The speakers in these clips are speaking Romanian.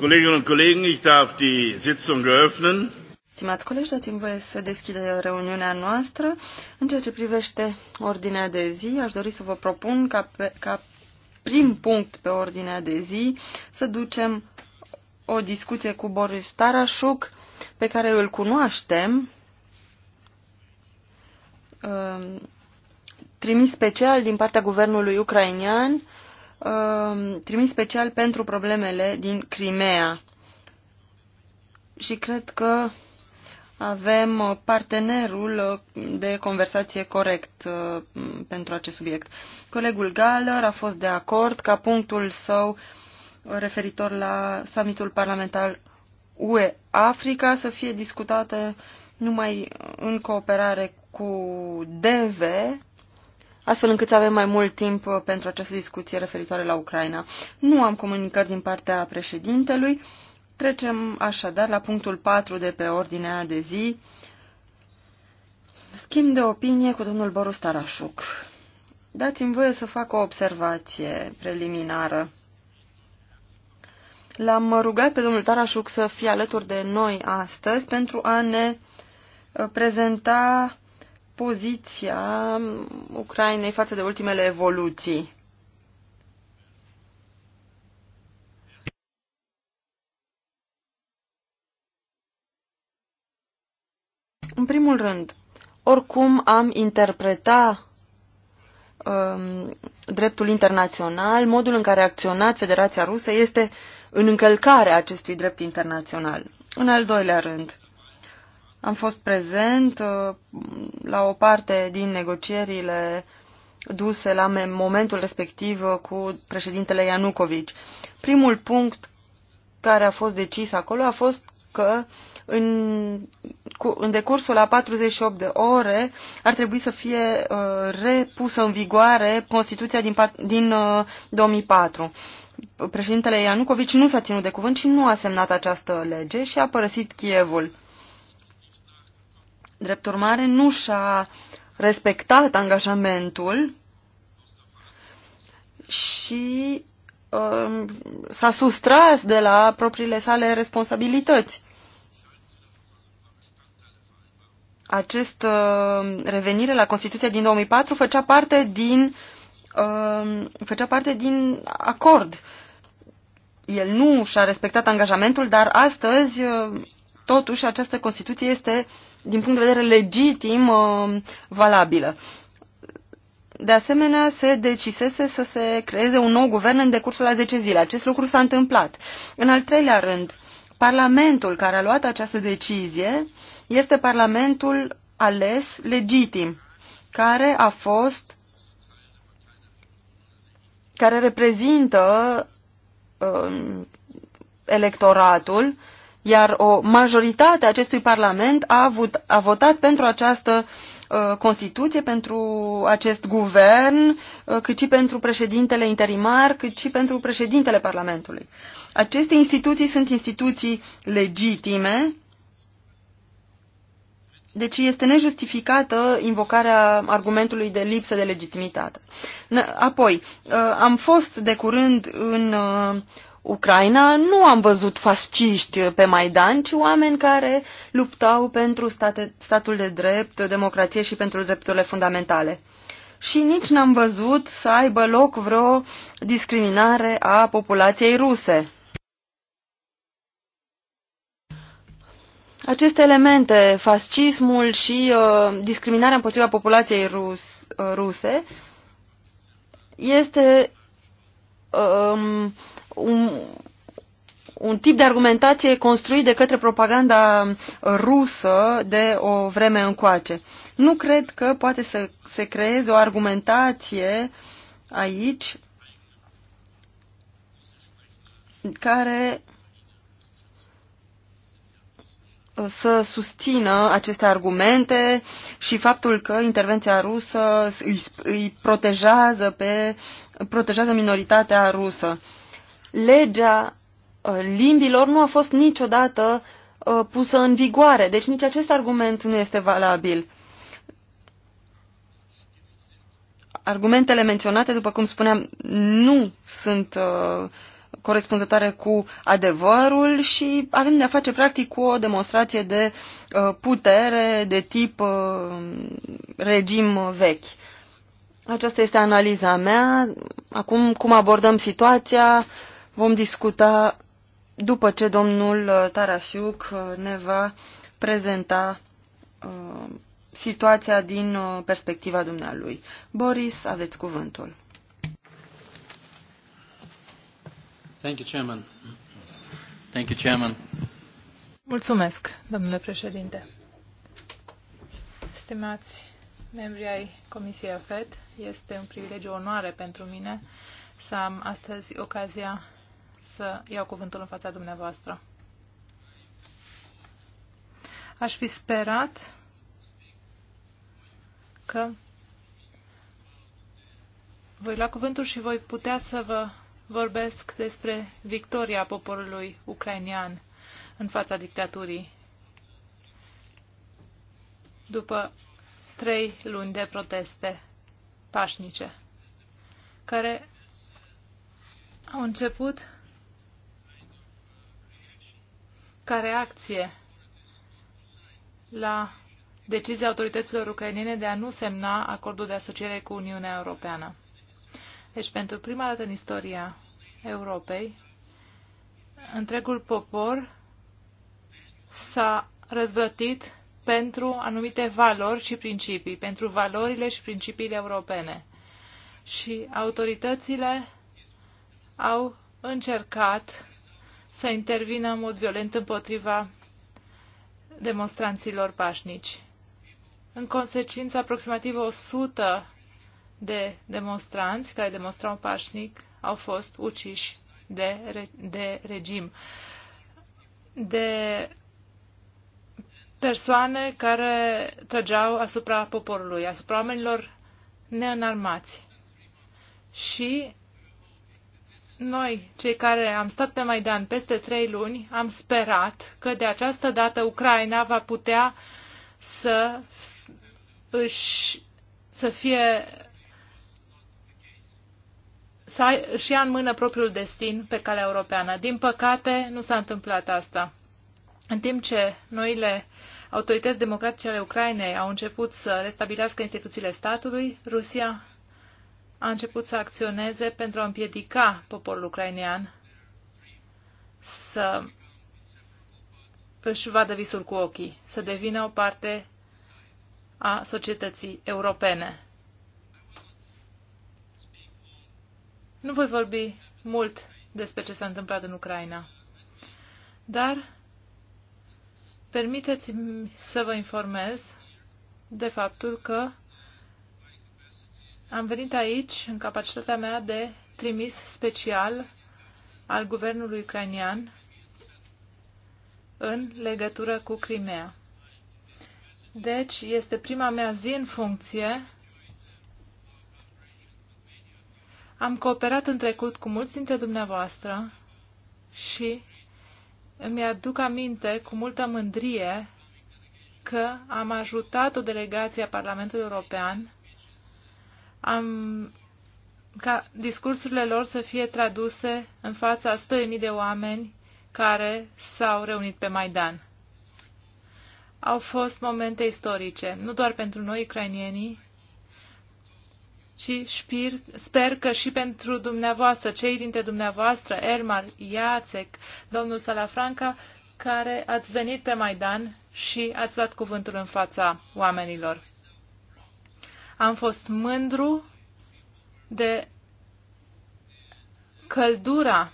Kolleginnen und Kollegen, ich darf die Sitzung eröffnen. Stimați colegi, dați-mi voie să deschid reuniunea noastră. În ceea ce privește ordinea de zi, aș dori să vă propun ca, pe, ca prim punct pe ordinea de zi să ducem o discuție cu Boris Tarașuc, pe care îl cunoaștem, um, trimis special din partea guvernului ucrainian Um, trimis special pentru problemele din Crimea. Și cred că avem partenerul de conversație corect uh, pentru acest subiect. Colegul Galler a fost de acord ca punctul său referitor la summitul parlamentar UE-Africa să fie discutate numai în cooperare cu DV, astfel încât să avem mai mult timp uh, pentru această discuție referitoare la Ucraina. Nu am comunicări din partea președintelui. Trecem așadar la punctul 4 de pe ordinea de zi. Schimb de opinie cu domnul Boru Starașuc. Dați-mi voie să fac o observație preliminară. L-am rugat pe domnul Tarașuc să fie alături de noi astăzi pentru a ne uh, prezenta poziția Ucrainei față de ultimele evoluții. În primul rând, oricum am interpreta um, dreptul internațional, modul în care a acționat Federația Rusă este în încălcarea acestui drept internațional. În al doilea rând, am fost prezent uh, la o parte din negocierile duse la momentul respectiv uh, cu președintele Ianucovici. Primul punct care a fost decis acolo a fost că în, cu, în decursul la 48 de ore ar trebui să fie uh, repusă în vigoare Constituția din, din uh, 2004. Președintele Ianucovici nu s-a ținut de cuvânt și nu a semnat această lege și a părăsit Chievul Drept urmare, nu și-a respectat angajamentul și um, s-a sustras de la propriile sale responsabilități. Acest uh, revenire la Constituția din 2004 făcea parte din, uh, făcea parte din acord. El nu și-a respectat angajamentul, dar astăzi, uh, totuși, această Constituție este uh, din punct de vedere legitim, uh, valabilă. De asemenea, se decisese să se creeze un nou guvern în decursul a 10 zile. Acest lucru s-a întâmplat. În al treilea rând, Parlamentul care a luat această decizie este Parlamentul ales legitim, care a fost care reprezintă uh, electoratul uh, iar o majoritate a acestui Parlament a, avut, a votat pentru această uh, Constituție, pentru acest guvern, uh, cât și pentru președintele interimar, cât și pentru președintele Parlamentului. Aceste instituții sunt instituții legitime, deci este nejustificată invocarea argumentului de lipsă de legitimitate. Apoi, uh, am fost de curând în Ucraina nu am văzut fasciști pe Maidan, ci oameni care luptau pentru state, statul de drept, democrație și pentru drepturile fundamentale. Și nici n-am văzut să aibă loc vreo discriminare a populației ruse. Aceste elemente, fascismul și uh, discriminarea împotriva populației rus, uh, ruse, este uh, un, un tip de argumentație construit de către propaganda rusă de o vreme încoace. Nu cred că poate să se creeze o argumentație aici care să susțină aceste argumente și faptul că intervenția rusă îi, îi protejează, pe, protejează minoritatea rusă legea uh, limbilor nu a fost niciodată uh, pusă în vigoare, deci nici acest argument nu este valabil. Argumentele menționate, după cum spuneam, nu sunt uh, corespunzătoare cu adevărul și avem de-a face practic cu o demonstrație de putere de tip regim vechi. Aceasta este analiza mea. Acum, cum abordăm situația, vom discuta după ce domnul uh, Tarasiuc uh, ne va prezenta uh, situația din perspectiva dumnealui. Boris, aveți cuvântul. Thank you, Chairman. Thank you, Chairman. Mulțumesc, domnule președinte. Stimați membri ai Comisiei AFED, este un privilegiu, onoare pentru mine să am astăzi ocazia să iau cuvântul în fața dumneavoastră. Aș fi sperat că voi lua cuvântul și voi putea să vă vorbesc despre victoria poporului ucrainian în fața dictaturii după trei luni de proteste pașnice, care au început ca reacție la decizia autorităților ucrainene de a nu semna acordul de asociere cu Uniunea Europeană. Deci, pentru prima dată în istoria Europei, întregul popor s-a răzvătit pentru anumite valori și principii, pentru valorile și principiile europene. Și autoritățile au încercat să intervină în mod violent împotriva demonstranților pașnici. În consecință, aproximativ 100 de demonstranți care demonstrau pașnic au fost uciși de, re, de regim, de persoane care trăgeau asupra poporului, asupra oamenilor neînarmați. Și noi, cei care am stat pe Maidan peste trei luni, am sperat că de această dată Ucraina va putea să își să fie să și ia în mână propriul destin pe calea europeană. Din păcate, nu s-a întâmplat asta. În timp ce noile autorități democratice ale Ucrainei au început să restabilească instituțiile statului, Rusia a început să acționeze pentru a împiedica poporul ucrainean să își vadă visul cu ochii, să devină o parte a societății europene. Nu voi vorbi mult despre ce s-a întâmplat în Ucraina, dar permiteți-mi să vă informez de faptul că am venit aici în capacitatea mea de trimis special al guvernului ucrainian în legătură cu Crimea. Deci, este prima mea zi în funcție. Am cooperat în trecut cu mulți dintre dumneavoastră și îmi aduc aminte cu multă mândrie că am ajutat o delegație a Parlamentului European am, ca discursurile lor să fie traduse în fața 100.000 de oameni care s-au reunit pe Maidan. Au fost momente istorice, nu doar pentru noi, ucrainienii, ci șpir, sper că și pentru dumneavoastră, cei dintre dumneavoastră, Elmar, Iacek, domnul Salafranca, care ați venit pe Maidan și ați luat cuvântul în fața oamenilor. Am fost mândru de căldura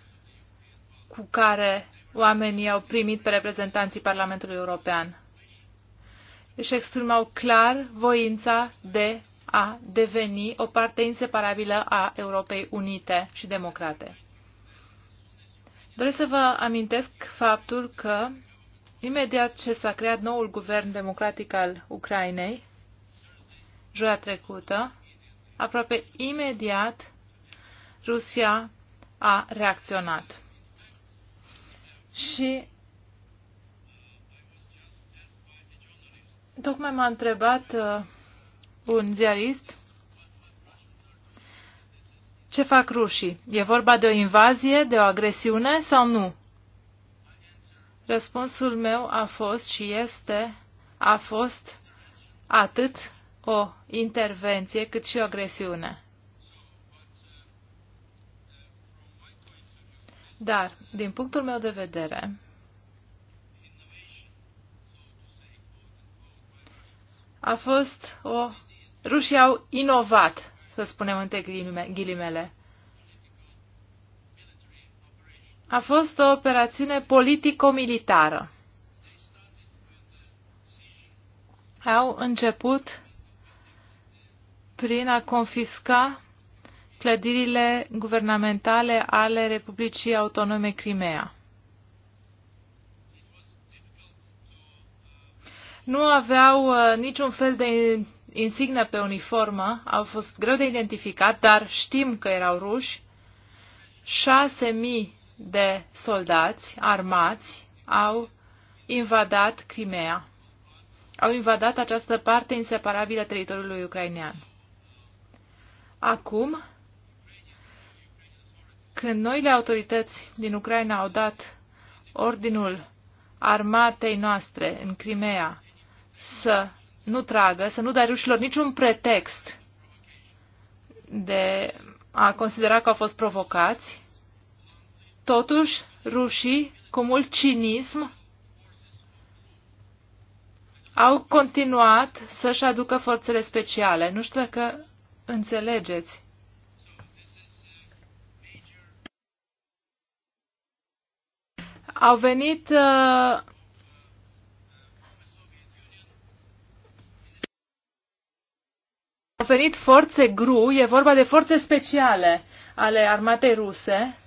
cu care oamenii au primit pe reprezentanții Parlamentului European. Își exprimau clar voința de a deveni o parte inseparabilă a Europei Unite și Democrate. Doresc să vă amintesc faptul că, imediat ce s-a creat noul guvern democratic al Ucrainei, joia trecută, aproape imediat Rusia a reacționat. Și tocmai m-a întrebat uh, un ziarist ce fac rușii. E vorba de o invazie, de o agresiune sau nu? Răspunsul meu a fost și este, a fost atât o intervenție cât și o agresiune. Dar, din punctul meu de vedere, a fost o... Rușii au inovat, să spunem între ghilimele. A fost o operațiune politico-militară. Au început prin a confisca clădirile guvernamentale ale Republicii Autonome Crimea. Nu aveau uh, niciun fel de insignă pe uniformă, au fost greu de identificat, dar știm că erau ruși. 6.000 de soldați armați au invadat Crimea. Au invadat această parte inseparabilă a teritoriului ucrainean. Acum, când noile autorități din Ucraina au dat ordinul armatei noastre în Crimea să nu tragă, să nu dea rușilor niciun pretext de a considera că au fost provocați, totuși rușii, cu mult cinism, au continuat să-și aducă forțele speciale. Nu știu dacă înțelegeți. Au venit uh, au venit forțe GRU, e vorba de forțe speciale ale armatei ruse,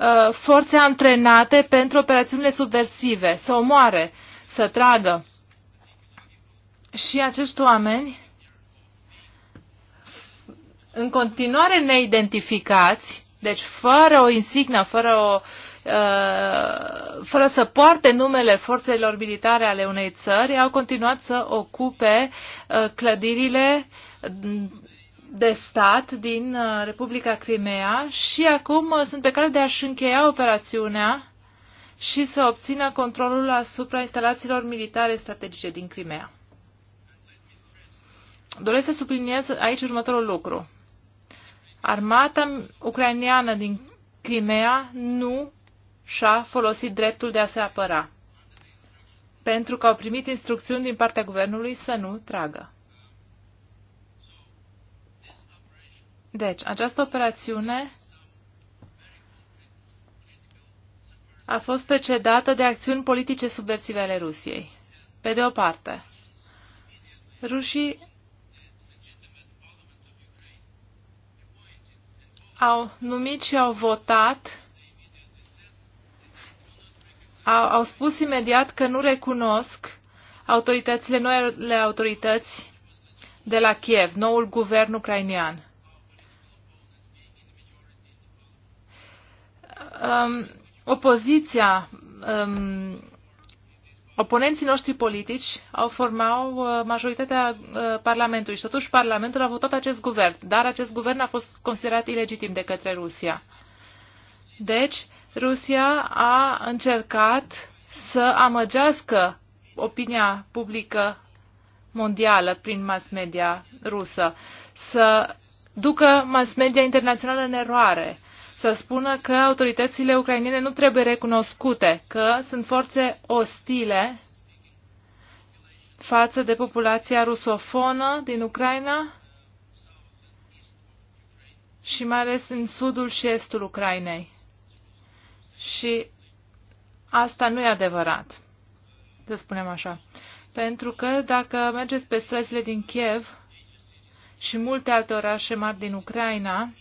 uh, forțe antrenate pentru operațiunile subversive, să omoare, să tragă. Și acești oameni în continuare neidentificați, deci fără o insignă, fără o uh, fără să poarte numele forțelor militare ale unei țări, au continuat să ocupe uh, clădirile de stat din uh, Republica Crimea și acum sunt pe care de a-și încheia operațiunea și să obțină controlul asupra instalațiilor militare strategice din Crimea. Doresc să subliniez aici următorul lucru. Armata ucraineană din Crimea nu și-a folosit dreptul de a se apăra, pentru că au primit instrucțiuni din partea guvernului să nu tragă. Deci, această operațiune a fost precedată de acțiuni politice subversive ale Rusiei. Pe de o parte, rușii au numit și au votat, au, au spus imediat că nu recunosc autoritățile, noile autorități de la Kiev, noul guvern ucrainian. Um, opoziția um, Oponenții noștri politici au formau uh, majoritatea uh, Parlamentului și totuși Parlamentul a votat acest guvern, dar acest guvern a fost considerat ilegitim de către Rusia. Deci, Rusia a încercat să amăgească opinia publică mondială prin mass media rusă, să ducă mass media internațională în eroare, să spună că autoritățile ucrainene nu trebuie recunoscute, că sunt forțe ostile față de populația rusofonă din Ucraina și mai ales în sudul și estul Ucrainei. Și asta nu e adevărat, să spunem așa. Pentru că dacă mergeți pe străzile din Kiev și multe alte orașe mari din Ucraina,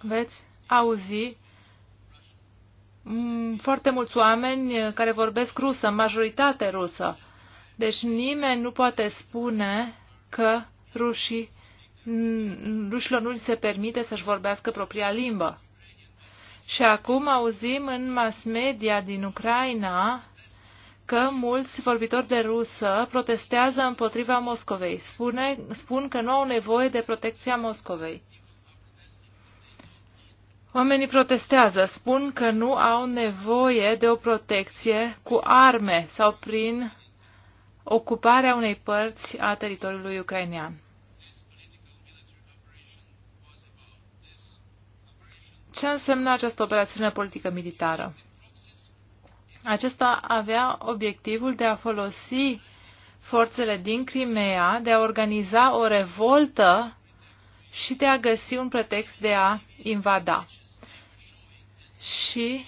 veți auzi mm, foarte mulți oameni care vorbesc rusă, majoritate rusă. Deci nimeni nu poate spune că rușii, mm, rușilor nu se permite să-și vorbească propria limbă. Și acum auzim în mass media din Ucraina că mulți vorbitori de rusă protestează împotriva Moscovei. Spune, spun că nu au nevoie de protecția Moscovei. Oamenii protestează, spun că nu au nevoie de o protecție cu arme sau prin ocuparea unei părți a teritoriului ucrainean. Ce însemna această operațiune politică militară? Acesta avea obiectivul de a folosi forțele din Crimea, de a organiza o revoltă și de a găsi un pretext de a invada și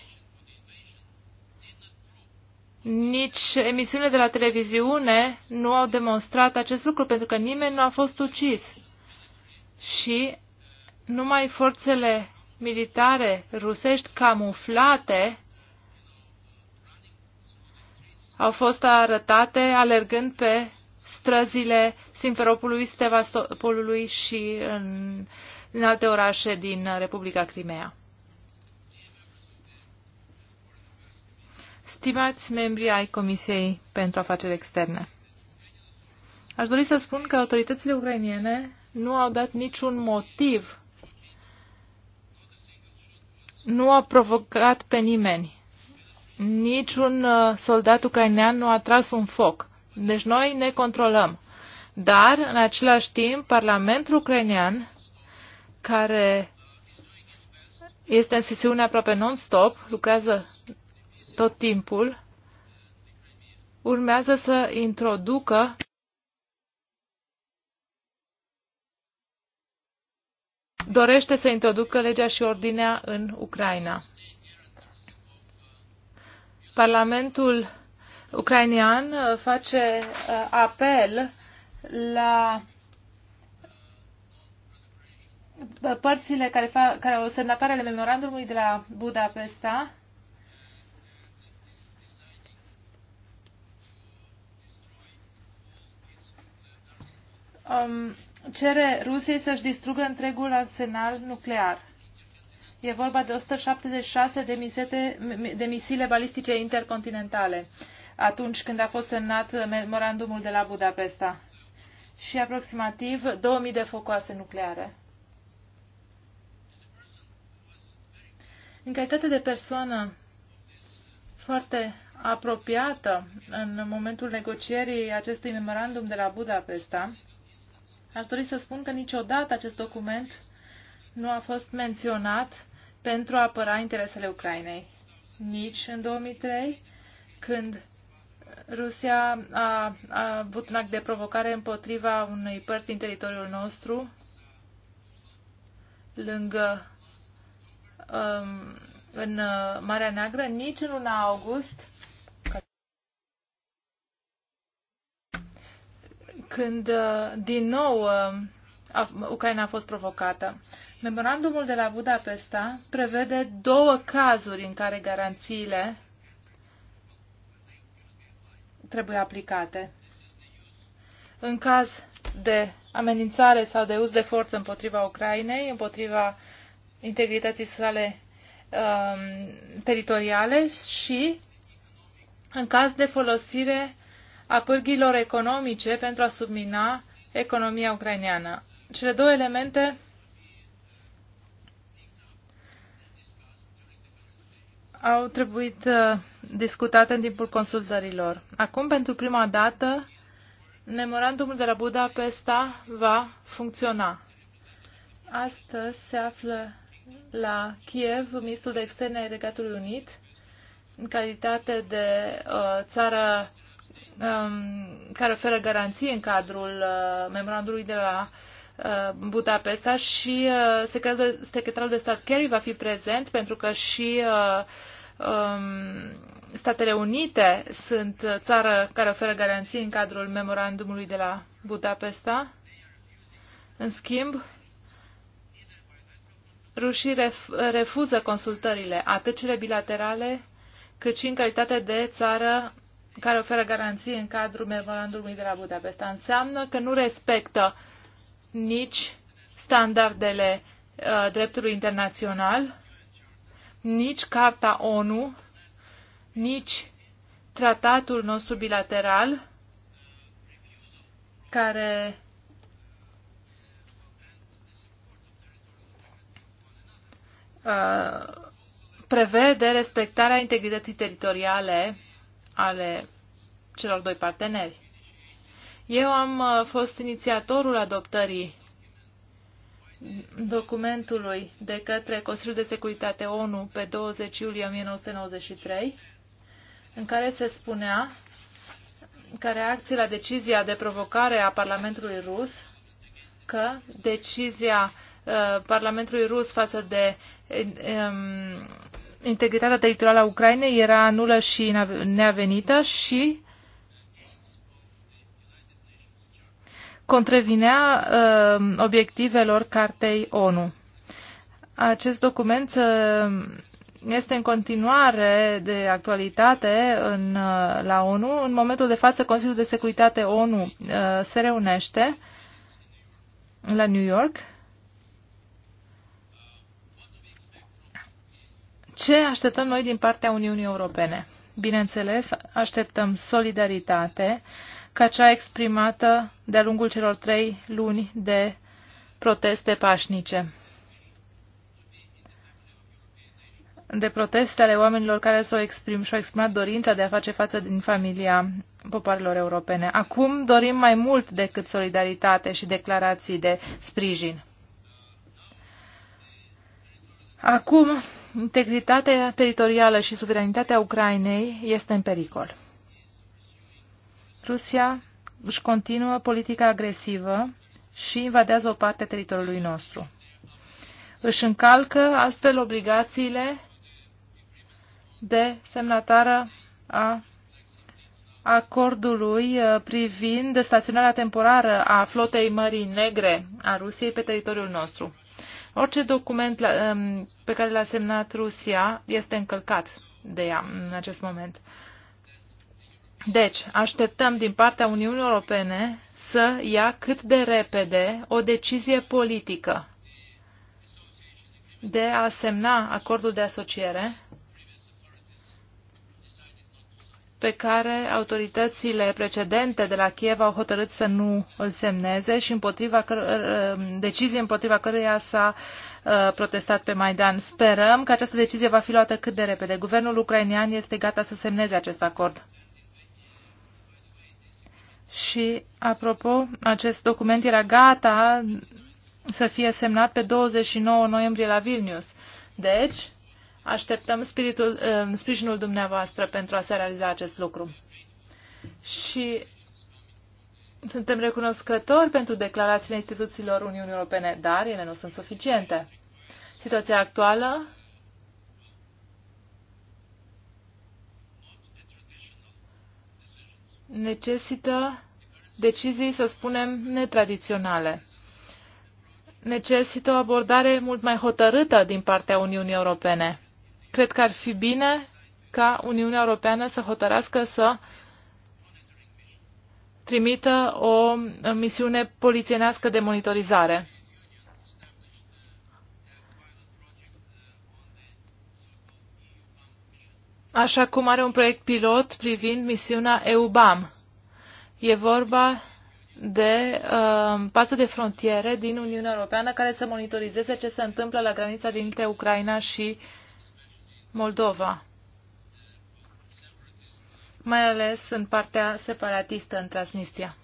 nici emisiunile de la televiziune nu au demonstrat acest lucru, pentru că nimeni nu a fost ucis. Și numai forțele militare rusești camuflate au fost arătate alergând pe străzile Simferopolului, Stevastopolului și în, în alte orașe din Republica Crimea. Stimați membri ai Comisiei pentru Afaceri Externe, aș dori să spun că autoritățile ucrainiene nu au dat niciun motiv, nu au provocat pe nimeni. Niciun uh, soldat ucrainean nu a tras un foc. Deci noi ne controlăm. Dar, în același timp, Parlamentul ucrainean, care este în sesiune aproape non-stop, lucrează tot timpul, urmează să introducă dorește să introducă legea și ordinea în Ucraina. Parlamentul ucrainean uh, face uh, apel la uh, părțile care, fac, care au semnatarele memorandumului de la Budapesta um, cere Rusiei să-și distrugă întregul arsenal nuclear. E vorba de 176 de, misete, de misile balistice intercontinentale atunci când a fost semnat memorandumul de la Budapesta și aproximativ 2000 de focoase nucleare. În calitate de persoană foarte apropiată în momentul negocierii acestui memorandum de la Budapesta, Aș dori să spun că niciodată acest document nu a fost menționat pentru a apăra interesele Ucrainei. Nici în 2003, când Rusia a, a avut un act de provocare împotriva unei părți din teritoriul nostru, lângă um, în uh, Marea Neagră, nici în luna august, când uh, din nou uh, Ucraina a fost provocată. Memorandumul de la Budapesta prevede două cazuri în care garanțiile trebuie aplicate. În caz de amenințare sau de uz de forță împotriva Ucrainei, împotriva integrității sale um, teritoriale și în caz de folosire a pârghiilor economice pentru a submina economia ucraineană. Cele două elemente au trebuit uh, discutate în timpul consultărilor. Acum, pentru prima dată, memorandumul de la Budapesta va funcționa. Astăzi se află la Kiev ministrul de externe ai Regatului Unit, în calitate de uh, țară Um, care oferă garanții în cadrul uh, memorandului de la uh, Budapesta și uh, secretarul de stat Kerry va fi prezent pentru că și um, Statele Unite sunt țară care oferă garanții în cadrul memorandumului de la Budapesta. În schimb, rușii refuză consultările, atât cele bilaterale, cât și în calitate de țară care oferă garanții în cadrul memorandumului de la Budapesta. Înseamnă că nu respectă nici standardele uh, dreptului internațional, nici Carta ONU, nici tratatul nostru bilateral, care uh, prevede respectarea integrității teritoriale ale celor doi parteneri. Eu am uh, fost inițiatorul adoptării documentului de către Consiliul de Securitate ONU pe 20 iulie 1993, în care se spunea că reacție la decizia de provocare a Parlamentului rus, că decizia uh, Parlamentului rus față de um, integritatea teritorială a Ucrainei era nulă și neavenită și contravinea uh, obiectivelor Cartei ONU. Acest document uh, este în continuare de actualitate în, uh, la ONU. În momentul de față, Consiliul de Securitate ONU uh, se reunește la New York Ce așteptăm noi din partea Uniunii Europene? Bineînțeles, așteptăm solidaritate ca cea exprimată de-a lungul celor trei luni de proteste pașnice. de proteste ale oamenilor care s-au exprim, exprimat dorința de a face față din familia popoarelor europene. Acum dorim mai mult decât solidaritate și declarații de sprijin. Acum, integritatea teritorială și suveranitatea Ucrainei este în pericol. Rusia își continuă politica agresivă și invadează o parte a teritoriului nostru. Își încalcă astfel obligațiile de semnatară a acordului uh, privind staționarea temporară a flotei Mării Negre a Rusiei pe teritoriul nostru. Orice document la, um, pe care l-a semnat Rusia este încălcat de ea în acest moment. Deci, așteptăm din partea Uniunii Europene să ia cât de repede o decizie politică de a semna acordul de asociere pe care autoritățile precedente de la Kiev au hotărât să nu îl semneze și împotriva ă, decizie împotriva căreia s-a ă, protestat pe Maidan. Sperăm că această decizie va fi luată cât de repede. Guvernul ucrainean este gata să semneze acest acord. Și, apropo, acest document era gata să fie semnat pe 29 noiembrie la Vilnius. Deci, Așteptăm spiritul, eh, sprijinul dumneavoastră pentru a se realiza acest lucru. Și suntem recunoscători pentru declarațiile instituțiilor Uniunii Europene, dar ele nu sunt suficiente. Situația actuală necesită decizii, să spunem, netradiționale. Necesită o abordare mult mai hotărâtă din partea Uniunii Europene Cred că ar fi bine ca Uniunea Europeană să hotărască să trimită o misiune polițienească de monitorizare. Așa cum are un proiect pilot privind misiunea EUBAM. E vorba de uh, pasă de frontiere din Uniunea Europeană care să monitorizeze ce se întâmplă la granița dintre Ucraina și Moldova, mai ales în partea separatistă în Transnistria.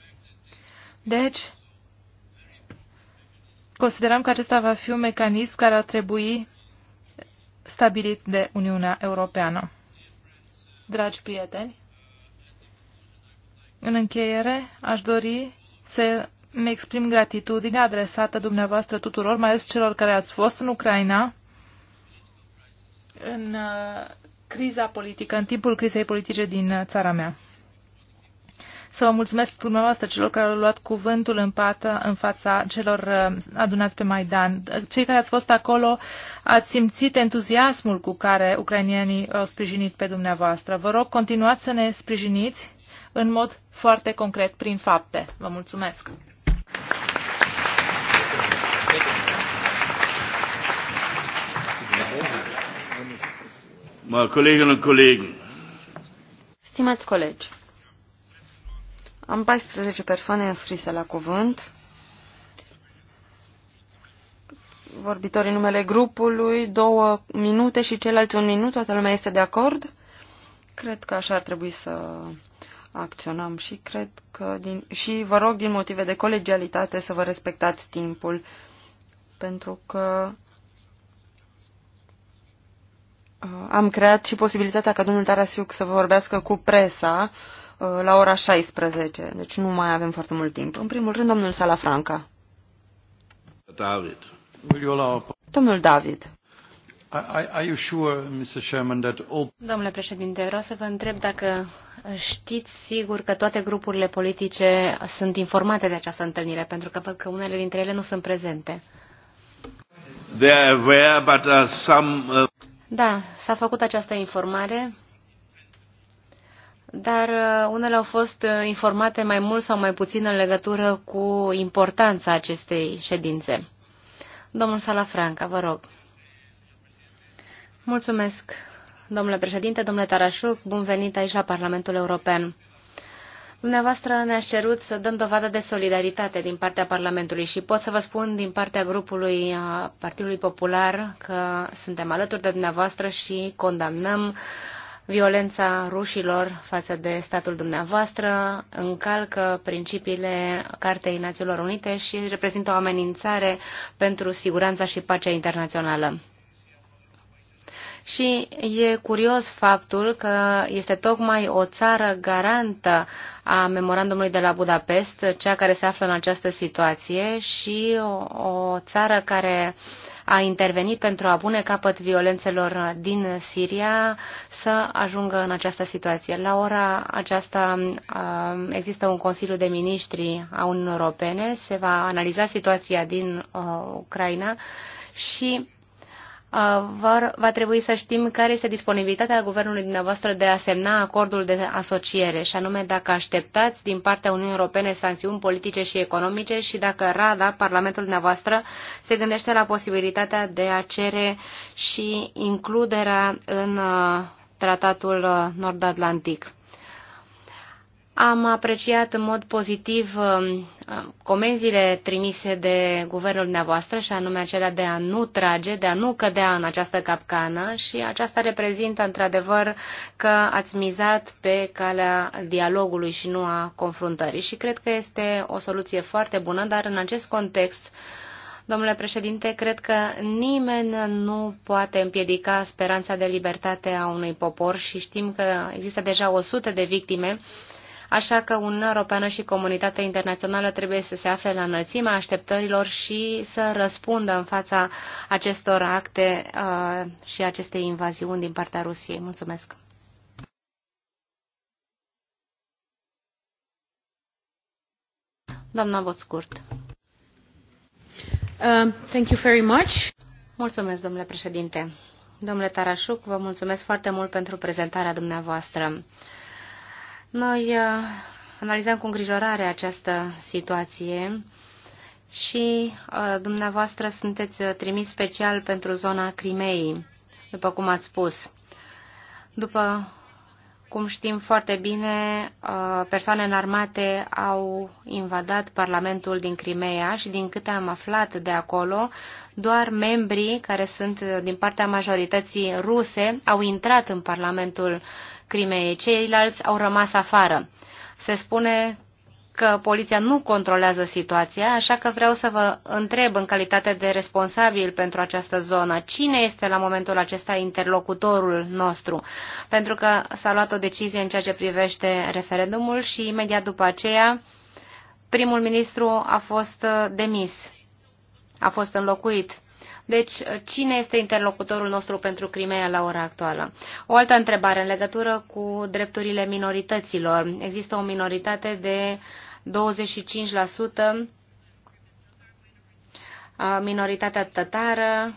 Deci, considerăm că acesta va fi un mecanism care ar trebui stabilit de Uniunea Europeană. Dragi prieteni, în încheiere aș dori să mi exprim gratitudinea adresată dumneavoastră tuturor, mai ales celor care ați fost în Ucraina în uh, criza politică, în timpul crizei politice din uh, țara mea. Să vă mulțumesc dumneavoastră celor care au luat cuvântul în, pată, în fața celor uh, adunați pe Maidan. Cei care ați fost acolo ați simțit entuziasmul cu care ucrainienii au sprijinit pe dumneavoastră. Vă rog, continuați să ne sprijiniți în mod foarte concret prin fapte. Vă mulțumesc! Stimați colegi, am 14 persoane înscrise la cuvânt. în numele grupului, două minute și ceilalți un minut, toată lumea este de acord? Cred că așa ar trebui să acționăm și cred că din, și vă rog din motive de colegialitate să vă respectați timpul pentru că Uh, am creat și posibilitatea ca domnul Tarasiuc să vorbească cu presa uh, la ora 16, deci nu mai avem foarte mult timp. În primul rând, domnul Salafranca. David. Domnul David. Domnule președinte, vreau să vă întreb dacă știți sigur că toate grupurile politice sunt informate de această întâlnire, pentru că văd că unele dintre ele nu sunt prezente. They are aware, but uh, some... Uh... Da, s-a făcut această informare, dar uh, unele au fost uh, informate mai mult sau mai puțin în legătură cu importanța acestei ședințe. Domnul Salafranca, vă rog. Mulțumesc, domnule președinte, domnule Tarașuc, bun venit aici la Parlamentul European. Dumneavoastră ne a cerut să dăm dovadă de solidaritate din partea Parlamentului și pot să vă spun din partea grupului Partidului Popular că suntem alături de dumneavoastră și condamnăm violența rușilor față de statul dumneavoastră, încalcă principiile Cartei Națiunilor Unite și reprezintă o amenințare pentru siguranța și pacea internațională. Și e curios faptul că este tocmai o țară garantă a memorandumului de la Budapest, cea care se află în această situație și o, o țară care a intervenit pentru a pune capăt violențelor din Siria să ajungă în această situație. La ora aceasta um, există un Consiliu de Ministri a Uniunii Europene, se va analiza situația din uh, Ucraina și va trebui să știm care este disponibilitatea guvernului dumneavoastră de a semna acordul de asociere, și anume dacă așteptați din partea Uniunii Europene sancțiuni politice și economice și dacă RADA, Parlamentul dumneavoastră, se gândește la posibilitatea de a cere și includerea în Tratatul Nord-Atlantic. Am apreciat în mod pozitiv um, uh, comenzile trimise de guvernul dumneavoastră, și anume acelea de a nu trage, de a nu cădea în această capcană și aceasta reprezintă într-adevăr că ați mizat pe calea dialogului și nu a confruntării și cred că este o soluție foarte bună, dar în acest context Domnule președinte, cred că nimeni nu poate împiedica speranța de libertate a unui popor și știm că există deja 100 de victime așa că Uniunea Europeană și comunitatea internațională trebuie să se afle la înălțimea așteptărilor și să răspundă în fața acestor acte uh, și acestei invaziuni din partea Rusiei. Mulțumesc! Doamna Voțcurt. Uh, thank you very much. Mulțumesc, domnule președinte. Domnule Tarașuc, vă mulțumesc foarte mult pentru prezentarea dumneavoastră. Noi uh, analizăm cu îngrijorare această situație și uh, dumneavoastră sunteți uh, trimis special pentru zona Crimeei, după cum ați spus. După cum știm foarte bine, persoane înarmate au invadat Parlamentul din Crimea și din câte am aflat de acolo, doar membrii care sunt din partea majorității ruse au intrat în Parlamentul uh, crimei, ceilalți au rămas afară. Se spune că poliția nu controlează situația, așa că vreau să vă întreb în calitate de responsabil pentru această zonă, cine este la momentul acesta interlocutorul nostru? Pentru că s-a luat o decizie în ceea ce privește referendumul și imediat după aceea primul ministru a fost uh, demis, a fost înlocuit. Deci, cine este interlocutorul nostru pentru Crimea la ora actuală? O altă întrebare în legătură cu drepturile minorităților. Există o minoritate de 25% minoritatea tătară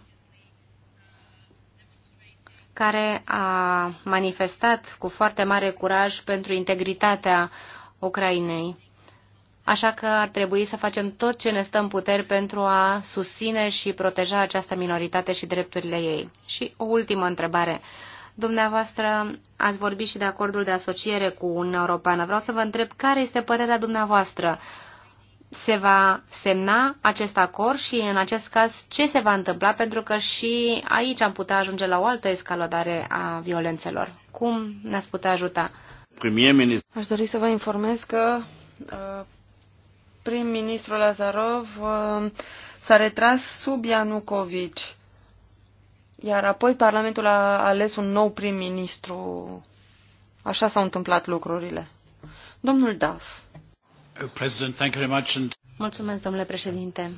care a manifestat cu foarte mare curaj pentru integritatea Ucrainei. Așa că ar trebui să facem tot ce ne stă în puteri pentru a susține și proteja această minoritate și drepturile ei. Și o ultimă întrebare. Dumneavoastră ați vorbit și de acordul de asociere cu Uniunea Europeană. Vreau să vă întreb care este părerea dumneavoastră. Se va semna acest acord și în acest caz ce se va întâmpla? Pentru că și aici am putea ajunge la o altă escaladare a violențelor. Cum ne-ați putea ajuta? Aș dori să vă informez că uh, prim-ministrul Lazarov uh, s-a retras sub Ianucovici, iar apoi Parlamentul a ales un nou prim-ministru. Așa s-au întâmplat lucrurile. Domnul Duff. Uh, Mulțumesc, domnule președinte.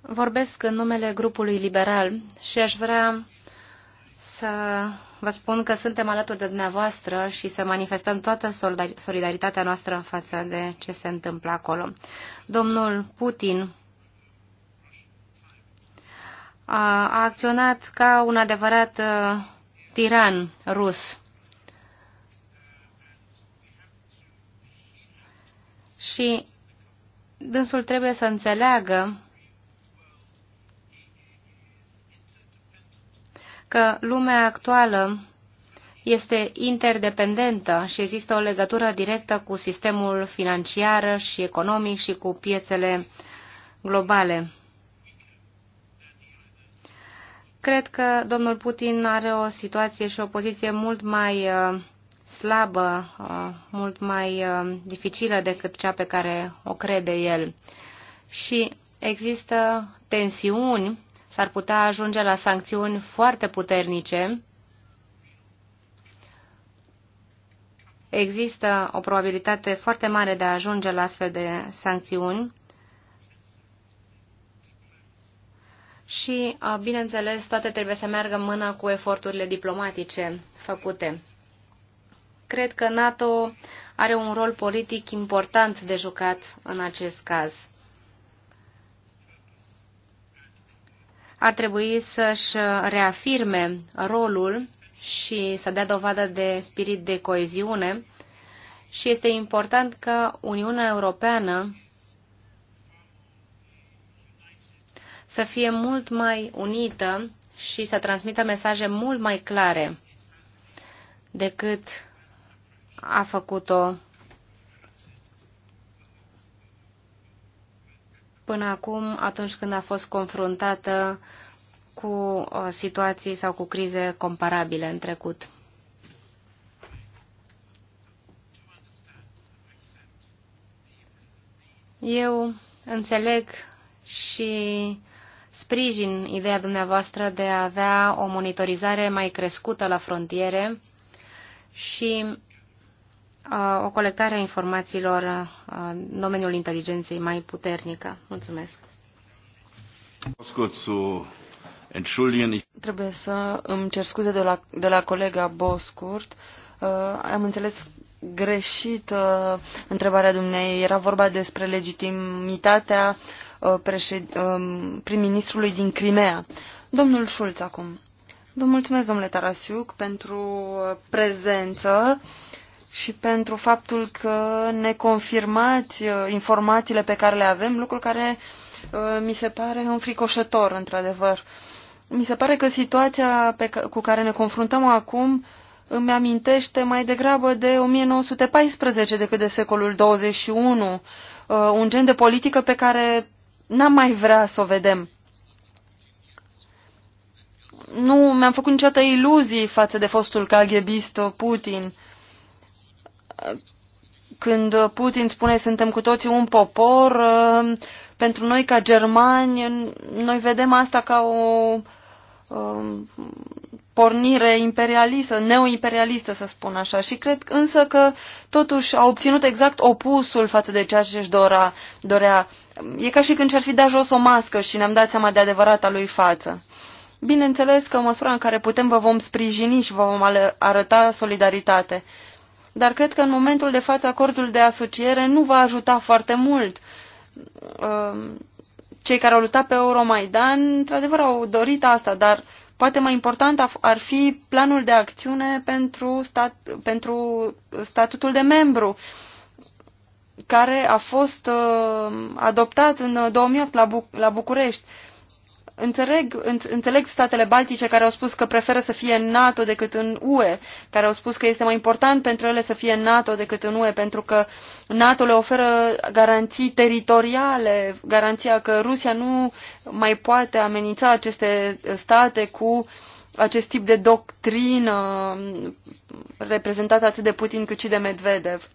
Vorbesc în numele grupului liberal și aș vrea să vă spun că suntem alături de dumneavoastră și să manifestăm toată solidaritatea noastră în față de ce se întâmplă acolo. Domnul Putin a acționat ca un adevărat uh, tiran rus. Și dânsul trebuie să înțeleagă că lumea actuală este interdependentă și există o legătură directă cu sistemul financiar și economic și cu piețele globale. Cred că domnul Putin are o situație și o poziție mult mai uh, slabă, uh, mult mai uh, dificilă decât cea pe care o crede el. Și există tensiuni S-ar putea ajunge la sancțiuni foarte puternice. Există o probabilitate foarte mare de a ajunge la astfel de sancțiuni. Și, bineînțeles, toate trebuie să meargă mână cu eforturile diplomatice făcute. Cred că NATO are un rol politic important de jucat în acest caz. ar trebui să-și reafirme rolul și să dea dovadă de spirit de coeziune și este important ca Uniunea Europeană să fie mult mai unită și să transmită mesaje mult mai clare decât a făcut-o până acum atunci când a fost confruntată cu uh, situații sau cu crize comparabile în trecut. Eu înțeleg și sprijin ideea dumneavoastră de a avea o monitorizare mai crescută la frontiere și o colectare a informațiilor în domeniul inteligenței mai puternică. Mulțumesc. Trebuie să îmi cer scuze de la, de la colega Boscurt. Uh, am înțeles greșit uh, întrebarea dumneavoastră. Era vorba despre legitimitatea uh, uh, prim-ministrului din Crimea. Domnul Schulz acum. Vă mulțumesc, domnule Tarasiuc, pentru prezență. Uh, și pentru faptul că ne confirmați uh, informațiile pe care le avem, lucru care uh, mi se pare înfricoșător, într-adevăr. Mi se pare că situația pe cu care ne confruntăm acum îmi amintește mai degrabă de 1914 decât de secolul 21, uh, un gen de politică pe care n-am mai vrea să o vedem. Nu mi-am făcut niciodată iluzii față de fostul caghebist Putin când Putin spune suntem cu toții un popor, ă, pentru noi ca germani, noi vedem asta ca o ă, pornire imperialistă, neoimperialistă, să spun așa. Și cred însă că totuși a obținut exact opusul față de ceea ce își dorea. dorea. E ca și când și-ar fi dat jos o mască și ne-am dat seama de adevărata lui față. Bineînțeles că în măsura în care putem vă vom sprijini și vă vom arăta solidaritate dar cred că în momentul de față acordul de asociere nu va ajuta foarte mult. Um, cei care au luptat pe Euromaidan, într-adevăr, au dorit asta, dar poate mai important ar fi planul de acțiune pentru, stat, pentru statutul de membru, care a fost uh, adoptat în 2008 la, Buc la București. Înțeleg, înțeleg statele baltice care au spus că preferă să fie în NATO decât în UE, care au spus că este mai important pentru ele să fie în NATO decât în UE, pentru că NATO le oferă garanții teritoriale, garanția că Rusia nu mai poate amenința aceste state cu acest tip de doctrină reprezentată atât de Putin cât și de Medvedev.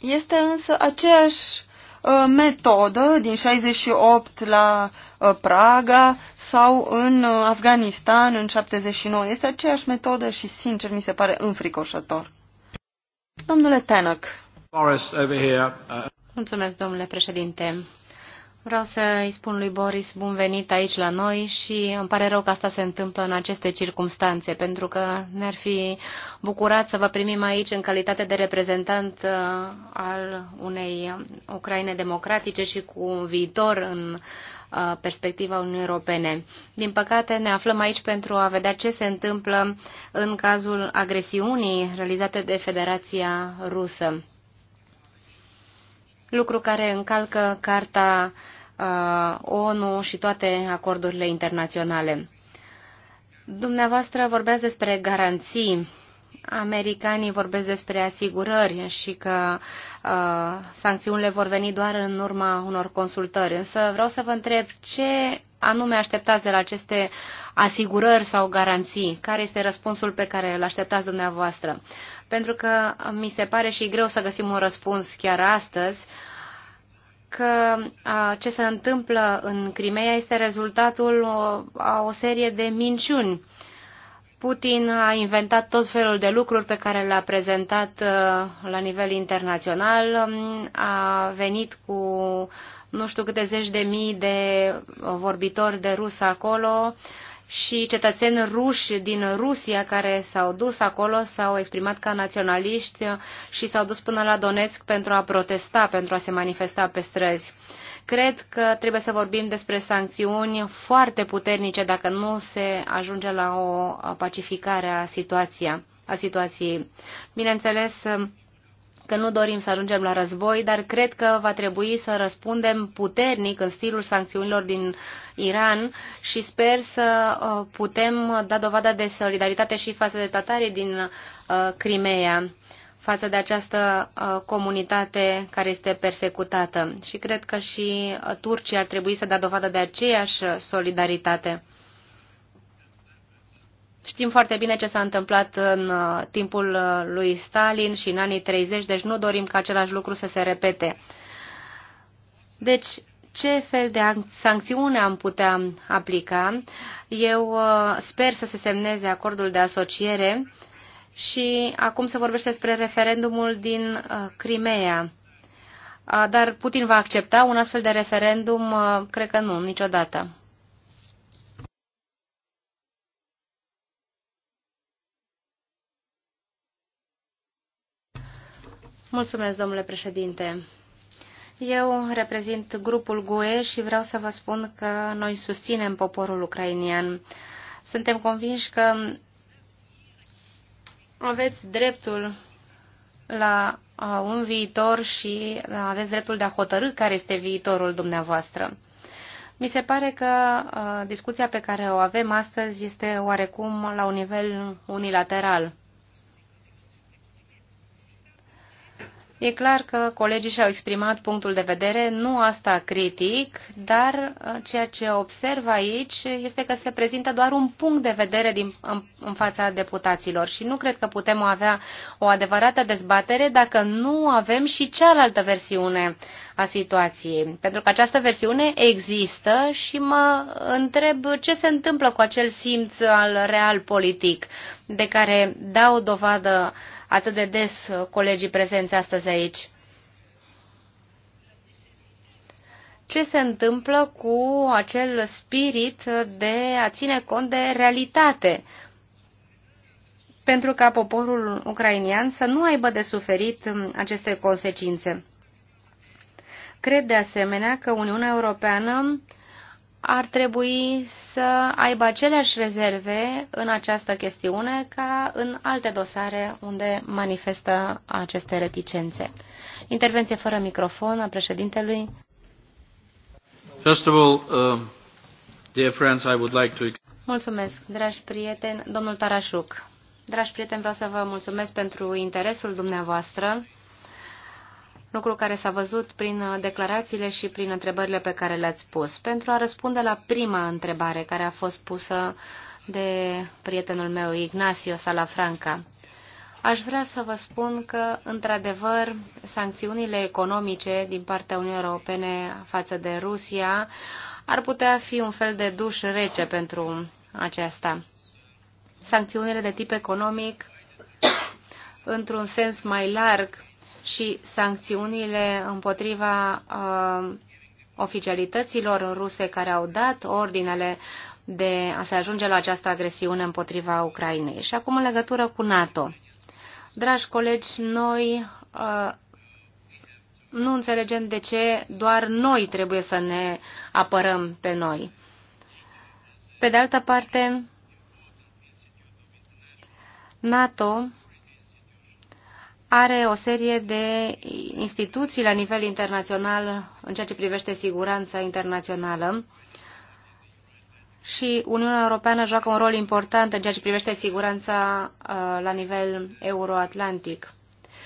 Este însă aceeași uh, metodă din 68 la uh, Praga sau în uh, Afganistan în 79. Este aceeași metodă și, sincer, mi se pare înfricoșător. Domnule Tanăc. Mulțumesc, domnule președinte. Vreau să îi spun lui Boris bun venit aici la noi și îmi pare rău că asta se întâmplă în aceste circunstanțe, pentru că ne-ar fi bucurat să vă primim aici în calitate de reprezentant uh, al unei Ucraine democratice și cu un viitor în uh, perspectiva Uniunii Europene. Din păcate, ne aflăm aici pentru a vedea ce se întâmplă în cazul agresiunii realizate de Federația Rusă lucru care încalcă Carta Uh, ONU și toate acordurile internaționale. Dumneavoastră vorbeați despre garanții. Americanii vorbesc despre asigurări și că uh, sancțiunile vor veni doar în urma unor consultări. Însă vreau să vă întreb ce anume așteptați de la aceste asigurări sau garanții? Care este răspunsul pe care îl așteptați dumneavoastră? Pentru că mi se pare și greu să găsim un răspuns chiar astăzi. Uh, că ce se întâmplă în Crimea este rezultatul a o serie de minciuni. Putin a inventat tot felul de lucruri pe care le-a prezentat la nivel internațional, a venit cu nu știu câte zeci de mii de vorbitori de rus acolo, și cetățeni ruși din Rusia care s-au dus acolo, s-au exprimat ca naționaliști și s-au dus până la Donetsk pentru a protesta, pentru a se manifesta pe străzi. Cred că trebuie să vorbim despre sancțiuni foarte puternice dacă nu se ajunge la o pacificare a, situației. a situației. Bineînțeles, că nu dorim să ajungem la război, dar cred că va trebui să răspundem puternic în stilul sancțiunilor din Iran și sper să uh, putem da dovada de solidaritate și față de tatarii din uh, Crimea față de această uh, comunitate care este persecutată. Și cred că și turcii ar trebui să dea dovadă de aceeași solidaritate. Știm foarte bine ce s-a întâmplat în uh, timpul uh, lui Stalin și în anii 30, deci nu dorim ca același lucru să se repete. Deci, ce fel de sancțiune am putea aplica? Eu uh, sper să se semneze acordul de asociere și acum se vorbește despre referendumul din Crimea. Dar Putin va accepta un astfel de referendum? Cred că nu, niciodată. Mulțumesc, domnule președinte. Eu reprezint grupul GUE și vreau să vă spun că noi susținem poporul ucrainian. Suntem convinși că aveți dreptul la un viitor și aveți dreptul de a hotărâ care este viitorul dumneavoastră. Mi se pare că discuția pe care o avem astăzi este oarecum la un nivel unilateral. E clar că colegii și-au exprimat punctul de vedere, nu asta critic, dar uh, ceea ce observ aici este că se prezintă doar un punct de vedere din, în, în fața deputaților și nu cred că putem avea o adevărată dezbatere dacă nu avem și cealaltă versiune a situației. Pentru că această versiune există și mă întreb ce se întâmplă cu acel simț al real politic de care dau dovadă uh, atât de des uh, colegii prezenți astăzi aici. Ce se întâmplă cu acel spirit de a ține cont de realitate? pentru ca poporul ucrainian să nu aibă de suferit um, aceste consecințe. Cred de asemenea că Uniunea Europeană ar trebui să aibă aceleași rezerve în această chestiune ca în alte dosare unde manifestă aceste reticențe. Intervenție fără microfon a președintelui. First of all, uh, dear friends, I would like to... Mulțumesc, dragi prieteni, domnul Tarașuc. Dragi prieteni, vreau să vă mulțumesc pentru interesul dumneavoastră lucru care s-a văzut prin uh, declarațiile și prin întrebările pe care le-ați pus. Pentru a răspunde la prima întrebare care a fost pusă de prietenul meu, Ignacio Salafranca, aș vrea să vă spun că, într-adevăr, sancțiunile economice din partea Uniunii Europene față de Rusia ar putea fi un fel de duș rece pentru aceasta. Sancțiunile de tip economic, într-un sens mai larg, și sancțiunile împotriva uh, oficialităților ruse care au dat ordinele de a se ajunge la această agresiune împotriva Ucrainei. Și acum în legătură cu NATO. Dragi colegi, noi uh, nu înțelegem de ce doar noi trebuie să ne apărăm pe noi. Pe de altă parte, NATO are o serie de instituții la nivel internațional în ceea ce privește siguranța internațională și Uniunea Europeană joacă un rol important în ceea ce privește siguranța uh, la nivel euroatlantic.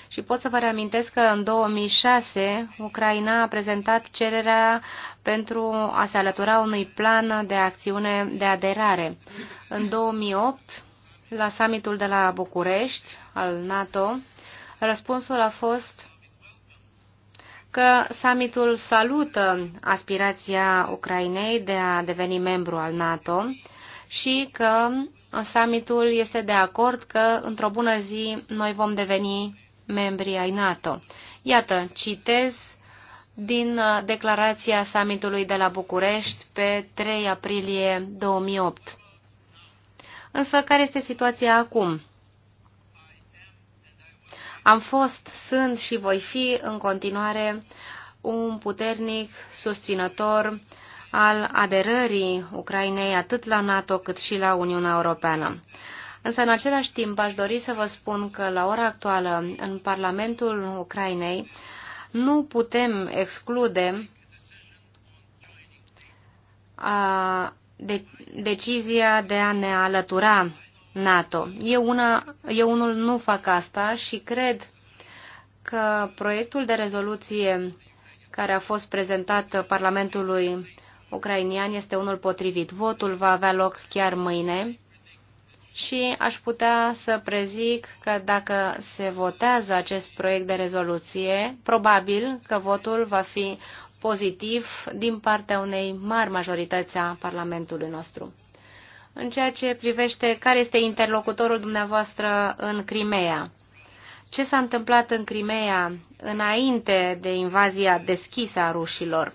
Și pot să vă reamintesc că în 2006 Ucraina a prezentat cererea pentru a se alătura unui plan de acțiune de aderare. În 2008, la summitul de la București al NATO, Răspunsul a fost că summitul salută aspirația Ucrainei de a deveni membru al NATO și că summitul este de acord că într-o bună zi noi vom deveni membri ai NATO. Iată, citez din uh, declarația summitului de la București pe 3 aprilie 2008. Însă, care este situația acum? Am fost, sunt și voi fi în continuare un puternic susținător al aderării Ucrainei atât la NATO cât și la Uniunea Europeană. Însă, în același timp, aș dori să vă spun că, la ora actuală, în Parlamentul Ucrainei, nu putem exclude a, de, decizia de a ne alătura NATO. Eu, una, eu unul nu fac asta și cred că proiectul de rezoluție care a fost prezentat Parlamentului ucrainian este unul potrivit. Votul va avea loc chiar mâine și aș putea să prezic că dacă se votează acest proiect de rezoluție, probabil că votul va fi pozitiv din partea unei mari majorități a Parlamentului nostru în ceea ce privește care este interlocutorul dumneavoastră în Crimea. Ce s-a întâmplat în Crimea înainte de invazia deschisă a rușilor?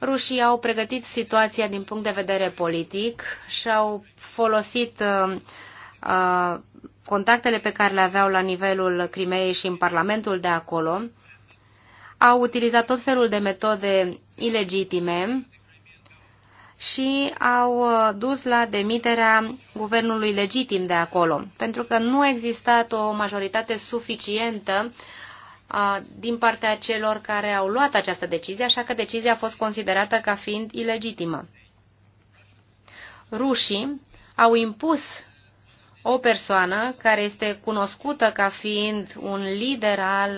Rușii au pregătit situația din punct de vedere politic și au folosit uh, uh contactele pe care le aveau la nivelul Crimeei și în Parlamentul de acolo, au utilizat tot felul de metode ilegitime și au uh, dus la demiterea guvernului legitim de acolo, pentru că nu a existat o majoritate suficientă uh, din partea celor care au luat această decizie, așa că decizia a fost considerată ca fiind ilegitimă. Rușii au impus o persoană care este cunoscută ca fiind un lider al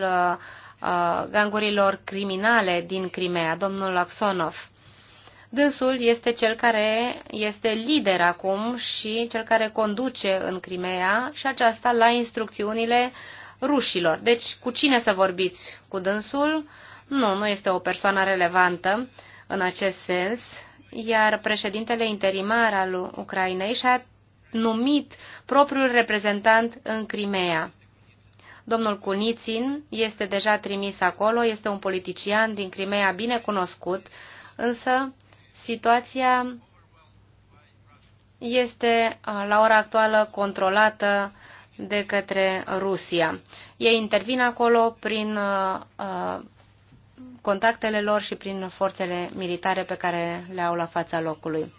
uh, gangurilor criminale din Crimea, domnul Laxonov. Dânsul este cel care este lider acum și cel care conduce în Crimea și aceasta la instrucțiunile rușilor. Deci, cu cine să vorbiți? Cu dânsul? Nu, nu este o persoană relevantă în acest sens, iar președintele interimar al Ucrainei și-a numit propriul reprezentant în Crimea. Domnul Cunițin este deja trimis acolo, este un politician din Crimea bine cunoscut, însă Situația este uh, la ora actuală controlată de către Rusia. Ei intervin acolo prin uh, uh, contactele lor și prin forțele militare pe care le au la fața locului.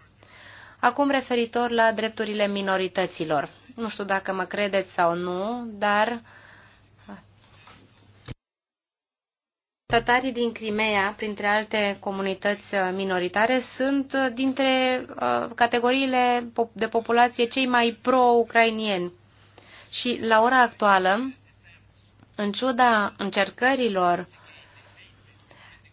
Acum referitor la drepturile minorităților. Nu știu dacă mă credeți sau nu, dar uh, Tătarii din Crimea, printre alte comunități uh, minoritare, sunt uh, dintre uh, categoriile de populație cei mai pro-ucrainieni. Și la ora actuală, în ciuda încercărilor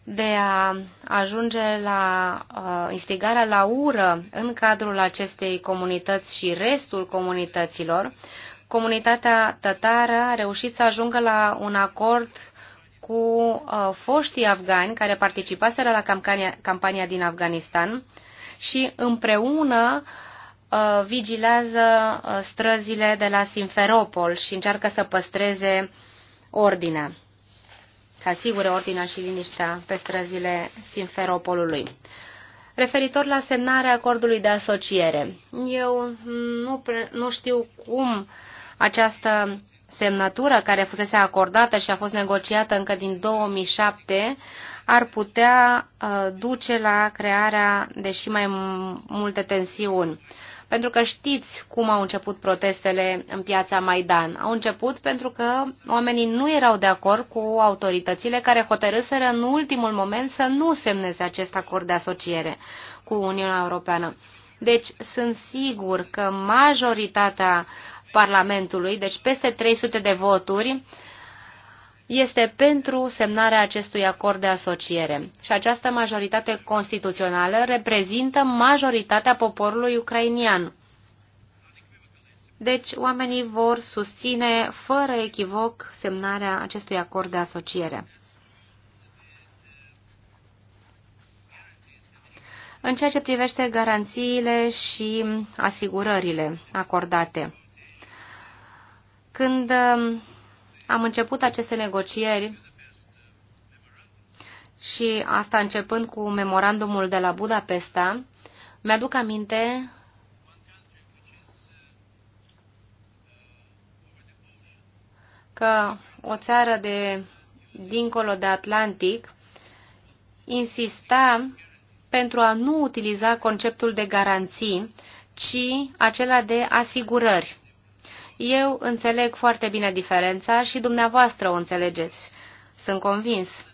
de a ajunge la uh, instigarea la ură în cadrul acestei comunități și restul comunităților, comunitatea tătară a reușit să ajungă la un acord cu uh, foștii afgani care participaseră la campania, campania din Afganistan și împreună uh, vigilează uh, străzile de la Simferopol și încearcă să păstreze ordinea, să asigure ordinea și liniștea pe străzile Simferopolului. Referitor la semnarea acordului de asociere, eu nu, nu știu cum această semnătură care fusese acordată și a fost negociată încă din 2007 ar putea uh, duce la crearea de și mai multe tensiuni. Pentru că știți cum au început protestele în piața Maidan. Au început pentru că oamenii nu erau de acord cu autoritățile care hotărâseră în ultimul moment să nu semneze acest acord de asociere cu Uniunea Europeană. Deci sunt sigur că majoritatea Parlamentului, deci peste 300 de voturi, este pentru semnarea acestui acord de asociere. Și această majoritate constituțională reprezintă majoritatea poporului ucrainian. Deci oamenii vor susține fără echivoc semnarea acestui acord de asociere. În ceea ce privește garanțiile și asigurările acordate. Când um, am început aceste negocieri, și asta începând cu memorandumul de la Budapesta, mi-aduc aminte că o țară de dincolo de Atlantic insista pentru a nu utiliza conceptul de garanții, ci acela de asigurări. Eu înțeleg foarte bine diferența și dumneavoastră o înțelegeți. Sunt convins.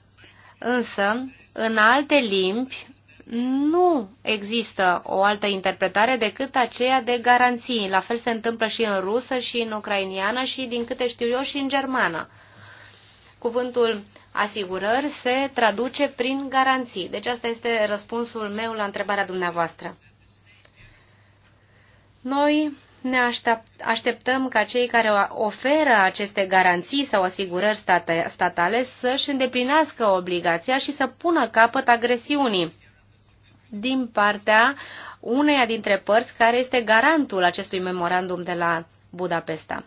Însă, în alte limbi, nu există o altă interpretare decât aceea de garanții. La fel se întâmplă și în rusă, și în ucrainiană, și, din câte știu eu, și în germană. Cuvântul asigurări se traduce prin garanții. Deci asta este răspunsul meu la întrebarea dumneavoastră. Noi ne așteptăm ca cei care oferă aceste garanții sau asigurări statale să-și îndeplinească obligația și să pună capăt agresiunii din partea uneia dintre părți care este garantul acestui memorandum de la Budapesta.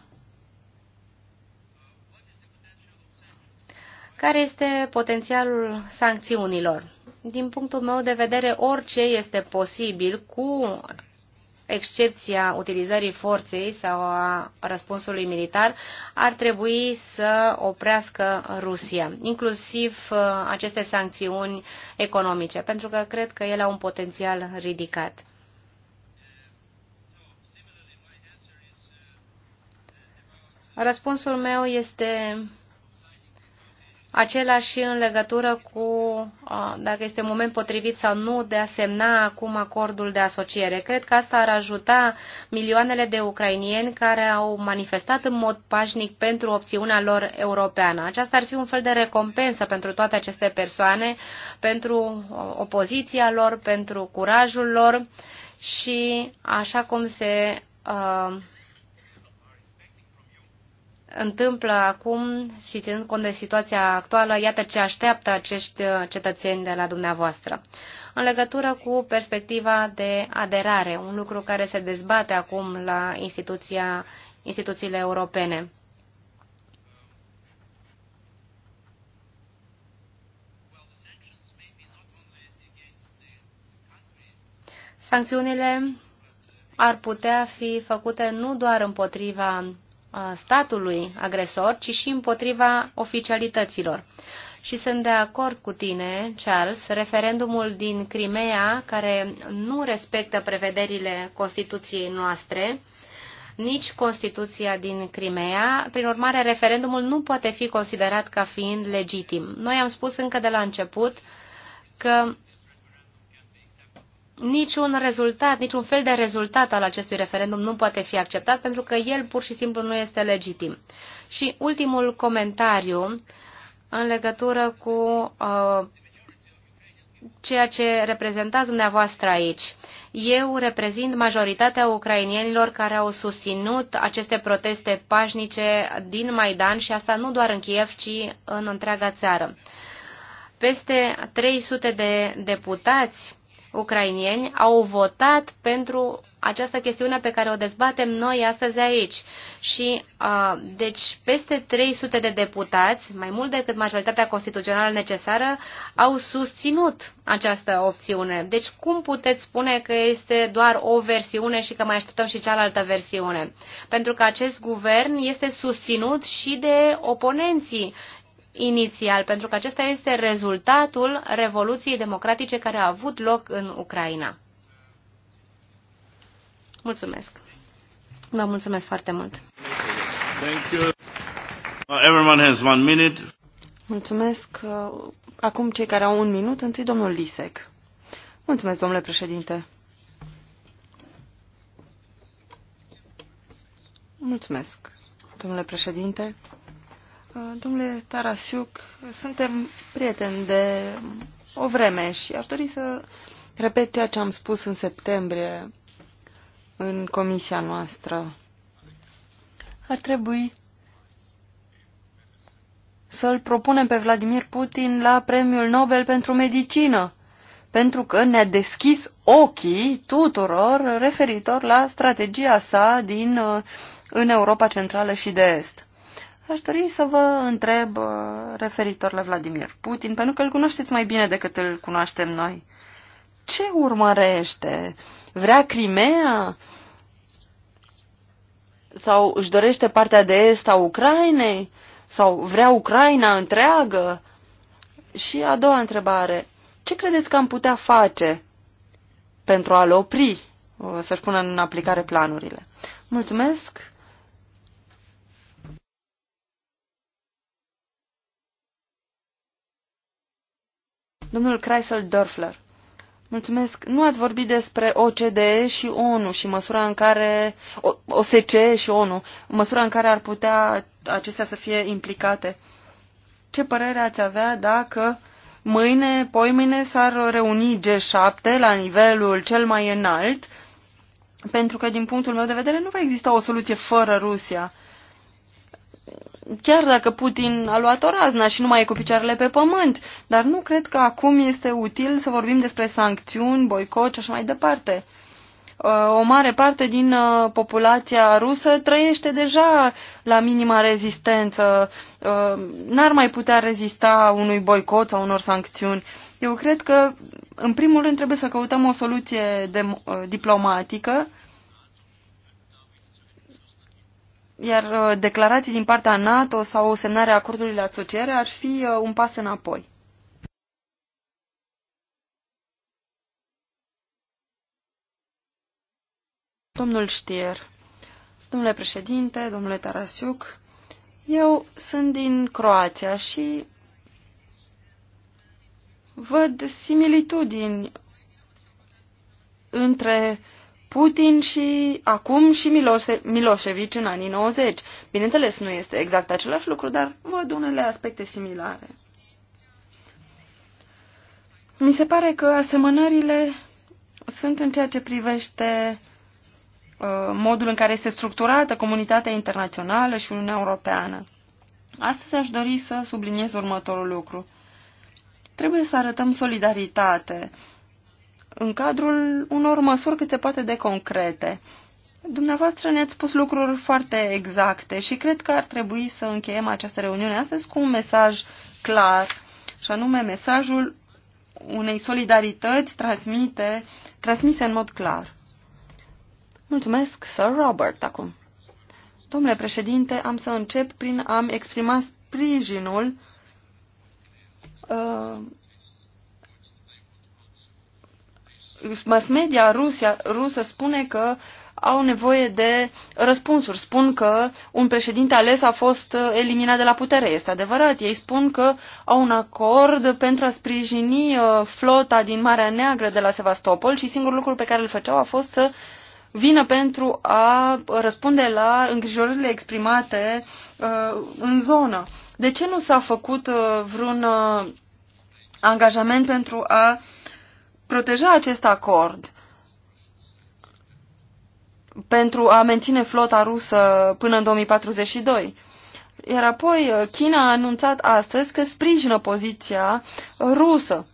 Care este potențialul sancțiunilor? Din punctul meu de vedere, orice este posibil cu excepția utilizării forței sau a răspunsului militar, ar trebui să oprească Rusia, inclusiv uh, aceste sancțiuni economice, pentru că cred că ele au un potențial ridicat. Răspunsul meu este Același în legătură cu dacă este moment potrivit sau nu de a semna acum acordul de asociere. Cred că asta ar ajuta milioanele de ucrainieni care au manifestat în mod pașnic pentru opțiunea lor europeană. Aceasta ar fi un fel de recompensă pentru toate aceste persoane, pentru opoziția lor, pentru curajul lor și așa cum se uh, întâmplă acum și ținând cont de situația actuală, iată ce așteaptă acești uh, cetățeni de la dumneavoastră. În legătură cu perspectiva de aderare, un lucru care se dezbate acum la instituția, instituțiile europene. Sancțiunile ar putea fi făcute nu doar împotriva statului agresor, ci și împotriva oficialităților. Și sunt de acord cu tine, Charles, referendumul din Crimea, care nu respectă prevederile Constituției noastre, nici Constituția din Crimea, prin urmare referendumul nu poate fi considerat ca fiind legitim. Noi am spus încă de la început că niciun rezultat, niciun fel de rezultat al acestui referendum nu poate fi acceptat pentru că el pur și simplu nu este legitim. Și ultimul comentariu în legătură cu uh, ceea ce reprezentați dumneavoastră aici. Eu reprezint majoritatea ucrainienilor care au susținut aceste proteste pașnice din Maidan și asta nu doar în Kiev, ci în întreaga țară. Peste 300 de deputați ucrainieni au votat pentru această chestiune pe care o dezbatem noi astăzi aici. Și, uh, deci, peste 300 de deputați, mai mult decât majoritatea constituțională necesară, au susținut această opțiune. Deci, cum puteți spune că este doar o versiune și că mai așteptăm și cealaltă versiune? Pentru că acest guvern este susținut și de oponenții inițial, pentru că acesta este rezultatul revoluției democratice care a avut loc în Ucraina. Mulțumesc. Vă mulțumesc foarte mult. Thank you. Uh, everyone has one minute. Mulțumesc. Uh, acum cei care au un minut, întâi domnul Lisec. Mulțumesc, domnule președinte. Mulțumesc, domnule președinte. Uh, domnule Tarasiuc, suntem prieteni de o vreme și ar dori să repet ceea ce am spus în septembrie în comisia noastră. Ar trebui să-l propunem pe Vladimir Putin la Premiul Nobel pentru Medicină, pentru că ne-a deschis ochii tuturor referitor la strategia sa din uh, în Europa Centrală și de Est. Aș dori să vă întreb uh, referitor la Vladimir Putin, pentru că îl cunoașteți mai bine decât îl cunoaștem noi. Ce urmărește? Vrea Crimea? Sau își dorește partea de est a Ucrainei? Sau vrea Ucraina întreagă? Și a doua întrebare. Ce credeți că am putea face pentru a-l opri uh, să-și pună în aplicare planurile? Mulțumesc! Domnul Chrysel Dörfler. Mulțumesc. Nu ați vorbit despre OCDE și ONU și măsura în care o, OSCE și ONU, măsura în care ar putea acestea să fie implicate. Ce părere ați avea dacă mâine, poimâine s-ar reuni G7 la nivelul cel mai înalt? Pentru că din punctul meu de vedere nu va exista o soluție fără Rusia chiar dacă Putin a luat o razna și nu mai e cu picioarele pe pământ, dar nu cred că acum este util să vorbim despre sancțiuni, boicot și așa mai departe. Uh, o mare parte din uh, populația rusă trăiește deja la minima rezistență, uh, n-ar mai putea rezista unui boicot sau unor sancțiuni. Eu cred că, în primul rând, trebuie să căutăm o soluție de, diplomatică, iar uh, declarații din partea NATO sau semnarea acordului de asociere ar fi uh, un pas înapoi. Domnul Știer, domnule președinte, domnule Tarasiuc, eu sunt din Croația și văd similitudini între uh, Putin și acum și Milose Milosevic în anii 90. Bineînțeles, nu este exact același lucru, dar văd unele aspecte similare. Mi se pare că asemănările sunt în ceea ce privește uh, modul în care este structurată comunitatea internațională și Uniunea Europeană. Astăzi aș dori să subliniez următorul lucru. Trebuie să arătăm solidaritate în cadrul unor măsuri cât se poate de concrete. Dumneavoastră ne-ați spus lucruri foarte exacte și cred că ar trebui să încheiem această reuniune astăzi cu un mesaj clar, și anume mesajul unei solidarități transmite, transmise în mod clar. Mulțumesc, Sir Robert, acum. Domnule președinte, am să încep prin a-mi exprima sprijinul uh, mass media Rusia, rusă spune că au nevoie de răspunsuri. Spun că un președinte ales a fost uh, eliminat de la putere. Este adevărat. Ei spun că au un acord pentru a sprijini uh, flota din Marea Neagră de la Sevastopol și singurul lucru pe care îl făceau a fost să vină pentru a răspunde la îngrijorările exprimate uh, în zonă. De ce nu s-a făcut vreun angajament pentru a uh, proteja acest acord pentru a menține flota rusă până în 2042. Iar apoi uh, China a anunțat astăzi că sprijină poziția rusă.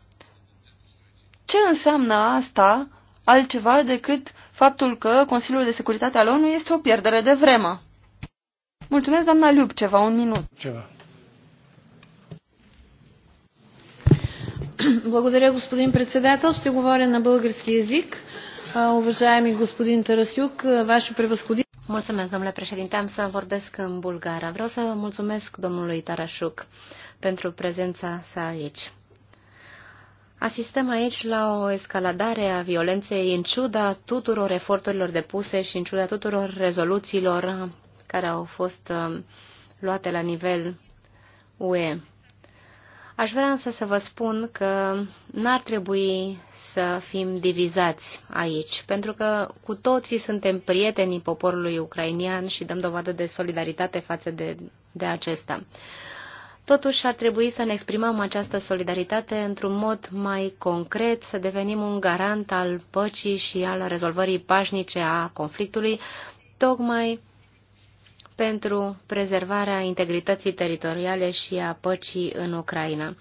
Ce înseamnă asta altceva decât faptul că Consiliul de Securitate al ONU este o pierdere de vreme? Mulțumesc, doamna Liubceva, ceva, un minut. Ceva. Благодаря, господин председател. Ще говоря на български язик. Уважаеми господин Тарасюк, ваше превъзходи... Mulțumesc, domnule președinte. Am să vorbesc în bulgară. Vreau să mulțumesc domnului Tarasuc pentru prezența sa aici. Asistăm aici la o escaladare a violenței în ciuda tuturor eforturilor depuse și în ciuda tuturor rezoluțiilor care au fost uh, luate la nivel UE. Aș vrea însă să vă spun că n-ar trebui să fim divizați aici, pentru că cu toții suntem prietenii poporului ucrainian și dăm dovadă de solidaritate față de, de acesta. Totuși ar trebui să ne exprimăm această solidaritate într-un mod mai concret, să devenim un garant al păcii și al rezolvării pașnice a conflictului, tocmai pentru prezervarea integrității teritoriale și a păcii în Ucraina.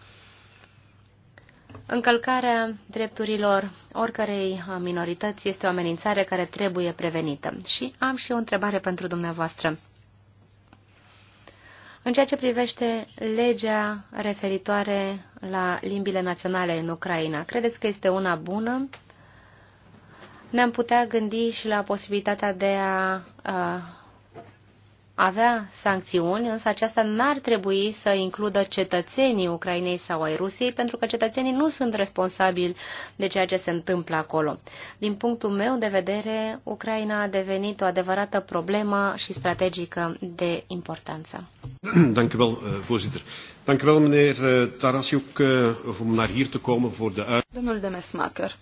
Încălcarea drepturilor oricărei minorități este o amenințare care trebuie prevenită. Și am și o întrebare pentru dumneavoastră. În ceea ce privește legea referitoare la limbile naționale în Ucraina, credeți că este una bună? Ne-am putea gândi și la posibilitatea de a, a avea sancțiuni, însă aceasta n-ar trebui să includă cetățenii Ucrainei sau ai Rusiei, pentru că cetățenii nu sunt responsabili de ceea ce se întâmplă acolo. Din punctul meu de vedere, Ucraina a devenit o adevărată problemă și strategică de importanță. Eh, eh, eh, de... Domnul Demesmacher,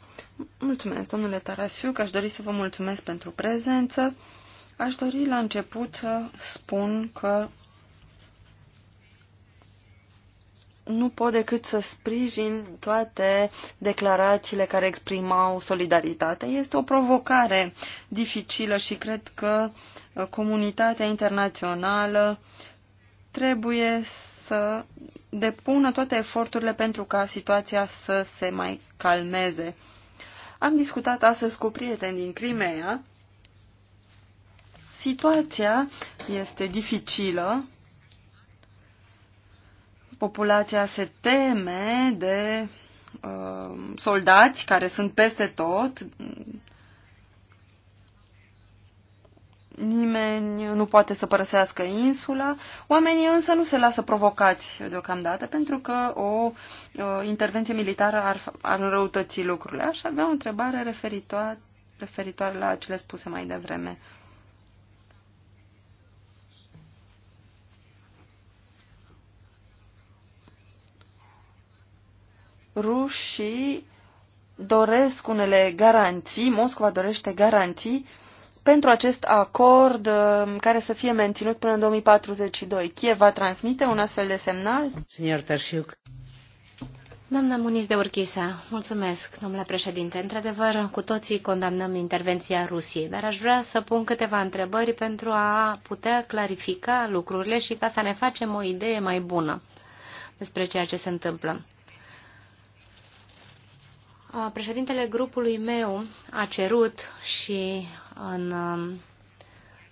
mulțumesc, domnule Tarasiuc, aș dori să vă mulțumesc pentru prezență. Aș dori la început să spun că nu pot decât să sprijin toate declarațiile care exprimau solidaritate. Este o provocare dificilă și cred că uh, comunitatea internațională trebuie să depună toate eforturile pentru ca situația să se mai calmeze. Am discutat astăzi cu prieteni din Crimea Situația este dificilă. Populația se teme de uh, soldați care sunt peste tot. Nimeni nu poate să părăsească insula. Oamenii însă nu se lasă provocați deocamdată pentru că o uh, intervenție militară ar, ar înrăutăți lucrurile. Aș avea o întrebare referitoare, referitoare la cele spuse mai devreme. rușii doresc unele garanții, Moscova dorește garanții pentru acest acord uh, care să fie menținut până în 2042. Kiev va transmite un astfel de semnal? Senior Tărșiuc. Doamna Muniz de Urchisa, mulțumesc, domnule președinte. Într-adevăr, cu toții condamnăm intervenția Rusiei, dar aș vrea să pun câteva întrebări pentru a putea clarifica lucrurile și ca să ne facem o idee mai bună despre ceea ce se întâmplă. Președintele grupului meu a cerut și în, um,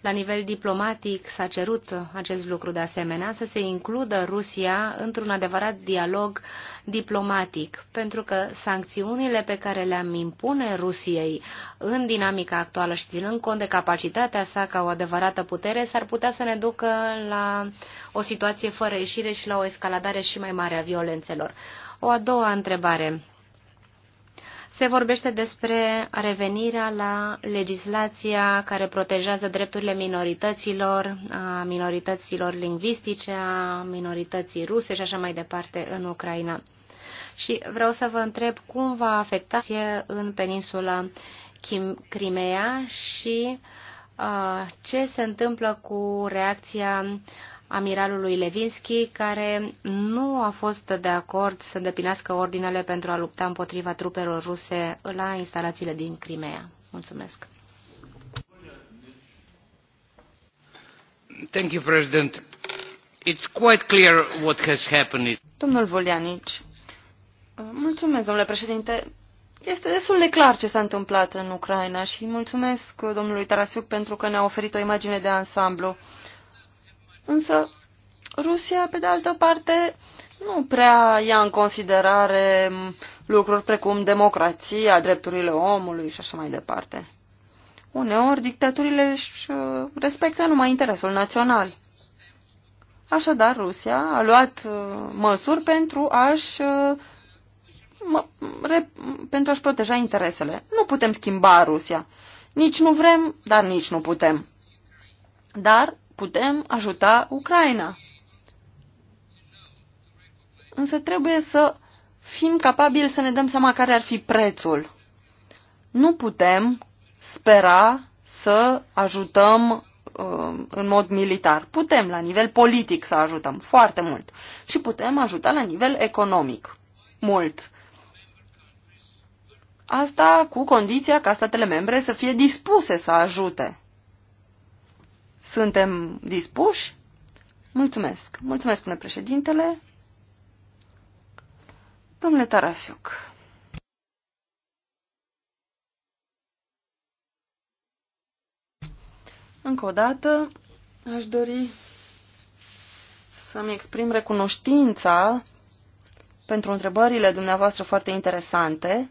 la nivel diplomatic s-a cerut acest lucru de asemenea, să se includă Rusia într-un adevărat dialog diplomatic, pentru că sancțiunile pe care le-am impune Rusiei în dinamica actuală și ținând cont de capacitatea sa ca o adevărată putere, s-ar putea să ne ducă la o situație fără ieșire și la o escaladare și mai mare a violențelor. O a doua întrebare se vorbește despre revenirea la legislația care protejează drepturile minorităților, a minorităților lingvistice, a minorității ruse și așa mai departe în Ucraina. Și vreau să vă întreb cum va afecta în peninsula Crimea și ce se întâmplă cu reacția uh, amiralului Levinski, care nu a fost de acord să îndepinească ordinele pentru a lupta împotriva trupelor ruse la instalațiile din Crimea. Mulțumesc. Thank you, President. It's quite clear what has happened. Domnul Volianici, mulțumesc, domnule președinte. Este destul de clar ce s-a întâmplat în Ucraina și mulțumesc domnului Tarasiuc pentru că ne-a oferit o imagine de ansamblu. Însă Rusia, pe de altă parte, nu prea ia în considerare lucruri precum democrația, drepturile omului și așa mai departe. Uneori, dictaturile își uh, respectă numai interesul național. Așadar, Rusia a luat uh, măsuri pentru a-și uh, pentru a-și proteja interesele. Nu putem schimba Rusia. Nici nu vrem, dar nici nu putem. Dar putem ajuta Ucraina. Însă trebuie să fim capabili să ne dăm seama care ar fi prețul. Nu putem spera să ajutăm um, în mod militar. Putem la nivel politic să ajutăm foarte mult și putem ajuta la nivel economic mult. Asta cu condiția ca statele membre să fie dispuse să ajute. Suntem dispuși? Mulțumesc. Mulțumesc, spune președintele. Domnule Tarasiuc. Încă o dată aș dori să-mi exprim recunoștința pentru întrebările dumneavoastră foarte interesante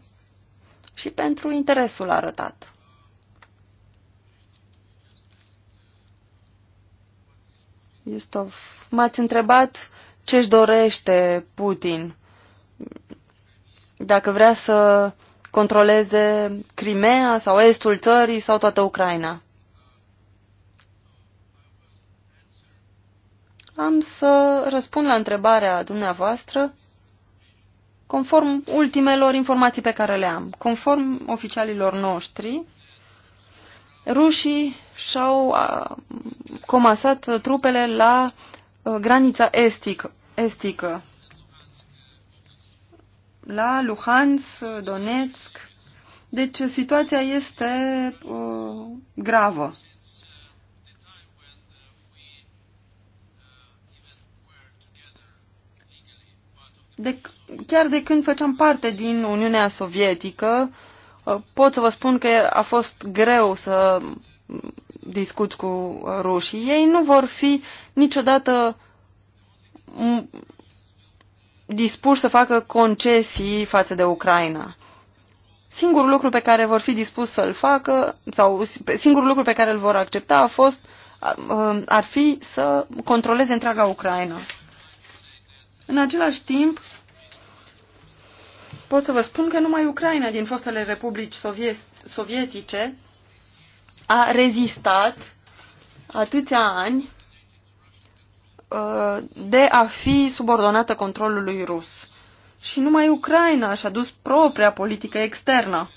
și pentru interesul arătat. Istov, m-ați întrebat ce-și dorește Putin. Dacă vrea să controleze Crimea sau estul țării sau toată Ucraina. Am să răspund la întrebarea dumneavoastră conform ultimelor informații pe care le am. Conform oficialilor noștri, rușii și-au uh, comasat trupele la uh, granița estică, estică, la Luhansk, Donetsk. Deci situația este uh, gravă. De, chiar de când făceam parte din Uniunea Sovietică, uh, pot să vă spun că a fost greu să discut cu roșii, ei nu vor fi niciodată dispuși să facă concesii față de Ucraina. Singurul lucru pe care vor fi dispus să-l facă, sau singurul lucru pe care îl vor accepta a fost, uh, ar fi să controleze întreaga Ucraina. În același timp, pot să vă spun că numai Ucraina din fostele republici sovietice a rezistat atâția ani uh, de a fi subordonată controlului rus. Și numai Ucraina și-a dus propria politică externă,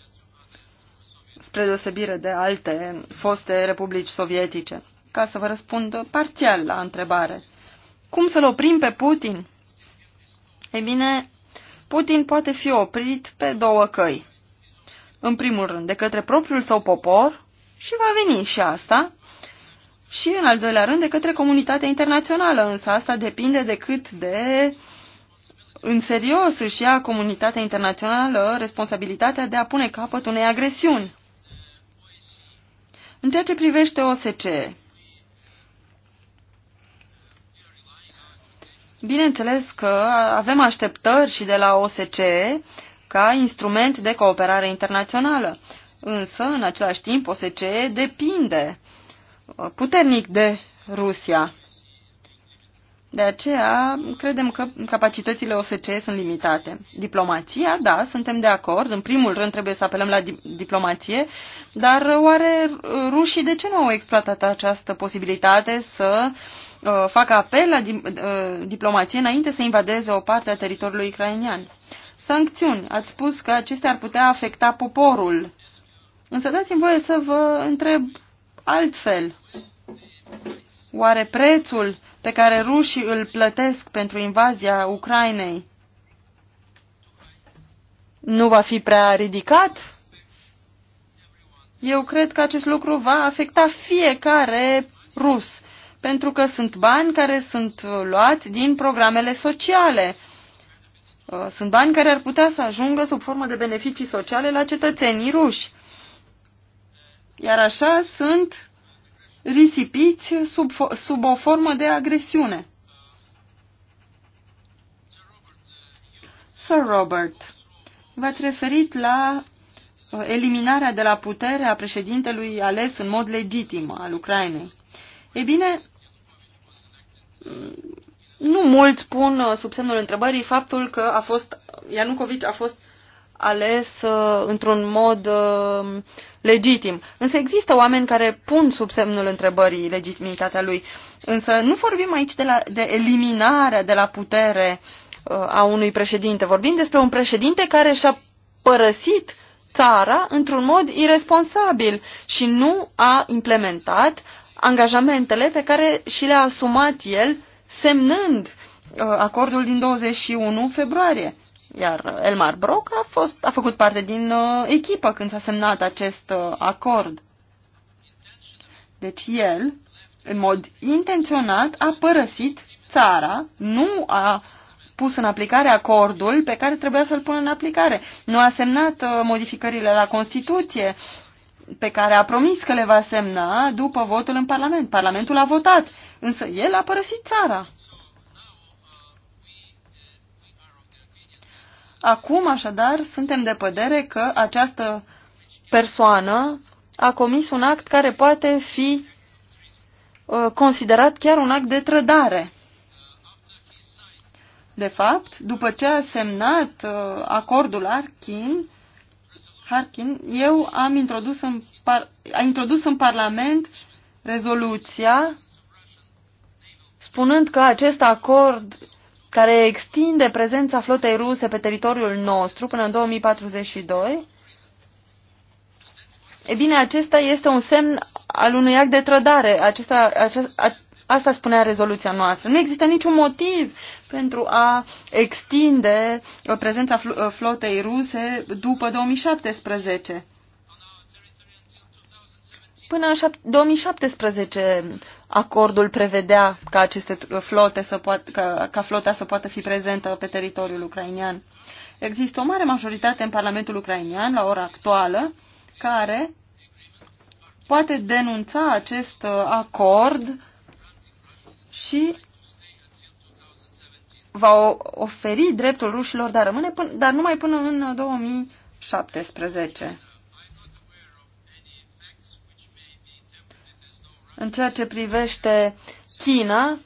spre deosebire de alte foste republici sovietice. Ca să vă răspund parțial la întrebare. Cum să-l oprim pe Putin? Ei bine, Putin poate fi oprit pe două căi. În primul rând, de către propriul său popor, și va veni și asta. Și, în al doilea rând, de către comunitatea internațională, însă asta depinde de cât de în serios își ia comunitatea internațională responsabilitatea de a pune capăt unei agresiuni. În ceea ce privește OSCE, bineînțeles că avem așteptări și de la OSCE ca instrument de cooperare internațională. Însă, în același timp, OSCE depinde uh, puternic de Rusia. De aceea, credem că capacitățile OSCE sunt limitate. Diplomația, da, suntem de acord. În primul rând trebuie să apelăm la diplomație, dar oare rușii de ce nu au exploatat această posibilitate să uh, facă apel la uh, diplomație înainte să invadeze o parte a teritoriului ucrainian? Sancțiuni. Ați spus că acestea ar putea afecta poporul Însă dați-mi voie să vă întreb altfel. Oare prețul pe care rușii îl plătesc pentru invazia Ucrainei nu va fi prea ridicat? Eu cred că acest lucru va afecta fiecare rus, pentru că sunt bani care sunt luați din programele sociale. Sunt bani care ar putea să ajungă sub formă de beneficii sociale la cetățenii ruși. Iar așa sunt risipiți sub, sub o formă de agresiune. Sir Robert, v-ați referit la uh, eliminarea de la putere a președintelui ales în mod legitim al Ucrainei. E bine, mm, nu mult pun uh, sub semnul întrebării faptul că a fost, Ianucovici a fost ales uh, într-un mod uh, legitim. Însă există oameni care pun sub semnul întrebării legitimitatea lui. Însă nu vorbim aici de, la, de eliminarea de la putere uh, a unui președinte. Vorbim despre un președinte care și-a părăsit țara într-un mod irresponsabil și nu a implementat angajamentele pe care și le-a asumat el semnând uh, acordul din 21 februarie iar Elmar Brock a, fost, a făcut parte din uh, echipă când s-a semnat acest uh, acord. Deci el, în mod intenționat, a părăsit țara, nu a pus în aplicare acordul pe care trebuia să-l pună în aplicare. Nu a semnat uh, modificările la Constituție pe care a promis că le va semna după votul în Parlament. Parlamentul a votat, însă el a părăsit țara. Acum, așadar, suntem de pădere că această persoană a comis un act care poate fi uh, considerat chiar un act de trădare. De fapt, după ce a semnat uh, acordul Harkin, Harkin, eu am introdus în, par, a introdus în Parlament rezoluția spunând că acest acord care extinde prezența flotei ruse pe teritoriul nostru până în 2042, e bine, acesta este un semn al unui act de trădare. Acesta, acest, a, asta spunea rezoluția noastră. Nu există niciun motiv pentru a extinde prezența flotei ruse după 2017. Până în 2017 acordul prevedea ca aceste flote să poată, ca, ca flota să poată fi prezentă pe teritoriul ucrainian. Există o mare majoritate în Parlamentul ucrainian la ora actuală care poate denunța acest uh, acord și va oferi dreptul rușilor de a rămâne, până, dar numai până în 2017. Uh, În ceea ce privește China,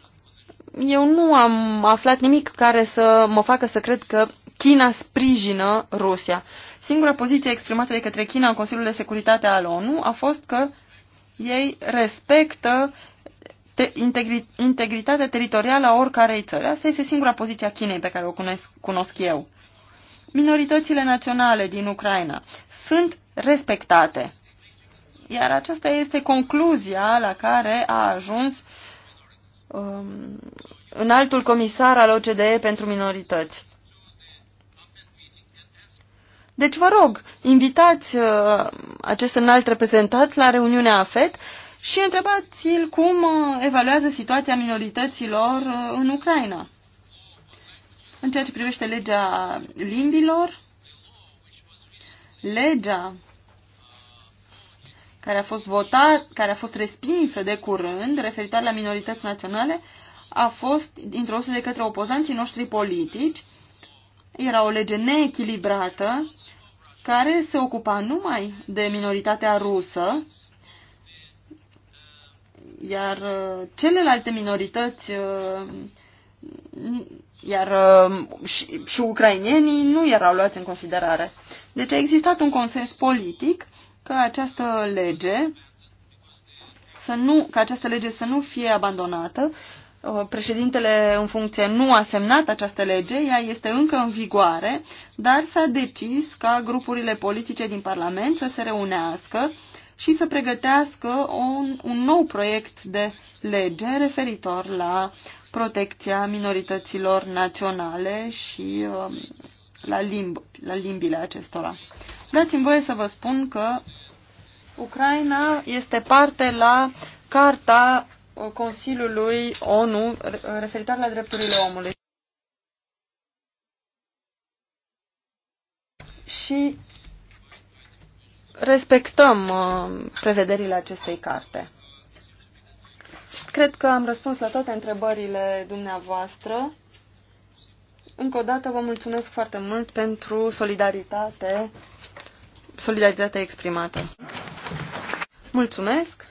eu nu am aflat nimic care să mă facă să cred că China sprijină Rusia. Singura poziție exprimată de către China în Consiliul de Securitate al ONU a fost că ei respectă te integri integritatea teritorială a oricărei țări. Asta este singura poziție a Chinei pe care o cunosc, cunosc eu. Minoritățile naționale din Ucraina sunt respectate. Iar aceasta este concluzia la care a ajuns um, în altul comisar al OCDE pentru minorități. Deci vă rog, invitați uh, acest înalt reprezentant la reuniunea AFET și întrebați-l cum uh, evaluează situația minorităților uh, în Ucraina. În ceea ce privește legea limbilor, legea care a fost votat, care a fost respinsă de curând, referitoare la minorități naționale, a fost introdusă de către opozanții noștri politici. Era o lege neechilibrată care se ocupa numai de minoritatea rusă, iar uh, celelalte minorități, uh, iar uh, și, și ucrainienii nu erau luați în considerare. Deci a existat un consens politic că această lege să nu, că această lege să nu fie abandonată. Uh, președintele în funcție nu a semnat această lege, ea este încă în vigoare, dar s-a decis ca grupurile politice din Parlament să se reunească și să pregătească un, un nou proiect de lege referitor la protecția minorităților naționale și uh, la, limb, la limbile acestora. Dați-mi voie să vă spun că Ucraina este parte la Carta Consiliului ONU referitor la drepturile omului. Și respectăm uh, prevederile acestei carte. Cred că am răspuns la toate întrebările dumneavoastră. Încă o dată vă mulțumesc foarte mult pentru solidaritate solidaritatea exprimată. Mulțumesc!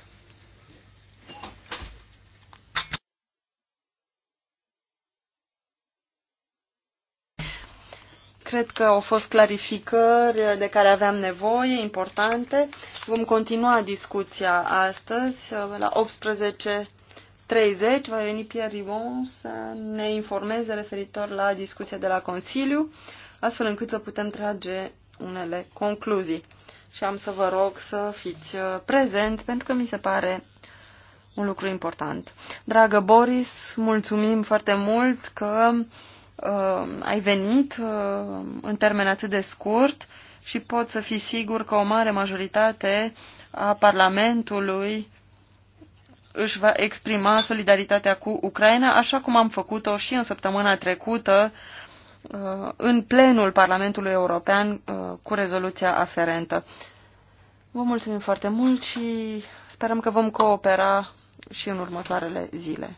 Cred că au fost clarificări de care aveam nevoie, importante. Vom continua discuția astăzi la 18.30. Va veni Pierre Ribon să ne informeze referitor la discuția de la Consiliu, astfel încât să putem trage unele concluzii. Și am să vă rog să fiți uh, prezent, pentru că mi se pare un lucru important. Dragă Boris, mulțumim foarte mult că uh, ai venit uh, în termen atât de scurt și pot să fii sigur că o mare majoritate a Parlamentului își va exprima solidaritatea cu Ucraina, așa cum am făcut-o și în săptămâna trecută uh, Uh, în plenul Parlamentului European uh, cu rezoluția aferentă. Vă mulțumim foarte mult și sperăm că vom coopera și în următoarele zile.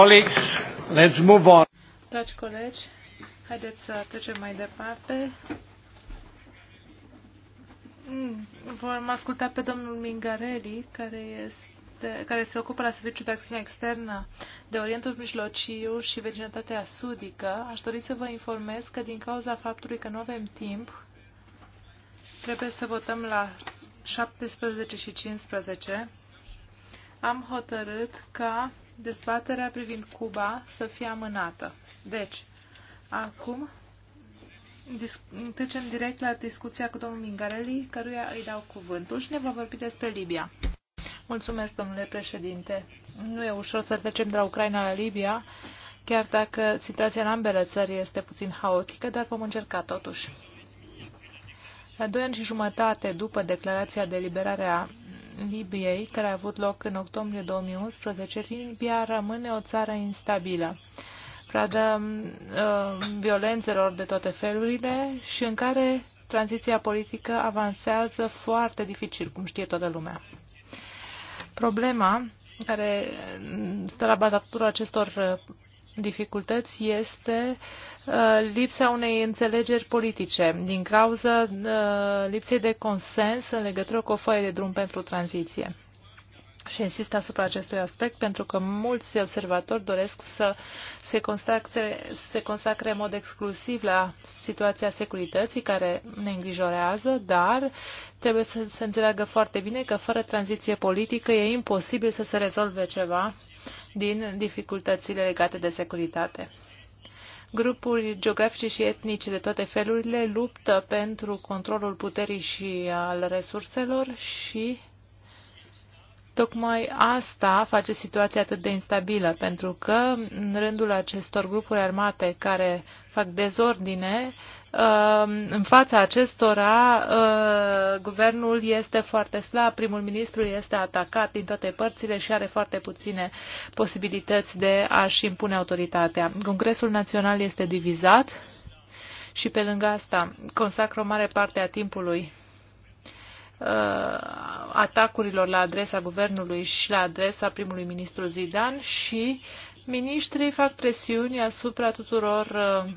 Colleagues, let's move on. Dragi colegi, haideți să trecem mai departe. Mm, vom asculta pe domnul Mingarelli, care, este, care se ocupă la Serviciul de Acțiune Externă de Orientul Mijlociu și Vecinătatea Sudică. Aș dori să vă informez că din cauza faptului că nu avem timp, trebuie să votăm la 17 și 15 am hotărât ca dezbaterea privind Cuba să fie amânată. Deci, acum trecem direct la discuția cu domnul Mingarelli, căruia îi dau cuvântul și ne va vorbi despre Libia. Mulțumesc, domnule președinte. Nu e ușor să trecem de la Ucraina la Libia, chiar dacă situația în ambele țări este puțin haotică, dar vom încerca totuși. La doi ani și jumătate după declarația de liberare a Libiei, care a avut loc în octombrie 2011, Libia rămâne o țară instabilă, pradă uh, violențelor de toate felurile și în care tranziția politică avansează foarte dificil, cum știe toată lumea. Problema care stă la baza tuturor acestor uh, dificultăți este uh, lipsa unei înțelegeri politice din cauza uh, lipsei de consens în legătură cu o foaie de drum pentru tranziție. Și insist asupra acestui aspect pentru că mulți observatori doresc să se consacre, se consacre în mod exclusiv la situația securității care ne îngrijorează, dar trebuie să se înțeleagă foarte bine că fără tranziție politică e imposibil să se rezolve ceva din dificultățile legate de securitate. Grupuri geografice și etnice de toate felurile luptă pentru controlul puterii și al resurselor și Tocmai asta face situația atât de instabilă, pentru că în rândul acestor grupuri armate care fac dezordine, Ehm, în fața acestora ehm, guvernul este foarte slab, primul ministru este atacat din toate părțile și are foarte puține posibilități de a-și impune autoritatea. Congresul Național este divizat și pe lângă asta consacră o mare parte a timpului ehm, atacurilor la adresa guvernului și la adresa primului ministru Zidan și ministrii fac presiuni asupra tuturor uh,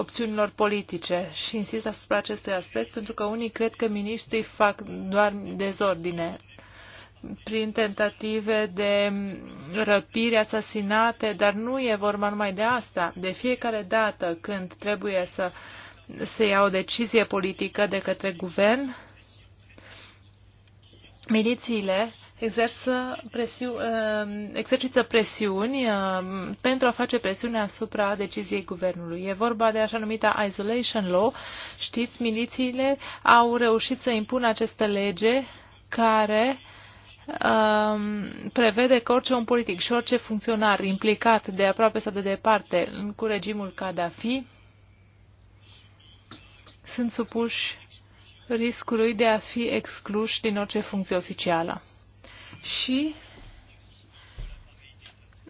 opțiunilor politice și insist asupra acestui aspect pentru că unii cred că miniștrii fac doar dezordine prin tentative de răpiri, asasinate, dar nu e vorba numai de asta. De fiecare dată când trebuie să se ia o decizie politică de către guvern, milițiile exersă presiu, uh, exercită presiuni uh, pentru a face presiune asupra deciziei guvernului. E vorba de așa numita isolation law. Știți, milițiile au reușit să impună această lege care um, prevede că orice om politic și orice funcționar implicat de aproape sau de departe cu regimul Gaddafi sunt supuși riscului de a fi excluși din orice funcție oficială și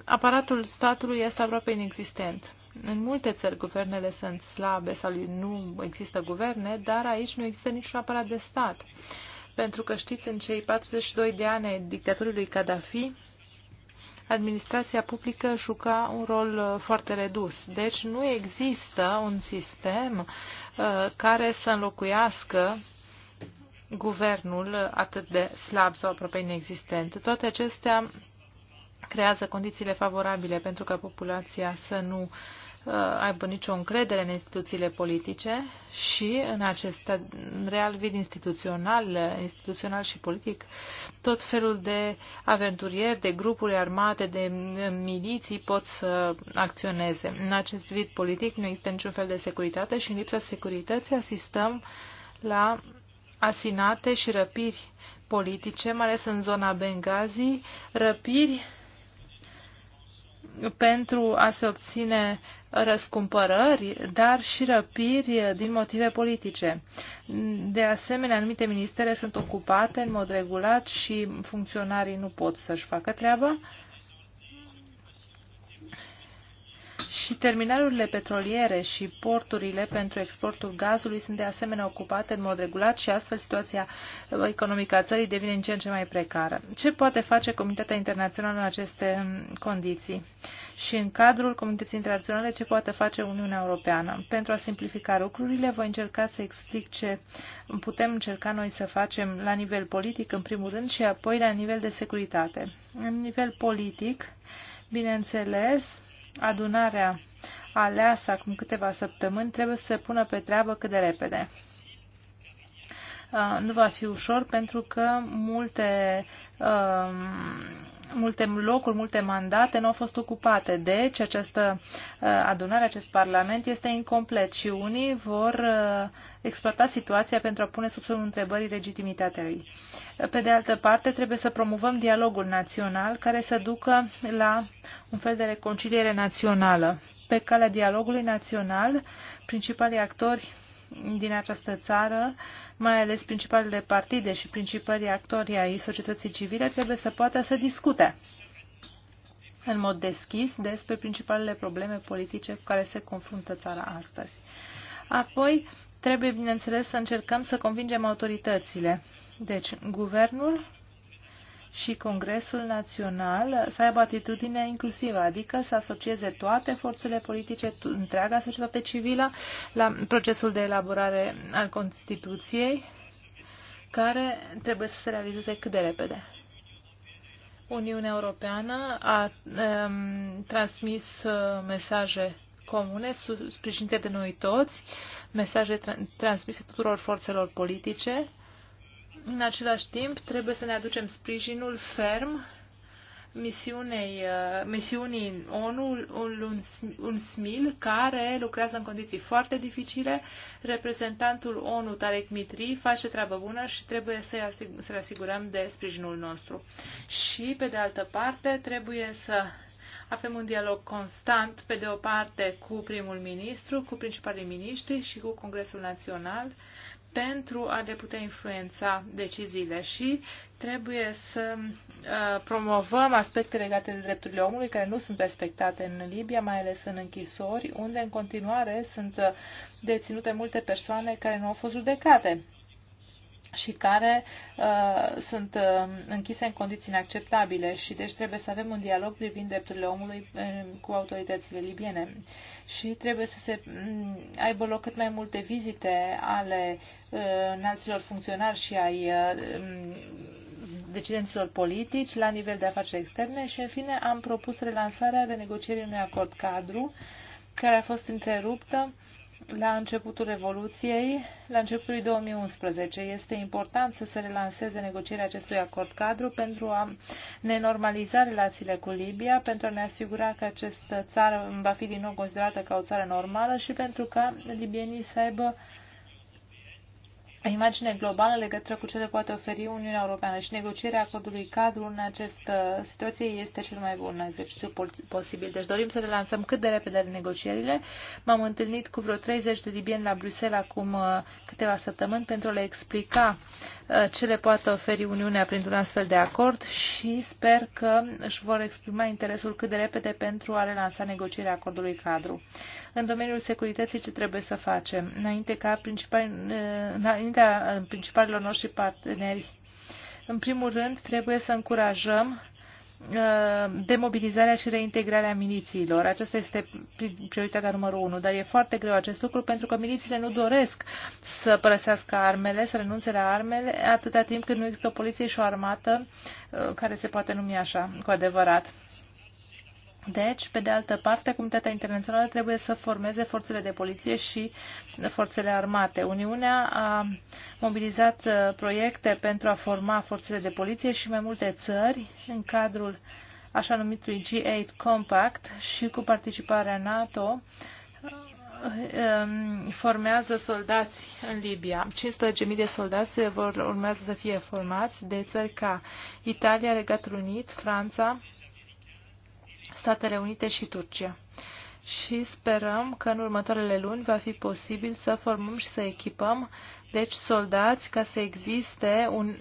aparatul statului este aproape inexistent. În multe țări guvernele sunt slabe sau nu există guverne, dar aici nu există niciun aparat de stat. Pentru că știți, în cei 42 de ani ai dictaturii lui Gaddafi, administrația publică juca un rol uh, foarte redus. Deci nu există un sistem uh, care să înlocuiască guvernul atât de slab sau aproape inexistent. Toate acestea creează condițiile favorabile pentru ca populația să nu uh, aibă nicio încredere în instituțiile politice și în acest real vid instituțional, instituțional și politic, tot felul de aventurieri, de grupuri armate, de uh, miliții pot să acționeze. În acest vid politic nu există niciun fel de securitate și în lipsa securității asistăm la asinate și răpiri politice, mai ales în zona Benghazi, răpiri pentru a se obține răscumpărări, dar și răpiri din motive politice. De asemenea, anumite ministere sunt ocupate în mod regulat și funcționarii nu pot să-și facă treaba. Și terminalurile petroliere și porturile pentru exportul gazului sunt de asemenea ocupate în mod regulat și astfel situația economică a țării devine în ce în ce mai precară. Ce poate face comunitatea internațională în aceste condiții? Și în cadrul comunității internaționale, ce poate face Uniunea Europeană? Pentru a simplifica lucrurile, voi încerca să explic ce putem încerca noi să facem la nivel politic, în primul rând, și apoi la nivel de securitate. În nivel politic, bineînțeles, adunarea aleasă acum câteva săptămâni trebuie să se pună pe treabă cât de repede. Uh, nu va fi ușor pentru că multe uh, multe locuri, multe mandate nu au fost ocupate. Deci această uh, adunare, acest parlament este incomplet și unii vor uh, exploata situația pentru a pune sub semnul întrebării legitimitatea ei. Pe de altă parte, trebuie să promovăm dialogul național care să ducă la un fel de reconciliere națională. Pe calea dialogului național, principalii actori din această țară, mai ales principalele partide și principalii actori ai societății civile, trebuie să poată să discute în mod deschis despre principalele probleme politice cu care se confruntă țara astăzi. Apoi, trebuie, bineînțeles, să încercăm să convingem autoritățile. Deci, guvernul și Congresul Național să aibă atitudine inclusivă, adică să asocieze toate forțele politice, întreaga societate civilă, la procesul de elaborare al Constituției, care trebuie să se realizeze cât de repede. Uniunea Europeană a um, transmis uh, mesaje comune, sprijinite de noi toți, mesaje tra transmise tuturor forțelor politice în același timp, trebuie să ne aducem sprijinul ferm misiunei, uh, misiunii ONU, un, un, un SMIL, care lucrează în condiții foarte dificile. Reprezentantul ONU, Tarek Mitri, face treabă bună și trebuie să-i asig- să asigurăm de sprijinul nostru. Și, pe de altă parte, trebuie să avem un dialog constant, pe de o parte, cu primul ministru, cu principalii miniștri și cu Congresul Național, pentru a le putea influența deciziile și trebuie să uh, promovăm aspecte legate de drepturile omului care nu sunt respectate în Libia, mai ales în închisori, unde în continuare sunt uh, deținute multe persoane care nu au fost judecate și care uh, sunt uh, închise în condiții inacceptabile și deci trebuie să avem un dialog privind drepturile omului uh, cu autoritățile libiene și trebuie să se um, aibă loc cât mai multe vizite ale uh, înalților funcționari și ai uh, mm, decidenților politici la nivel de afaceri externe și în fine am propus relansarea de negocieri unui acord cadru care a fost întreruptă uh, la începutul Revoluției, la începutul 2011. Este important să se relanseze negocierea acestui acord cadru pentru a ne normaliza relațiile cu Libia, pentru a ne asigura că această țară va fi din nou considerată ca o țară normală și pentru ca libienii să aibă imagine globală legătură cu ce le poate oferi Uniunea Europeană și negocierea acordului cadru în această situație este cel mai bun exercițiu posibil. Deci dorim să relansăm cât de repede negocierile. M-am întâlnit cu vreo 30 de libieni la Bruxelles acum uh, câteva săptămâni pentru a le explica Uh, ce le poate oferi Uniunea printr-un astfel de acord și sper că își vor exprima interesul cât de repede pentru a relansa negocierea acordului cadru. În domeniul securității ce trebuie să facem? Înainte ca principal, uh, înaintea principalilor noștri parteneri, în primul rând trebuie să încurajăm Uh, demobilizarea și reintegrarea milițiilor. Aceasta este prioritatea numărul unu, dar e foarte greu acest lucru pentru că milițiile nu doresc să părăsească armele, să renunțe la armele, atâta timp cât nu există o poliție și o armată uh, care se poate numi așa, cu adevărat. Deci, pe de altă parte, comunitatea internațională trebuie să formeze forțele de poliție și forțele armate. Uniunea a mobilizat uh, proiecte pentru a forma forțele de poliție și mai multe țări în cadrul așa numitului G8 Compact și cu participarea NATO um, formează soldați în Libia. 15.000 de soldați vor, urmează să fie formați de țări ca Italia, Regatul Unit, Franța, Statele Unite și Turcia. Și sperăm că în următoarele luni va fi posibil să formăm și să echipăm, deci, soldați ca să existe un,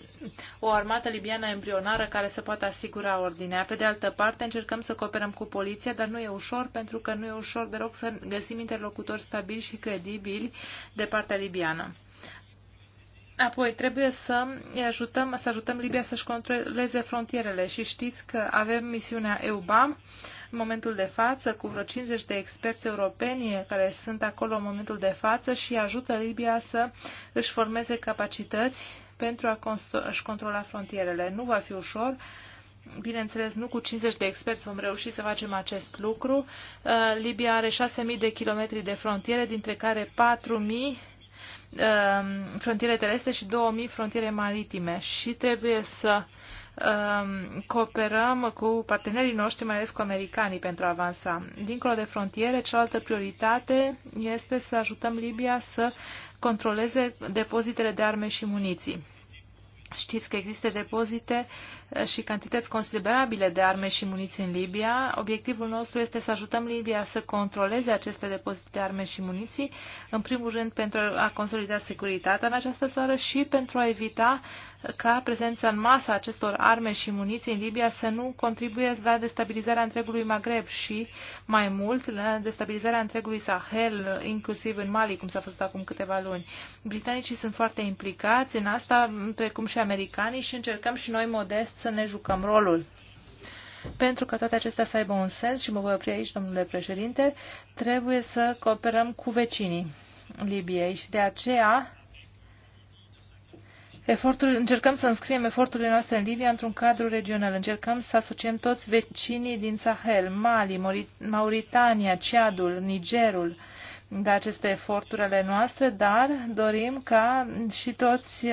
o armată libiană embrionară care să poată asigura ordinea. Pe de altă parte, încercăm să cooperăm cu poliția, dar nu e ușor, pentru că nu e ușor deloc să găsim interlocutori stabili și credibili de partea libiană. Apoi, trebuie să ajutăm, să ajutăm Libia să-și controleze frontierele și știți că avem misiunea EUBAM în momentul de față cu vreo 50 de experți europeni care sunt acolo în momentul de față și ajută Libia să își formeze capacități pentru a-și controla frontierele. Nu va fi ușor. Bineînțeles, nu cu 50 de experți vom reuși să facem acest lucru. Uh, Libia are 6.000 de kilometri de frontiere, dintre care 4.000 Um, frontiere terestre și 2000 frontiere maritime și trebuie să um, cooperăm cu partenerii noștri, mai ales cu americanii, pentru a avansa. Dincolo de frontiere, cealaltă prioritate este să ajutăm Libia să controleze depozitele de arme și muniții. Știți că există depozite eh, și cantități considerabile de arme și muniții în Libia. Obiectivul nostru este să ajutăm Libia să controleze aceste depozite de arme și muniții, în primul rând pentru a consolida securitatea în această țară și pentru a evita ca prezența în masă a acestor arme și muniții în Libia să nu contribuie la destabilizarea întregului Maghreb și, mai mult, la destabilizarea întregului Sahel, inclusiv în Mali, cum s-a făcut acum câteva luni. Britanicii sunt foarte implicați în asta, precum și și americanii și încercăm și noi modest să ne jucăm rolul. Pentru că toate acestea să aibă un sens, și mă voi opri aici, domnule președinte, trebuie să cooperăm cu vecinii Libiei și de aceea efortul, încercăm să înscriem eforturile noastre în Libia într-un cadru regional. Încercăm să asociem toți vecinii din Sahel, Mali, Mauritania, Ceadul, Nigerul, de aceste eforturi ale noastre, dar dorim ca și toți uh,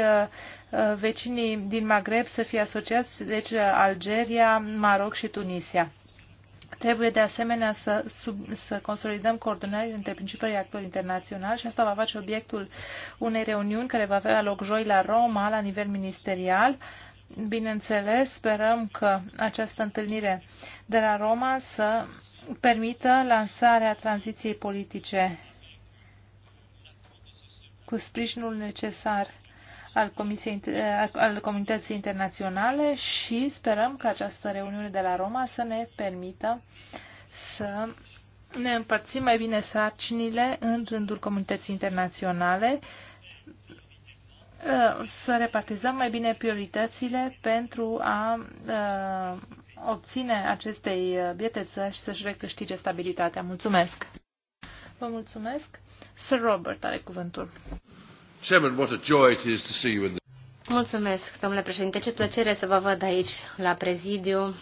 uh, vecinii din Maghreb să fie asociați, deci uh, Algeria, Maroc și Tunisia. Trebuie de asemenea să, sub, să consolidăm coordonarea între principalii actori internaționali și asta va face obiectul unei reuniuni care va avea loc joi la Roma, la nivel ministerial, uh, bineînțeles, sperăm că această întâlnire de la Roma să permită lansarea tranziției politice cu sprijinul necesar al, Comisiei, al comunității internaționale și sperăm că această reuniune de la Roma să ne permită să ne împărțim mai bine sarcinile în rândul comunității internaționale Uh, să repartizăm mai bine prioritățile pentru a uh, obține acestei uh, biete țări să-și recâștige stabilitatea. Mulțumesc! Vă mulțumesc! Sir Robert are cuvântul. Chairman, what a joy it is to see you in the... Mulțumesc, domnule președinte. Ce plăcere să vă văd aici, la prezidiu,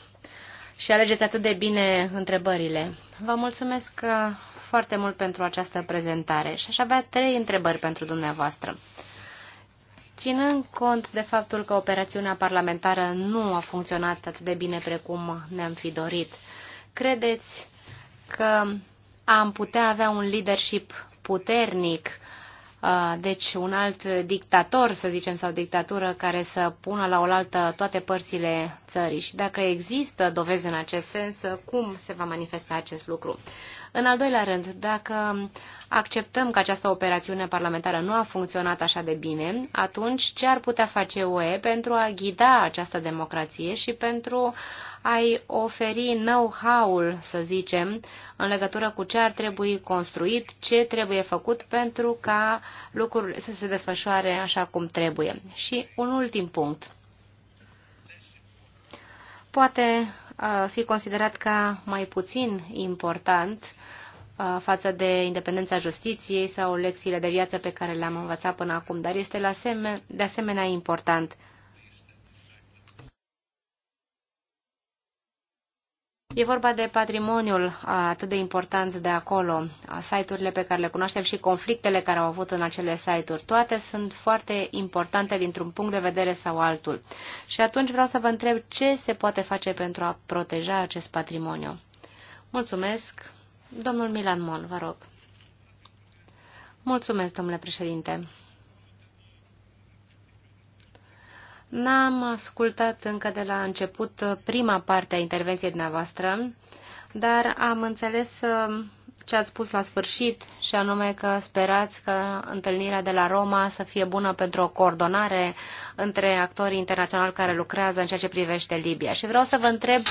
și alegeți atât de bine întrebările. Vă mulțumesc foarte mult pentru această prezentare și aș avea trei întrebări pentru dumneavoastră. Ținând cont de faptul că operațiunea parlamentară nu a funcționat atât de bine precum ne-am fi dorit, credeți că am putea avea un leadership puternic, uh, deci un alt dictator, să zicem, sau dictatură care să pună la oaltă toate părțile țării și dacă există dovezi în acest sens, cum se va manifesta acest lucru. În al doilea rând, dacă acceptăm că această operațiune parlamentară nu a funcționat așa de bine, atunci ce ar putea face UE pentru a ghida această democrație și pentru a-i oferi know-how-ul, să zicem, în legătură cu ce ar trebui construit, ce trebuie făcut pentru ca lucrurile să se desfășoare așa cum trebuie. Și un ultim punct. Poate uh, fi considerat ca mai puțin important față de independența justiției sau lecțiile de viață pe care le-am învățat până acum, dar este de asemenea important. E vorba de patrimoniul atât de important de acolo, site-urile pe care le cunoaștem și conflictele care au avut în acele site-uri. Toate sunt foarte importante dintr-un punct de vedere sau altul. Și atunci vreau să vă întreb ce se poate face pentru a proteja acest patrimoniu. Mulțumesc! Domnul Milan Mon, vă rog. Mulțumesc, domnule președinte. N-am ascultat încă de la început prima parte a intervenției dumneavoastră, dar am înțeles uh, ce ați spus la sfârșit, și anume că sperați că întâlnirea de la Roma să fie bună pentru o coordonare între actorii internaționali care lucrează în ceea ce privește Libia. Și vreau să vă întreb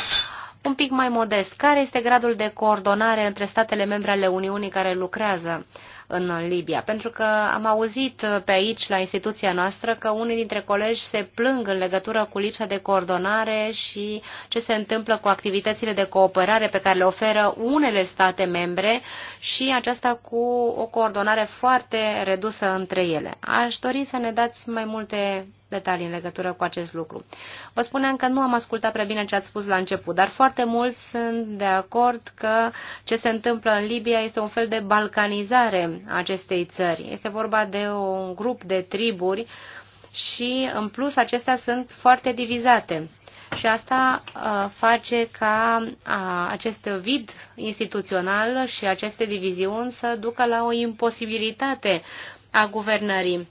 un pic mai modest. Care este gradul de coordonare între statele membre ale Uniunii care lucrează în Libia? Pentru că am auzit pe aici, la instituția noastră, că unii dintre colegi se plâng în legătură cu lipsa de coordonare și ce se întâmplă cu activitățile de cooperare pe care le oferă unele state membre și aceasta cu o coordonare foarte redusă între ele. Aș dori să ne dați mai multe detalii în legătură cu acest lucru. Vă spuneam că nu am ascultat prea bine ce ați spus la început, dar foarte mulți sunt de acord că ce se întâmplă în Libia este un fel de balcanizare a acestei țări. Este vorba de un grup de triburi și, în plus, acestea sunt foarte divizate. Și asta uh, face ca acest vid instituțional și aceste diviziuni să ducă la o imposibilitate a guvernării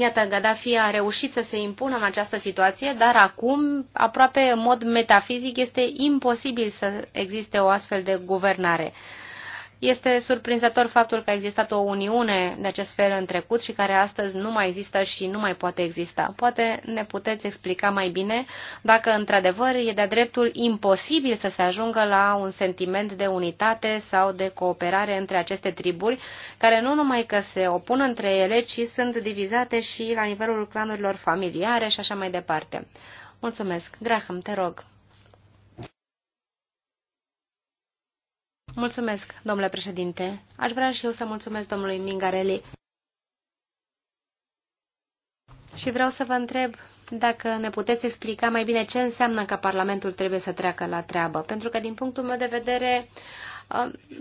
Iată, Gaddafi a reușit să se impună în această situație, dar acum, aproape în mod metafizic, este imposibil să existe o astfel de guvernare. Este surprinzător faptul că a existat o uniune de acest fel în trecut și care astăzi nu mai există și nu mai poate exista. Poate ne puteți explica mai bine dacă într-adevăr e de-a dreptul imposibil să se ajungă la un sentiment de unitate sau de cooperare între aceste triburi, care nu numai că se opun între ele, ci sunt divizate și la nivelul clanurilor familiare și așa mai departe. Mulțumesc. Graham, te rog. Mulțumesc, domnule președinte. Aș vrea și eu să mulțumesc domnului Mingarelli. Și vreau să vă întreb dacă ne puteți explica mai bine ce înseamnă că Parlamentul trebuie să treacă la treabă. Pentru că, din punctul meu de vedere,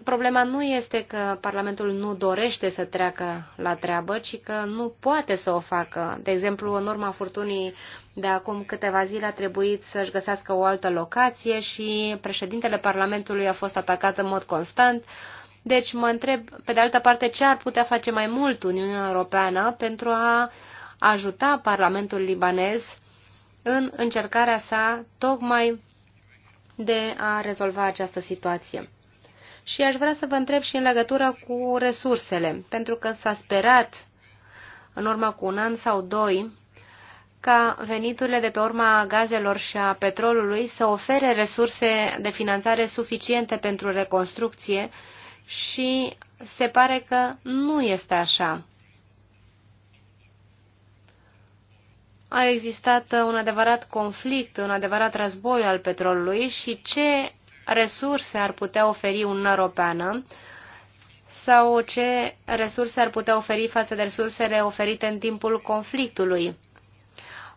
Problema nu este că Parlamentul nu dorește să treacă la treabă, ci că nu poate să o facă. De exemplu, în urma furtunii de acum câteva zile a trebuit să-și găsească o altă locație și președintele Parlamentului a fost atacat în mod constant. Deci mă întreb, pe de altă parte, ce ar putea face mai mult Uniunea Europeană pentru a ajuta Parlamentul libanez în încercarea sa tocmai de a rezolva această situație. Și aș vrea să vă întreb și în legătură cu resursele, pentru că s-a sperat în urmă cu un an sau doi ca veniturile de pe urma gazelor și a petrolului să ofere resurse de finanțare suficiente pentru reconstrucție și se pare că nu este așa. A existat un adevărat conflict, un adevărat război al petrolului și ce resurse ar putea oferi Uniunea Europeană sau ce resurse ar putea oferi față de resursele oferite în timpul conflictului.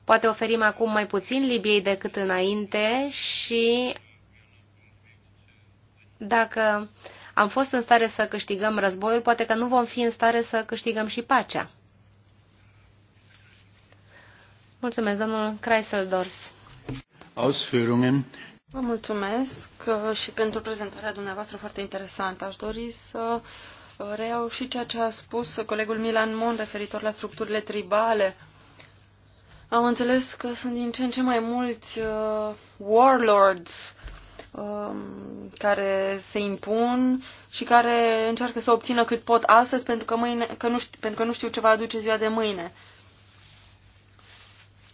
Poate oferim acum mai puțin Libiei decât înainte și dacă am fost în stare să câștigăm războiul, poate că nu vom fi în stare să câștigăm și pacea. Mulțumesc, domnul Kreiseldors. Ausführungen Vă mulțumesc uh, și pentru prezentarea dumneavoastră foarte interesantă. Aș dori să uh, reiau și ceea ce a spus colegul Milan Mon referitor la structurile tribale. Am înțeles că sunt din ce în ce mai mulți uh, warlords uh, care se impun și care încearcă să obțină cât pot astăzi pentru că, mâine, că, nu știu, pentru că nu știu ce va aduce ziua de mâine. Uh,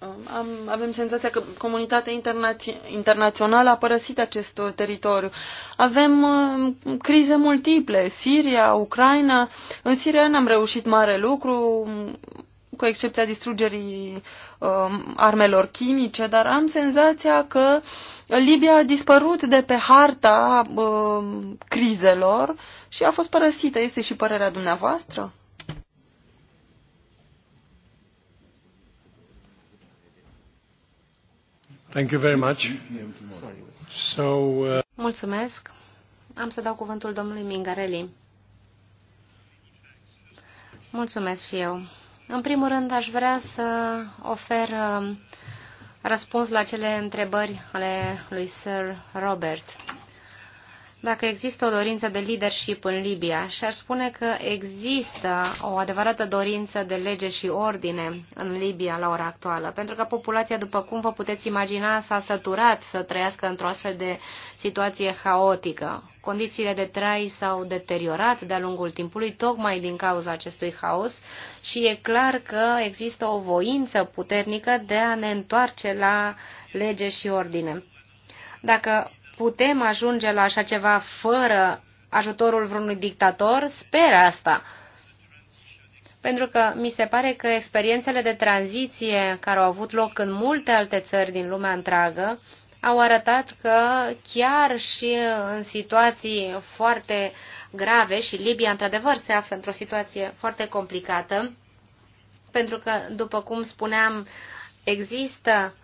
Um, am, avem senzația că comunitatea internaț- internațională a părăsit acest uh, teritoriu. Avem uh, crize multiple, Siria, Ucraina. În Siria n-am reușit mare lucru, cu excepția distrugerii uh, armelor chimice, dar am senzația că Libia a dispărut de pe harta uh, crizelor și a fost părăsită. Este și părerea dumneavoastră? Uh, Mulțumesc. Am să dau cuvântul domnului Mingarelli. Mulțumesc și eu. În primul rând, aș vrea să ofer uh, răspuns la cele întrebări ale lui Sir Robert dacă există o dorință de leadership în Libia și aș spune că există o adevărată dorință de lege și ordine în Libia la ora actuală, pentru că populația, după cum vă puteți imagina, s-a săturat să trăiască într-o astfel de situație haotică. Condițiile de trai s-au deteriorat de-a lungul timpului, tocmai din cauza acestui haos și e clar că există o voință puternică de a ne întoarce la lege și ordine. Dacă putem ajunge la așa ceva fără ajutorul vreunui dictator? Sper asta. Pentru că mi se pare că experiențele de tranziție care au avut loc în multe alte țări din lumea întreagă au arătat că chiar și în situații foarte grave și Libia într-adevăr se află într-o situație foarte complicată, pentru că, după cum spuneam, există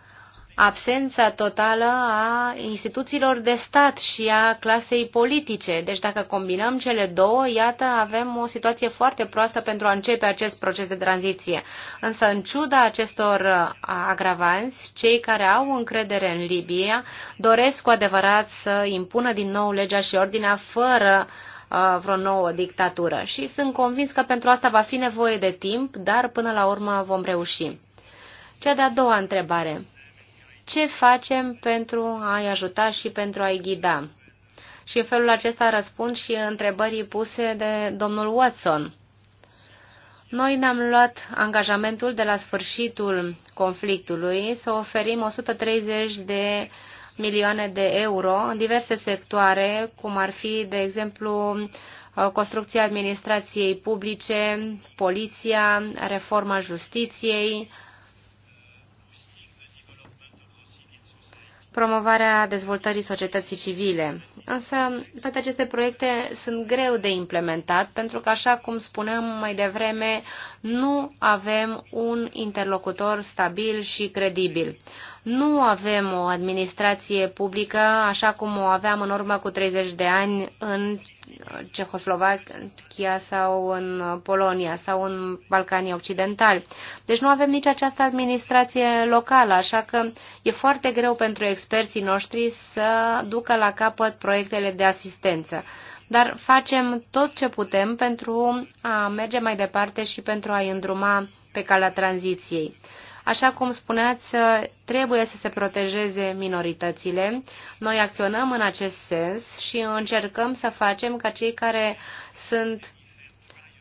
absența totală a instituțiilor de stat și a clasei politice. Deci dacă combinăm cele două, iată, avem o situație foarte proastă pentru a începe acest proces de tranziție. Însă, în ciuda acestor uh, agravanți, cei care au încredere în Libia doresc cu adevărat să impună din nou legea și ordinea fără uh, vreo nouă dictatură. Și sunt convins că pentru asta va fi nevoie de timp, dar până la urmă vom reuși. Cea de-a doua întrebare ce facem pentru a-i ajuta și pentru a-i ghida. Și în felul acesta răspund și întrebării puse de domnul Watson. Noi ne-am luat angajamentul de la sfârșitul conflictului să oferim 130 de milioane de euro în diverse sectoare, cum ar fi, de exemplu, construcția administrației publice, poliția, reforma justiției, promovarea dezvoltării societății civile. Însă toate aceste proiecte sunt greu de implementat pentru că, așa cum spuneam mai devreme, nu avem un interlocutor stabil și credibil. Nu avem o administrație publică așa cum o aveam în urmă cu 30 de ani în Cehoslovacia sau în Polonia sau în Balcanii Occidentali. Deci nu avem nici această administrație locală, așa că e foarte greu pentru experții noștri să ducă la capăt proiectele de asistență. Dar facem tot ce putem pentru a merge mai departe și pentru a-i îndruma pe calea tranziției. Așa cum spuneați, trebuie să se protejeze minoritățile. Noi acționăm în acest sens și încercăm să facem ca cei care sunt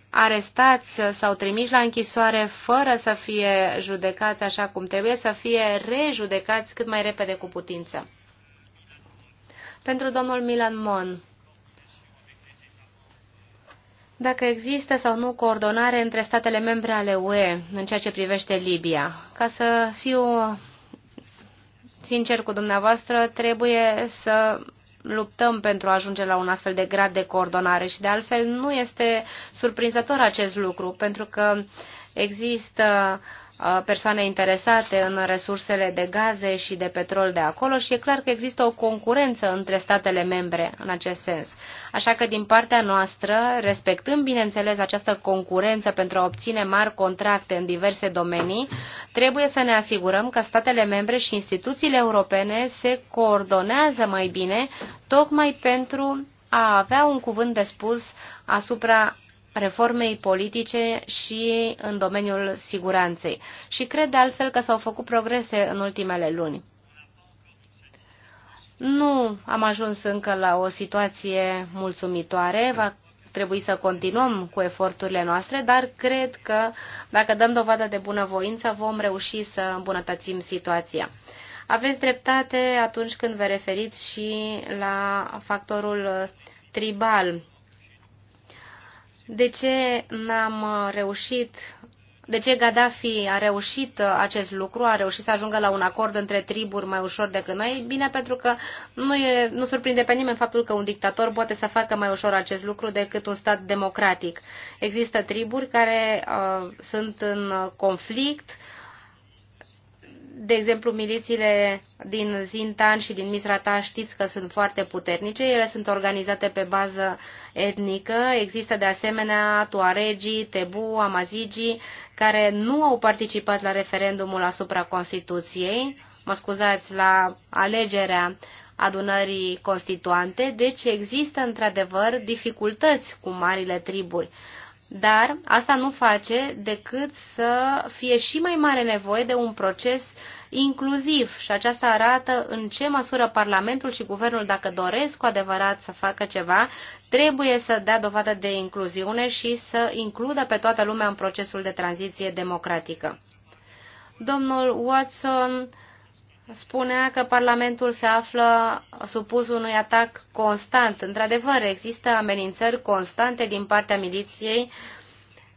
arestați sau trimiși la închisoare fără să fie judecați așa cum trebuie, să fie rejudecați cât mai repede cu putință. Pentru domnul Milan Mon, dacă există sau nu coordonare între statele membre ale UE în ceea ce privește Libia. Ca să fiu sincer cu dumneavoastră, trebuie să luptăm pentru a ajunge la un astfel de grad de coordonare și de altfel nu este surprinzător acest lucru, pentru că există Uh, persoane interesate în resursele de gaze și de petrol de acolo și e clar că există o concurență între statele membre în acest sens. Așa că din partea noastră, respectând bineînțeles această concurență pentru a obține mari contracte în diverse domenii, trebuie să ne asigurăm că statele membre și instituțiile europene se coordonează mai bine tocmai pentru a avea un cuvânt de spus asupra reformei politice și în domeniul siguranței. Și cred de altfel că s-au făcut progrese în ultimele luni. Nu am ajuns încă la o situație mulțumitoare. Va trebui să continuăm cu eforturile noastre, dar cred că dacă dăm dovadă de bunăvoință vom reuși să îmbunătățim situația. Aveți dreptate atunci când vă referiți și la factorul tribal de ce n-am uh, reușit, de ce Gaddafi a reușit uh, acest lucru, a reușit să ajungă la un acord între triburi mai ușor decât noi? Bine, pentru că nu, e, nu surprinde pe nimeni faptul că un dictator poate să facă mai ușor acest lucru decât un stat democratic. Există triburi care uh, sunt în uh, conflict, uh, de exemplu, milițiile din Zintan și din Misrata știți că sunt foarte puternice, ele sunt organizate pe bază etnică, există de asemenea Tuaregii, Tebu, Amazigi, care nu au participat la referendumul asupra Constituției, mă scuzați, la alegerea adunării constituante, deci există într-adevăr dificultăți cu marile triburi dar asta nu face decât să fie și mai mare nevoie de un proces inclusiv și aceasta arată în ce măsură Parlamentul și Guvernul, dacă doresc cu adevărat să facă ceva, trebuie să dea dovadă de incluziune și să includă pe toată lumea în procesul de tranziție democratică. Domnul Watson spunea că Parlamentul se află supus unui atac constant. Într-adevăr, există amenințări constante din partea miliției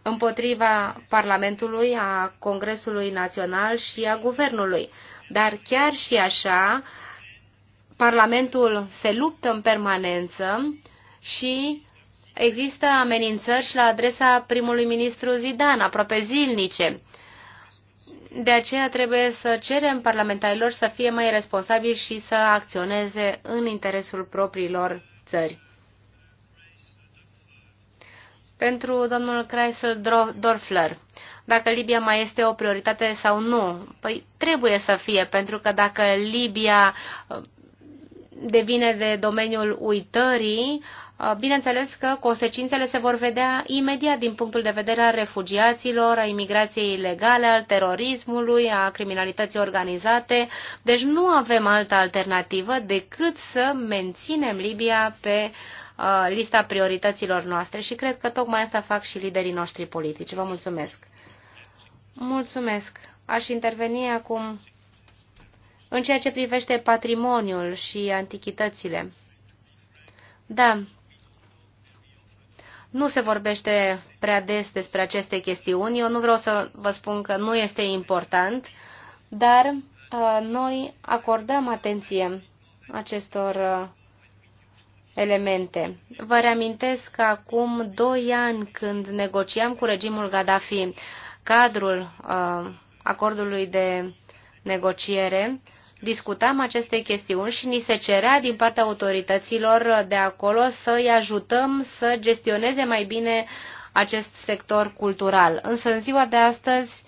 împotriva Parlamentului, a Congresului Național și a Guvernului. Dar chiar și așa, Parlamentul se luptă în permanență și există amenințări și la adresa primului ministru Zidan, aproape zilnice. De aceea trebuie să cerem parlamentarilor să fie mai responsabili și să acționeze în interesul propriilor țări. Pentru domnul Chrysler Dorfler, dacă Libia mai este o prioritate sau nu, păi trebuie să fie, pentru că dacă Libia uh, devine de domeniul uitării, Bineînțeles că consecințele se vor vedea imediat din punctul de vedere al refugiaților, a imigrației ilegale, al terorismului, a criminalității organizate. Deci nu avem altă alternativă decât să menținem Libia pe lista priorităților noastre și cred că tocmai asta fac și liderii noștri politici. Vă mulțumesc! Mulțumesc! Aș interveni acum în ceea ce privește patrimoniul și antichitățile. Da, nu se vorbește prea des despre aceste chestiuni. Eu nu vreau să vă spun că nu este important, dar uh, noi acordăm atenție acestor uh, elemente. Vă reamintesc că acum doi ani, când negociam cu regimul Gaddafi cadrul uh, acordului de negociere, discutam aceste chestiuni și ni se cerea din partea autorităților de acolo să îi ajutăm să gestioneze mai bine acest sector cultural. Însă în ziua de astăzi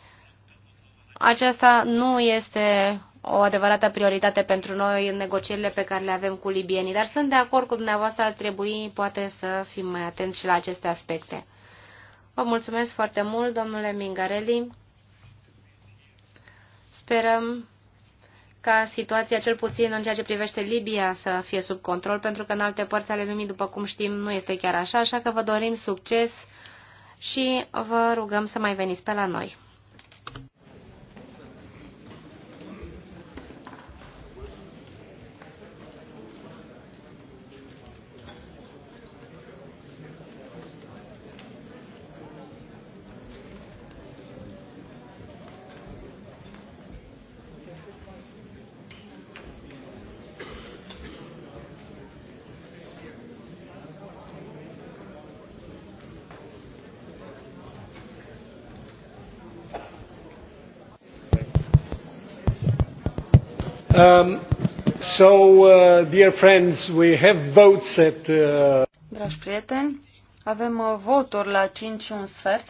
aceasta nu este o adevărată prioritate pentru noi în negocierile pe care le avem cu libienii, dar sunt de acord cu dumneavoastră, ar trebui poate să fim mai atenți și la aceste aspecte. Vă mulțumesc foarte mult, domnule Mingarelli. Sperăm ca situația, cel puțin în ceea ce privește Libia, să fie sub control, pentru că în alte părți ale lumii, după cum știm, nu este chiar așa, așa că vă dorim succes și vă rugăm să mai veniți pe la noi. so, uh, dear friends, we have votes at... Uh... Dragi prieteni, avem voturi la 5 și un sfert.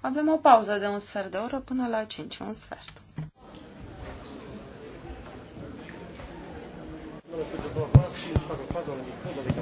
Avem o pauză de un sfert de oră până la 5 și un sfert. Thank you.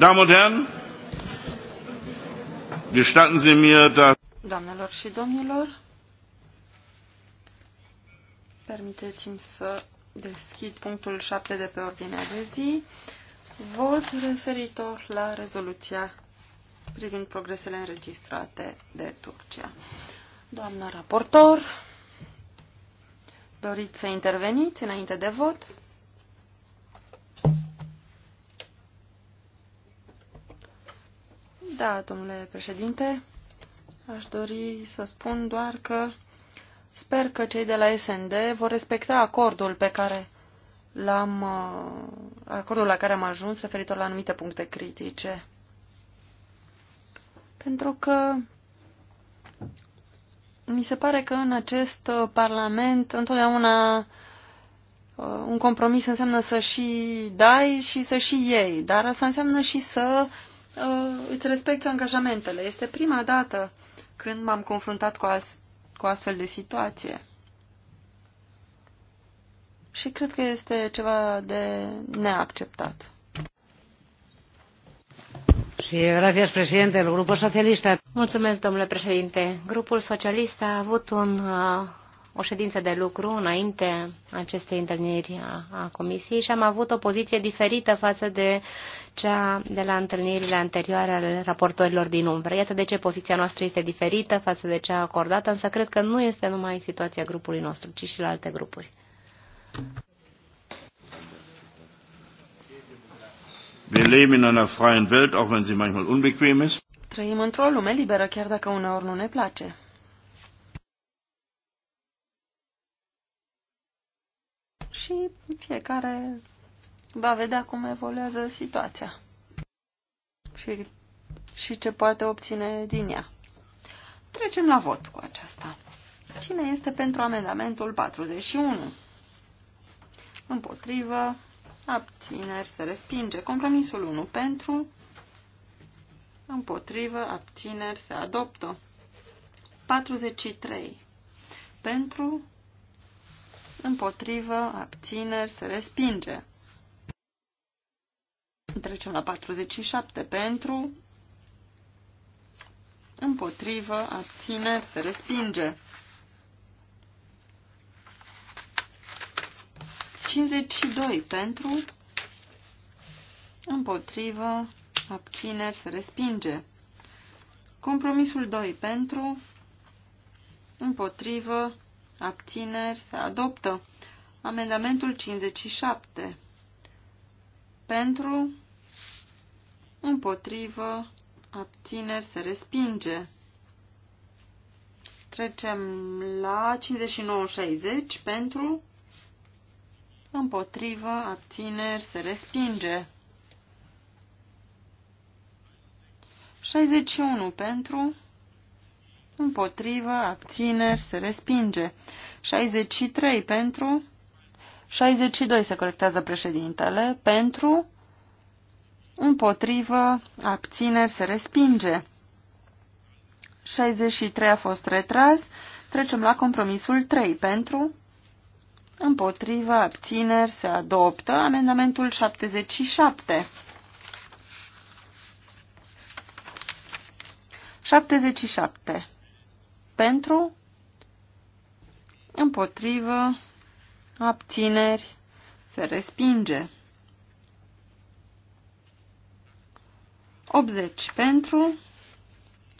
Meine Damen und Herren, gestatten Sie mir, dass... Doamnelor și domnilor, permiteți-mi să deschid punctul 7 de pe ordinea de zi, vot referitor la rezoluția privind progresele înregistrate de Turcia. Doamna raportor, doriți să interveniți înainte de vot? Da, domnule președinte, aș dori să spun doar că sper că cei de la SND vor respecta acordul pe care l-am, uh, acordul la care am ajuns referitor la anumite puncte critice. Pentru că mi se pare că în acest uh, Parlament întotdeauna uh, un compromis înseamnă să și dai și să și iei, dar asta înseamnă și să Uh, îți respecti angajamentele. Este prima dată când m-am confruntat cu, as cu astfel de situație. Și cred că este ceva de neacceptat. Mulțumesc, domnule președinte. Grupul Socialista a avut un uh, o ședință de lucru înainte acestei întâlniri a Comisiei și am avut o poziție diferită față de cea de la întâlnirile anterioare ale raportorilor din umbră. Iată de ce poziția noastră este diferită față de cea acordată, însă cred că nu este numai situația grupului nostru, ci și la alte grupuri. Wir leben in einer freien Welt, auch wenn sie manchmal unbequem ist. Trăim într-o lume liberă, chiar dacă uneori nu ne place. și fiecare va vedea cum evoluează situația și, și ce poate obține din ea. Trecem la vot cu aceasta. Cine este pentru amendamentul 41? Împotrivă, abțineri, se respinge. Compromisul 1 pentru, împotrivă, abțineri, se adoptă. 43 pentru, împotrivă, abțineri, se respinge. Trecem la 47 pentru, împotrivă, abțineri, se respinge. 52 pentru, împotrivă, abțineri, se respinge. Compromisul 2 pentru, împotrivă, Abțineri se adoptă. Amendamentul 57. Pentru, împotrivă, abțineri se respinge. Trecem la 59-60 pentru, împotrivă, abțineri se respinge. 61 pentru, împotrivă, abțineri, se respinge. 63 pentru, 62 se corectează președintele, pentru, împotrivă, abțineri, se respinge. 63 a fost retras, trecem la compromisul 3, pentru, împotrivă, abțineri, se adoptă, amendamentul 77. 77 pentru, împotrivă, abțineri, se respinge. 80 pentru,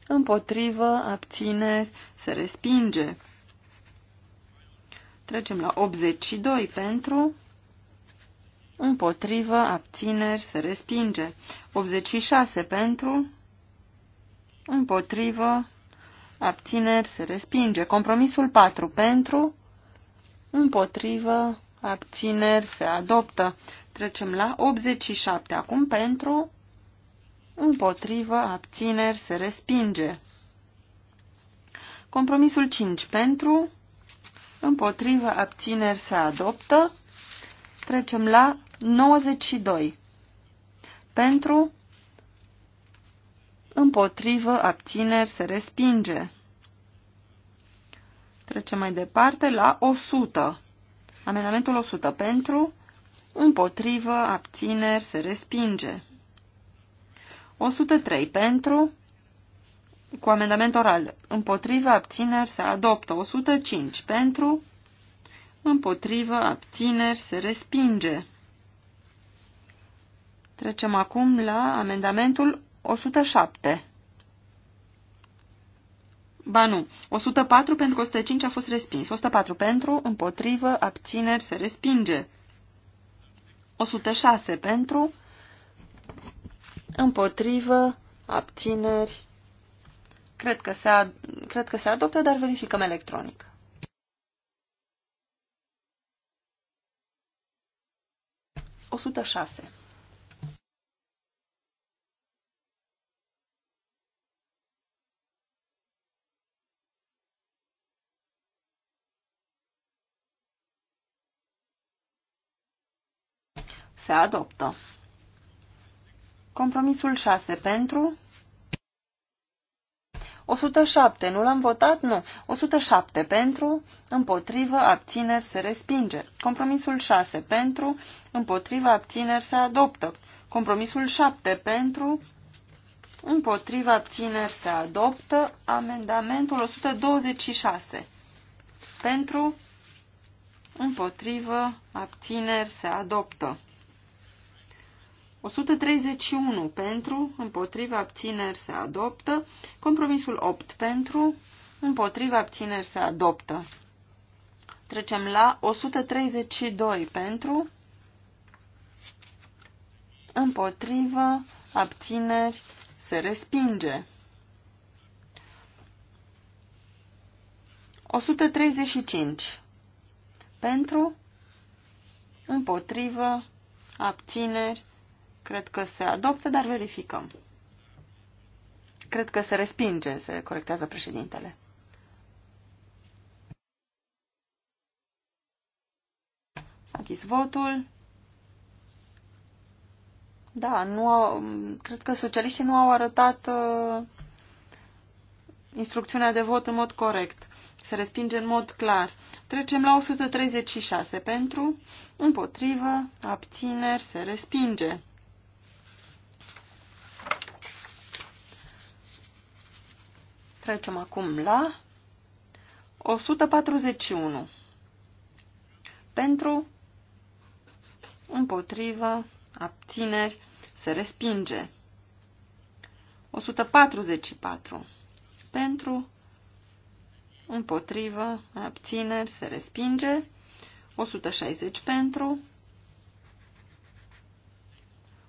împotrivă, abțineri, se respinge. Trecem la 82 pentru, împotrivă, abțineri, se respinge. 86 pentru, împotrivă, abțineri, se respinge. Compromisul 4 pentru, împotrivă, abțineri, se adoptă. Trecem la 87 acum pentru, împotrivă, abțineri, se respinge. Compromisul 5 pentru, împotrivă, abțineri, se adoptă. Trecem la 92 pentru, împotrivă, abțineri, se respinge. Trecem mai departe la 100. Amendamentul 100 pentru, împotrivă, abțineri, se respinge. 103 pentru, cu amendament oral, împotrivă, abțineri, se adoptă. 105 pentru, împotrivă, abțineri, se respinge. Trecem acum la amendamentul 107. Ba nu, 104 pentru că 105 a fost respins. 104 pentru, împotrivă, abțineri, se respinge. 106 pentru, împotrivă, abțineri. Cred că se, ad cred că se adoptă, dar verificăm electronic. O 106. Se adoptă. Compromisul 6 pentru. 107. Nu l-am votat? Nu. 107 pentru, împotrivă, abțineri, se respinge. Compromisul 6 pentru, împotrivă, abțineri, se adoptă. Compromisul 7 pentru, împotrivă, abțineri, se adoptă. Amendamentul 126 pentru, împotrivă, abțineri, se adoptă. 131 pentru, împotriva abțineri se adoptă. Compromisul 8 pentru, împotriva abțineri se adoptă. Trecem la 132 pentru, împotrivă, abțineri, se respinge. 135. Pentru, împotrivă, abțineri, Cred că se adoptă, dar verificăm. Cred că se respinge, se corectează președintele. S-a închis votul. Da, nu au, cred că socialiștii nu au arătat uh, instrucțiunea de vot în mod corect. Se respinge în mod clar. Trecem la 136 pentru, împotrivă, abțineri, se respinge. Trecem acum la 141. Pentru, împotrivă, abțineri, se respinge. 144. Pentru, împotrivă, abțineri, se respinge. 160 pentru,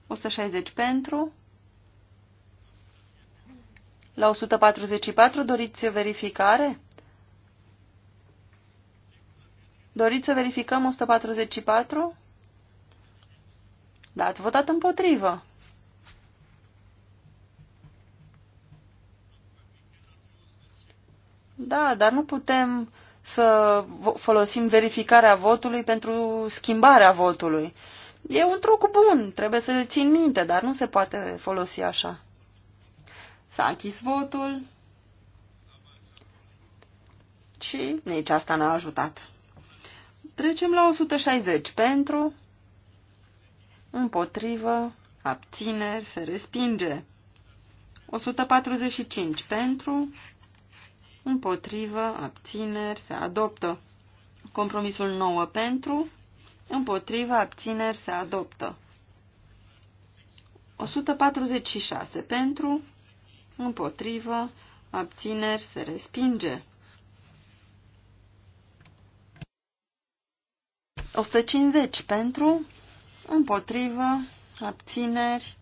160 pentru, la 144 doriți verificare? Doriți să verificăm 144? Da, ați votat împotrivă. Da, dar nu putem să folosim verificarea votului pentru schimbarea votului. E un truc bun, trebuie să-l țin minte, dar nu se poate folosi așa. S-a închis votul și nici asta n-a ajutat. Trecem la 160 pentru, împotrivă, abțineri, se respinge. 145 pentru, împotrivă, abțineri, se adoptă. Compromisul 9 pentru, împotrivă, abțineri, se adoptă. 146 pentru, împotrivă, abțineri, se respinge. 150 pentru, împotrivă, abțineri.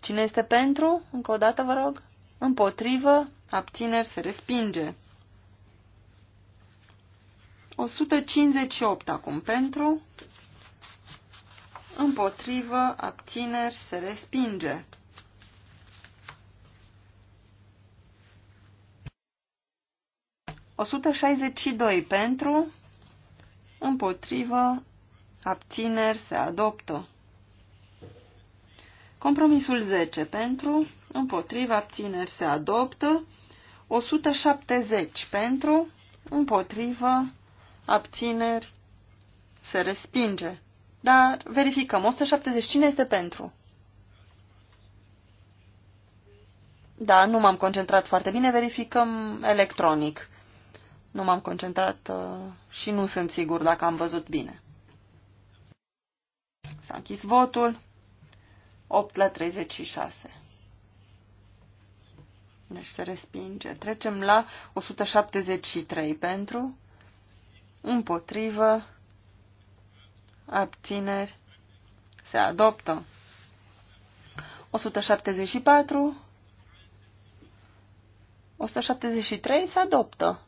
Cine este pentru? Încă o dată, vă rog. Împotrivă, abțineri, se respinge. 158 acum pentru, împotrivă, abțineri, se respinge. 162 pentru, împotrivă, abțineri, se adoptă. Compromisul 10 pentru, împotrivă, abțineri, se adoptă. 170 pentru, împotrivă, abțineri, se respinge. Dar verificăm, 170 cine este pentru? Da, nu m-am concentrat foarte bine, verificăm electronic. Nu m-am concentrat uh, și nu sunt sigur dacă am văzut bine. S-a închis votul. 8 la 36. Deci se respinge. Trecem la 173 pentru, împotrivă, abțineri, se adoptă. 174, 173 se adoptă.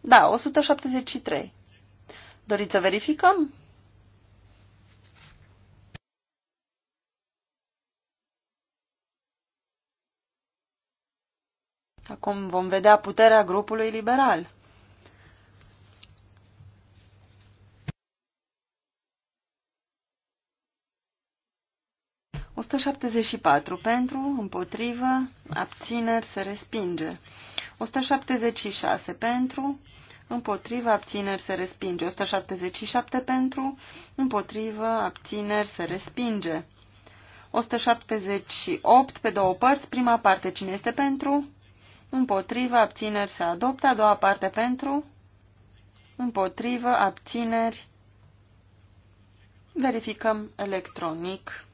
Da, 173. Doriți să verificăm? Acum vom vedea puterea grupului liberal. patru pentru, împotrivă, abțineri se respinge. 176 pentru, împotrivă, abțineri, se respinge. 177 pentru, împotrivă, abțineri, se respinge. 178 pe două părți, prima parte cine este pentru, împotrivă, abțineri, se adoptă, a doua parte pentru, împotrivă, abțineri, verificăm electronic,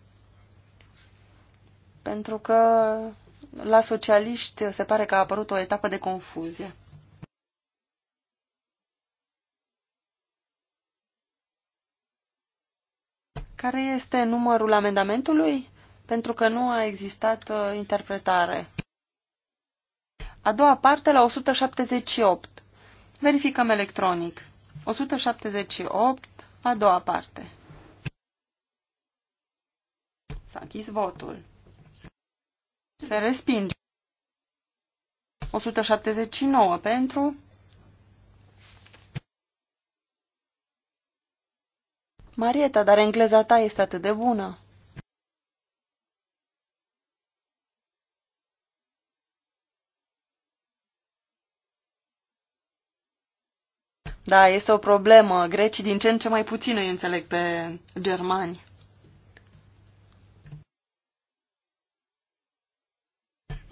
pentru că la socialiști se pare că a apărut o etapă de confuzie. Care este numărul amendamentului? Pentru că nu a existat uh, interpretare. A doua parte la 178. Verificăm electronic. 178, a doua parte. S-a închis votul. Se respinge. 179 pentru. Marieta, dar engleza ta este atât de bună. Da, este o problemă. Grecii din ce în ce mai puțin îi înțeleg pe germani.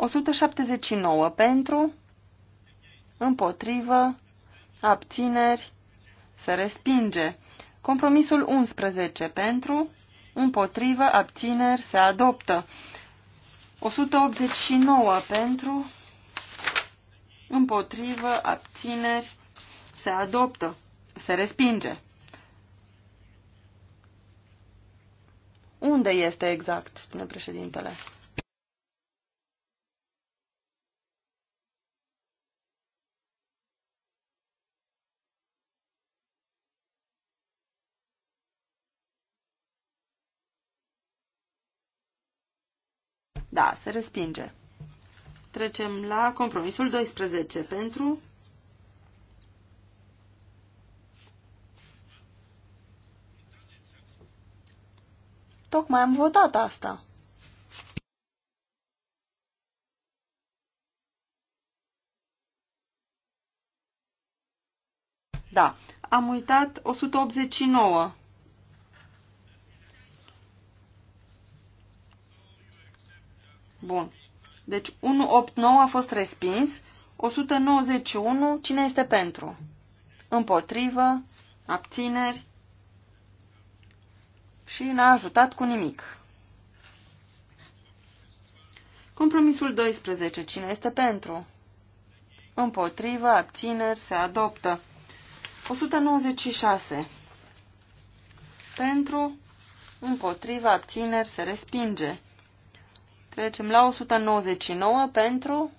179 pentru, împotrivă, abțineri, se respinge. Compromisul 11 pentru, împotrivă, abțineri, se adoptă. 189 pentru, împotrivă, abțineri, se adoptă, se respinge. Unde este exact, spune președintele? Da, se respinge. Trecem la compromisul 12 pentru Tocmai am votat asta. Da, am uitat 189. Bun. Deci 189 a fost respins. 191. Cine este pentru? Împotrivă. Abțineri. Și n-a ajutat cu nimic. Compromisul 12. Cine este pentru? Împotrivă. Abțineri. Se adoptă. 196. Pentru. Împotrivă. Abțineri. Se respinge. Trecem la 199 pentru,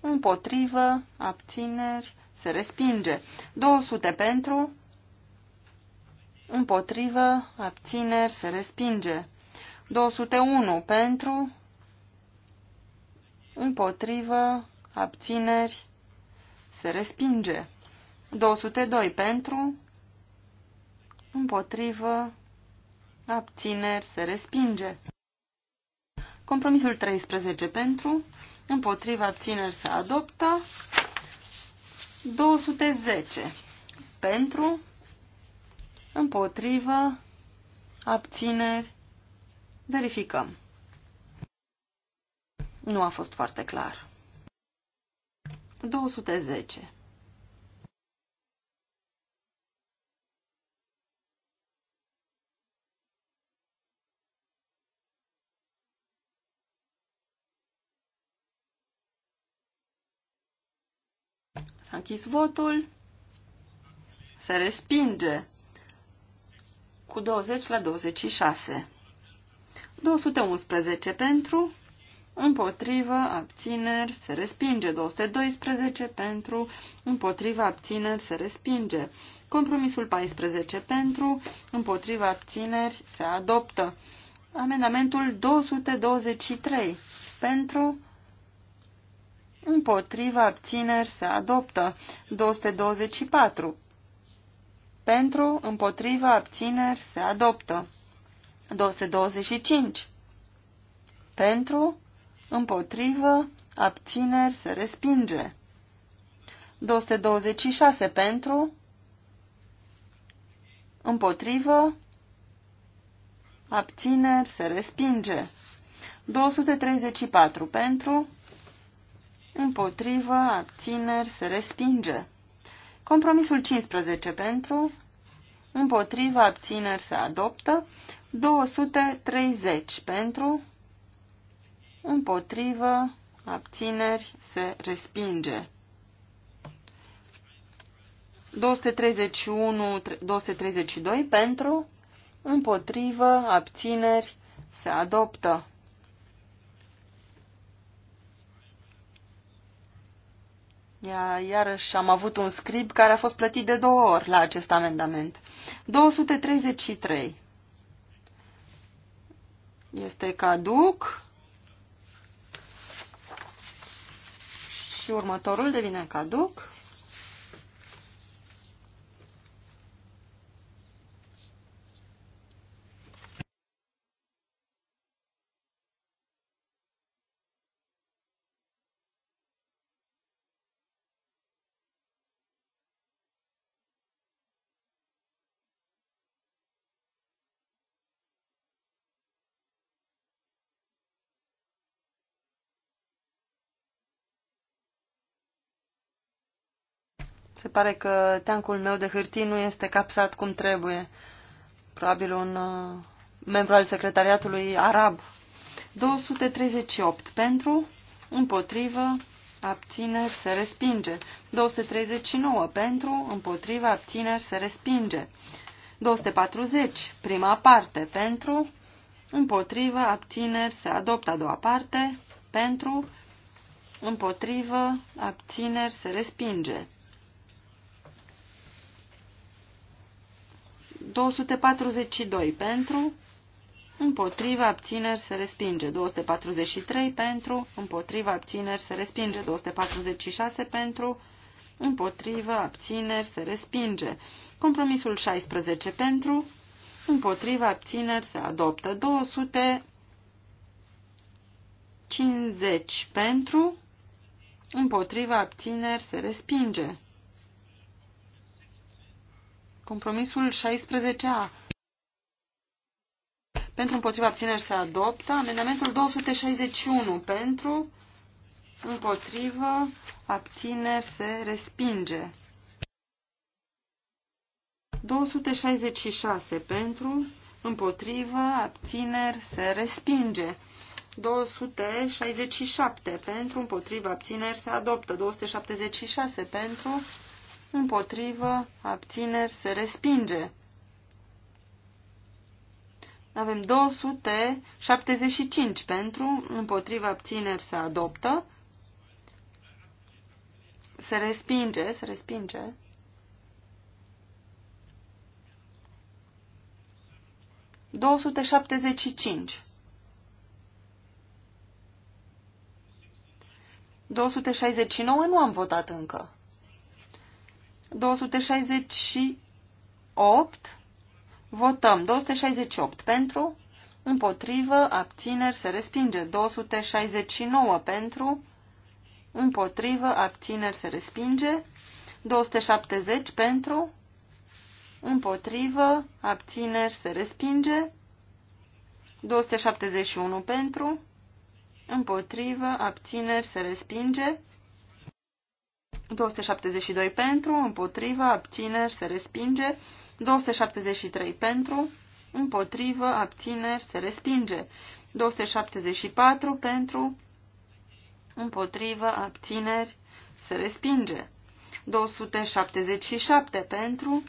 împotrivă, abțineri, se respinge. 200 pentru, împotrivă, abțineri, se respinge. 201 pentru, împotrivă, abțineri, se respinge. 202 pentru, împotrivă, abțineri, se respinge. Compromisul 13 pentru, împotriva abțineri se adoptă. 210 pentru, împotriva abțineri, verificăm. Nu a fost foarte clar. 210. S-a închis votul. Se respinge cu 20 la 26. 211 pentru, împotrivă, abțineri, se respinge. 212 pentru, împotrivă, abțineri, se respinge. Compromisul 14 pentru, împotrivă, abțineri, se adoptă. Amendamentul 223 pentru, Împotriva abțineri se adoptă 224. Pentru, împotriva abțineri se adoptă 225. Pentru, împotrivă, abțineri se respinge. 226 pentru, împotrivă, abțineri se respinge. 234 pentru, împotrivă, abțineri, se respinge. Compromisul 15 pentru, împotrivă, abțineri, se adoptă. 230 pentru, împotrivă, abțineri, se respinge. 231-232 pentru, împotrivă, abțineri, se adoptă. Ia, iarăși am avut un scrib care a fost plătit de două ori la acest amendament. 233. Este caduc. Și următorul devine caduc. Se pare că teancul meu de hârtii nu este capsat cum trebuie. Probabil un uh, membru al secretariatului arab. 238 pentru, împotrivă, abțineri, se respinge. 239 pentru, împotrivă, abțineri, se respinge. 240, prima parte, pentru, împotrivă, abțineri, se adoptă a doua parte, pentru, împotrivă, abțineri, se respinge. 242 pentru, împotriva abțineri se respinge. 243 pentru, împotriva abțineri se respinge. 246 pentru, împotriva abțineri se respinge. Compromisul 16 pentru, împotriva abțineri se adoptă. 250 pentru, împotriva abțineri se respinge. Compromisul 16A. Pentru împotriva abțineri se adoptă. Amendamentul 261. Pentru împotrivă abțineri se respinge. 266. Pentru împotrivă abțineri se respinge. 267 pentru, împotriva abțineri se adoptă, 276 pentru, împotrivă, abțineri, se respinge. Avem 275 pentru, împotrivă, abțineri, se adoptă. Se respinge, se respinge. Douăsute șaptezeci cinci. 269 nu am votat încă. 268. Votăm. 268 pentru, împotrivă, abțineri, se respinge. 269 pentru, împotrivă, abțineri, se respinge. 270 pentru, împotrivă, abțineri, se respinge. 271 pentru, împotrivă, abțineri, se respinge. 272 pentru, împotrivă, abțineri, se respinge. 273 pentru, împotrivă, abțineri, se respinge. 274 pentru, împotrivă, abțineri, se respinge. 277 pentru,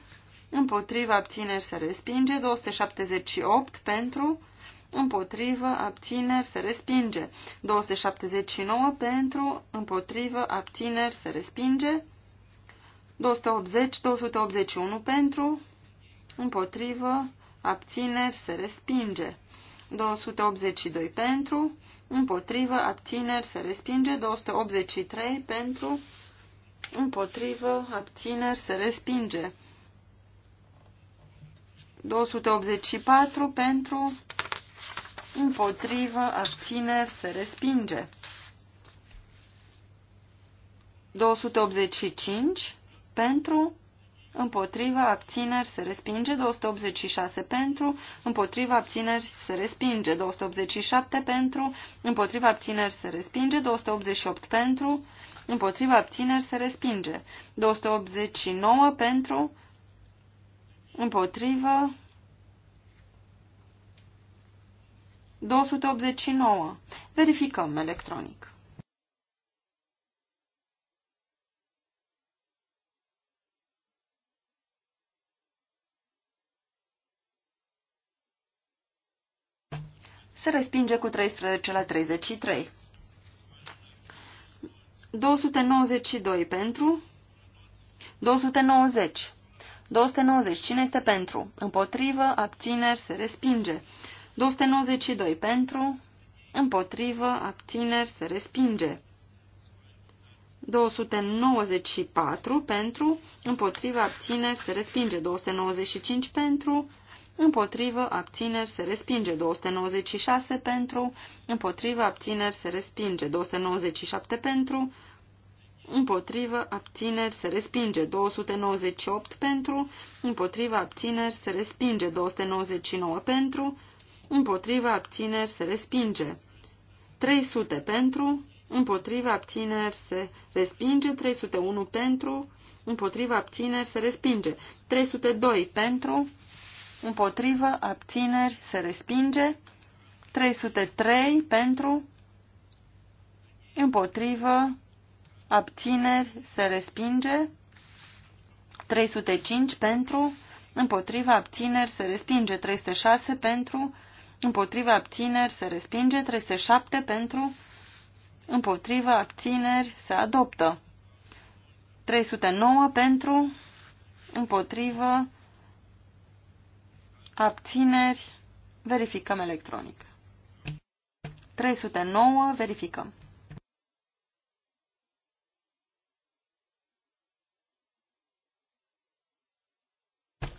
împotrivă, abțineri, se respinge. 278 pentru, împotrivă, abțineri, se respinge. 279 pentru, împotrivă, abțineri, se respinge. 280, 281 pentru, împotrivă, abțineri, se respinge. 282 pentru, împotrivă, abțineri, se respinge. 283 pentru, împotrivă, abțineri, se respinge. 284 pentru, împotrivă, abțineri, se respinge. 285 pentru, împotrivă, abțineri, se respinge. 286 pentru, împotrivă, abțineri, se respinge. 287 pentru, împotrivă, abțineri, se respinge. 288 pentru, împotrivă, abțineri, se respinge. 289 pentru, împotrivă, 289. Verificăm electronic. Se respinge cu 13 la 33. 292 pentru. 290. 290. Cine este pentru? Împotrivă, abțineri, se respinge. 292 pentru, împotrivă, abțineri, se respinge. 294 pentru, împotrivă, abțineri, se respinge. 295 pentru, împotrivă, abțineri, se respinge. 296 pentru, împotrivă, abțineri, se respinge. 297 pentru, împotrivă, abțineri, se respinge, 298 pentru, împotrivă, abțineri, se respinge, 299 pentru, împotriva abțineri se respinge. 300 pentru, împotriva abțineri se respinge, 301 pentru, împotriva abțineri se respinge, 302 pentru, împotriva abțineri se respinge, 303 pentru, împotrivă, abțineri se respinge, 305 pentru, împotriva abțineri se respinge, 306 pentru, împotriva abțineri se respinge, 307 pentru, împotriva abțineri se adoptă, 309 pentru, împotriva abțineri, verificăm electronic. 309, verificăm.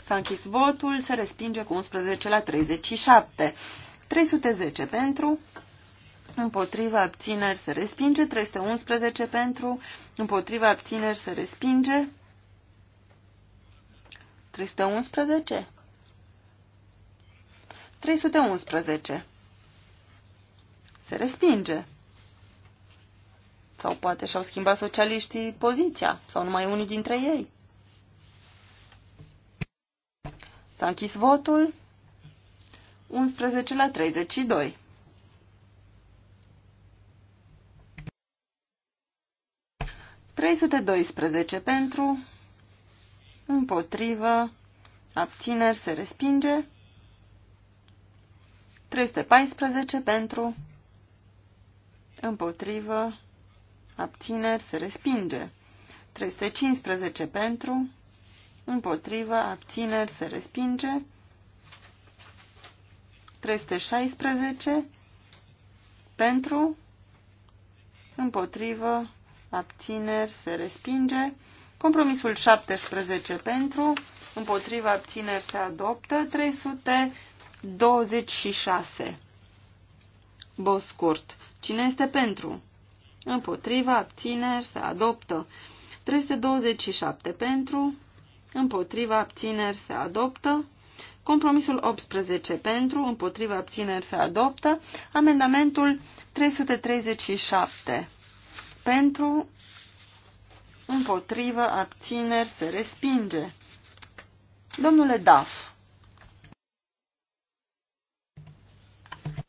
S-a închis votul, se respinge cu 11 la 37. 310 pentru, împotriva abțineri se respinge, 311 pentru, împotriva abțineri se respinge, 311? 311. Se respinge. Sau poate și-au schimbat socialiștii poziția, sau numai unii dintre ei. S-a închis votul. 11 la 32. doisprezece pentru, împotrivă, abțineri se respinge. 314 pentru, împotrivă, abțineri se respinge. 315 pentru, împotrivă, abțineri, se respinge. 316 pentru, împotrivă, abțineri, se respinge. Compromisul 17 pentru, împotrivă, abțineri se adoptă, 326. Boscurt. Cine este pentru? Împotriva abțineri se adoptă. 327 pentru, împotriva abțineri se adoptă. Compromisul 18 pentru, împotriva abțineri se adoptă. Amendamentul 337 pentru, împotriva abțineri se respinge. Domnule Daf.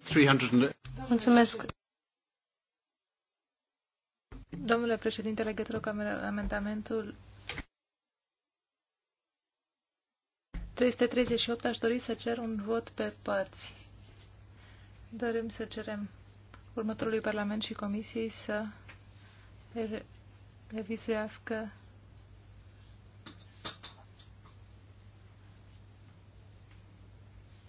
300... Mulțumesc. Domnule președinte, legătură cu amendamentul 338 aș dori să cer un vot pe părți. Dorim să cerem următorului Parlament și Comisiei să revizuiască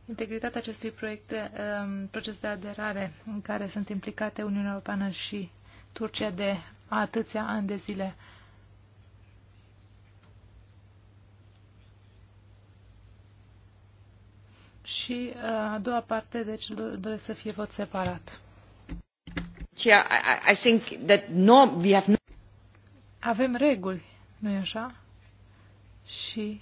integritatea acestui proiect de, um, proces de aderare în care sunt implicate Uniunea Europeană și Turcia de atâția ani de zile. a doua parte, deci doresc să fie vot separat. Avem reguli, nu-i așa? Și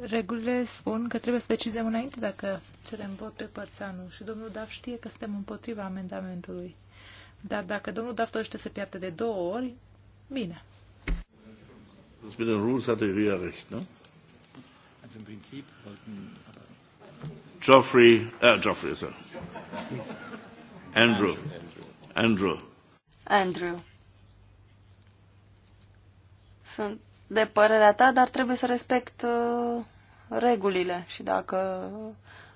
regulile spun că trebuie să decidem înainte dacă cerem vot pe părțanu. Și domnul Daf știe că suntem împotriva amendamentului. Dar dacă domnul Daf dorește să piardă de două ori, bine. Das mit den Rules hatte Ria recht, ne? Also im Prinzip wollten aber äh, Geoffrey, uh, Geoffrey, sir. Andrew. Andrew. Andrew. Sunt de părerea ta, dar trebuie să respect uh, regulile și dacă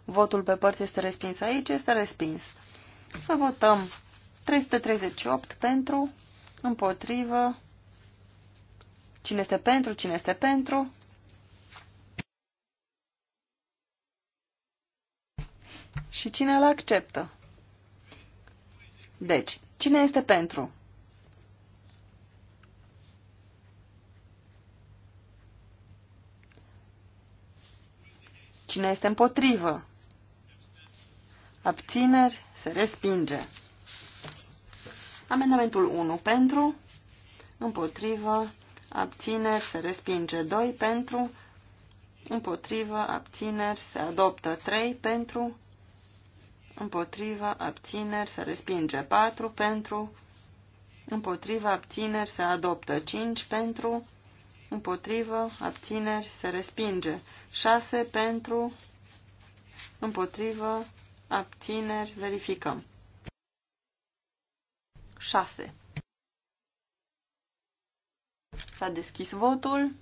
votul pe părți este respins aici, este respins. Să votăm 338 pentru, împotrivă, cine este pentru, cine este pentru, și cine îl acceptă. Deci, cine este pentru? Cine este împotrivă? Abțineri se respinge. Amendamentul 1 pentru, împotrivă, abțineri se respinge. 2 pentru, împotrivă, abțineri se adoptă. 3 pentru, împotriva, abțineri, se respinge 4 pentru, împotriva, abțineri, se adoptă 5 pentru, împotrivă, abțineri, se respinge 6 pentru, împotrivă, abțineri, verificăm. 6. S-a deschis votul.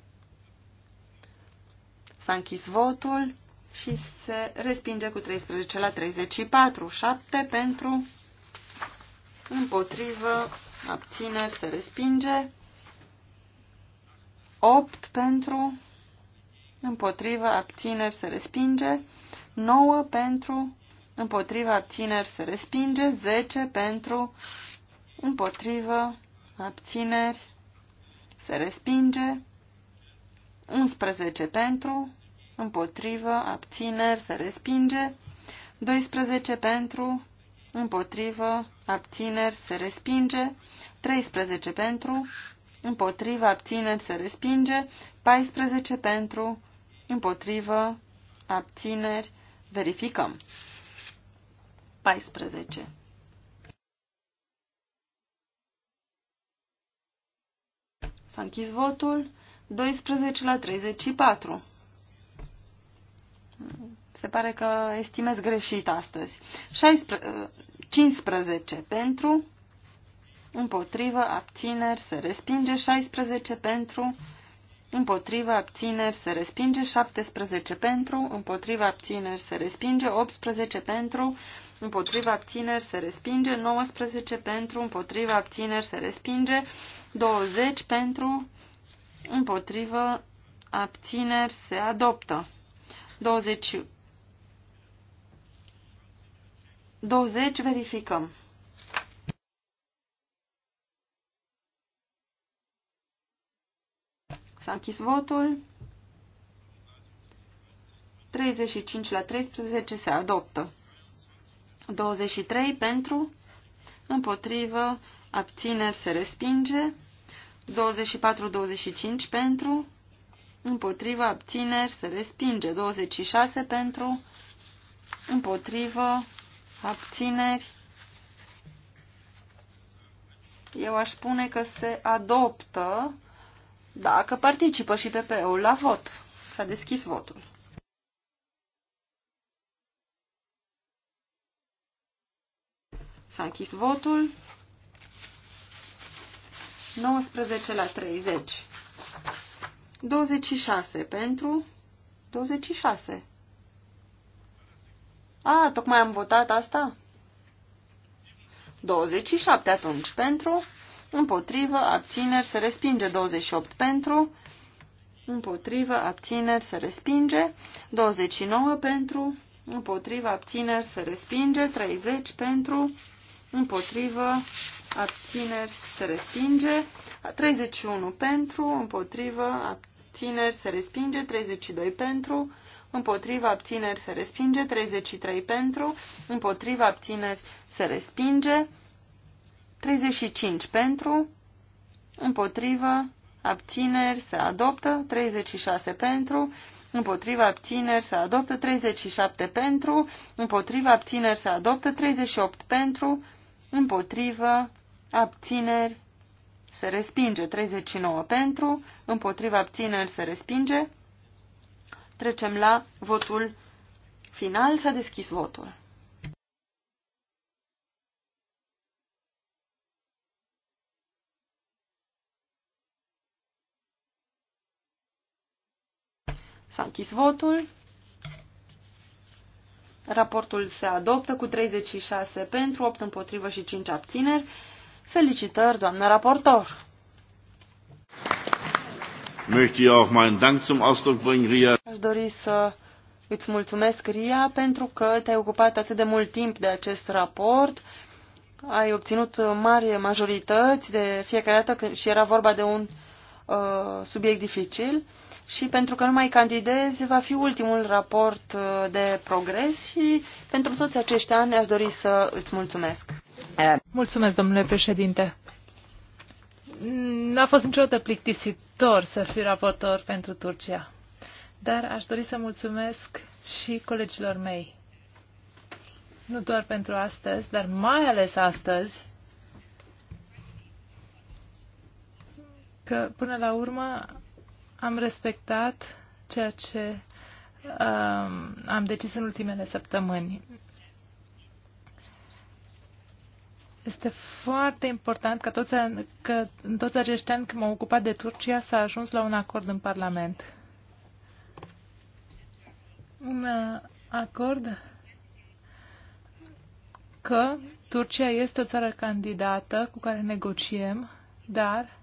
S-a închis votul și se respinge cu 13 la 34. 7 pentru împotrivă, abțineri, se respinge. 8 pentru împotrivă, abțineri, se respinge. 9 pentru împotrivă, abțineri, se respinge. 10 pentru împotrivă, abțineri, se respinge. 11 pentru împotrivă, abțineri, se respinge. 12 pentru, împotrivă, abțineri, se respinge. 13 pentru, împotrivă, abțineri, se respinge. 14 pentru, împotrivă, abțineri, verificăm. 14. S-a închis votul 12 la 34. Se pare că estimez greșit astăzi. 16, 15 pentru, împotrivă, abțineri, se respinge. 16 pentru, împotrivă, abțineri, se respinge. 17 pentru, împotrivă, abțineri, se respinge. 18 pentru, împotriva abțineri se respinge, 19 pentru, împotriva abțineri se respinge, 20 pentru, împotriva abțineri se adoptă. 20. 20 verificăm. S-a închis votul. 35 la 13 se adoptă. 23 pentru, împotrivă, abțineri se respinge. 24-25 pentru, împotrivă, abțineri, se respinge. 26 pentru, împotrivă, abțineri. Eu aș spune că se adoptă dacă participă și PP-ul la vot. S-a deschis votul. S-a închis votul. 19 la 30. 26 pentru 26. A, tocmai am votat asta? 27 atunci pentru, împotrivă, abțineri, se respinge 28 pentru, împotrivă, abțineri, se respinge 29 pentru, împotrivă, abțineri, se respinge 30 pentru, împotrivă, abțineri, se respinge. 31 pentru, împotrivă, abțineri, se respinge. 32 pentru, împotrivă, abțineri se respinge, 33 pentru, împotrivă, abțineri se respinge, 35 pentru, împotrivă, abțineri se adoptă, 36 pentru, împotriva abțineri se adoptă, 37 pentru, împotriva abțineri se adoptă, 38 pentru, împotrivă, abțineri, se respinge. 39 pentru, împotrivă, abțineri, se respinge. Trecem la votul final. S-a deschis votul. S-a închis votul. Raportul se adoptă cu 36 pentru, 8 împotrivă și 5 abțineri. Felicitări, doamnă raportor! Aș dori să îți mulțumesc, Ria, pentru că te-ai ocupat atât de mult timp de acest raport. Ai obținut mari majorități de fiecare dată când și era vorba de un uh, subiect dificil și pentru că nu mai candidez, va fi ultimul raport uh, de progres și pentru toți acești ani aș dori să îți mulțumesc. Mulțumesc, domnule președinte. N-a fost niciodată plictisitor să fiu raportor pentru Turcia, dar aș dori să mulțumesc și colegilor mei. Nu doar pentru astăzi, dar mai ales astăzi, că până la urmă am respectat ceea ce uh, am decis în ultimele săptămâni. Este foarte important că, toți, că în toți acești ani când m-am ocupat de Turcia s-a ajuns la un acord în Parlament. Un uh, acord că Turcia este o țară candidată cu care negociem, dar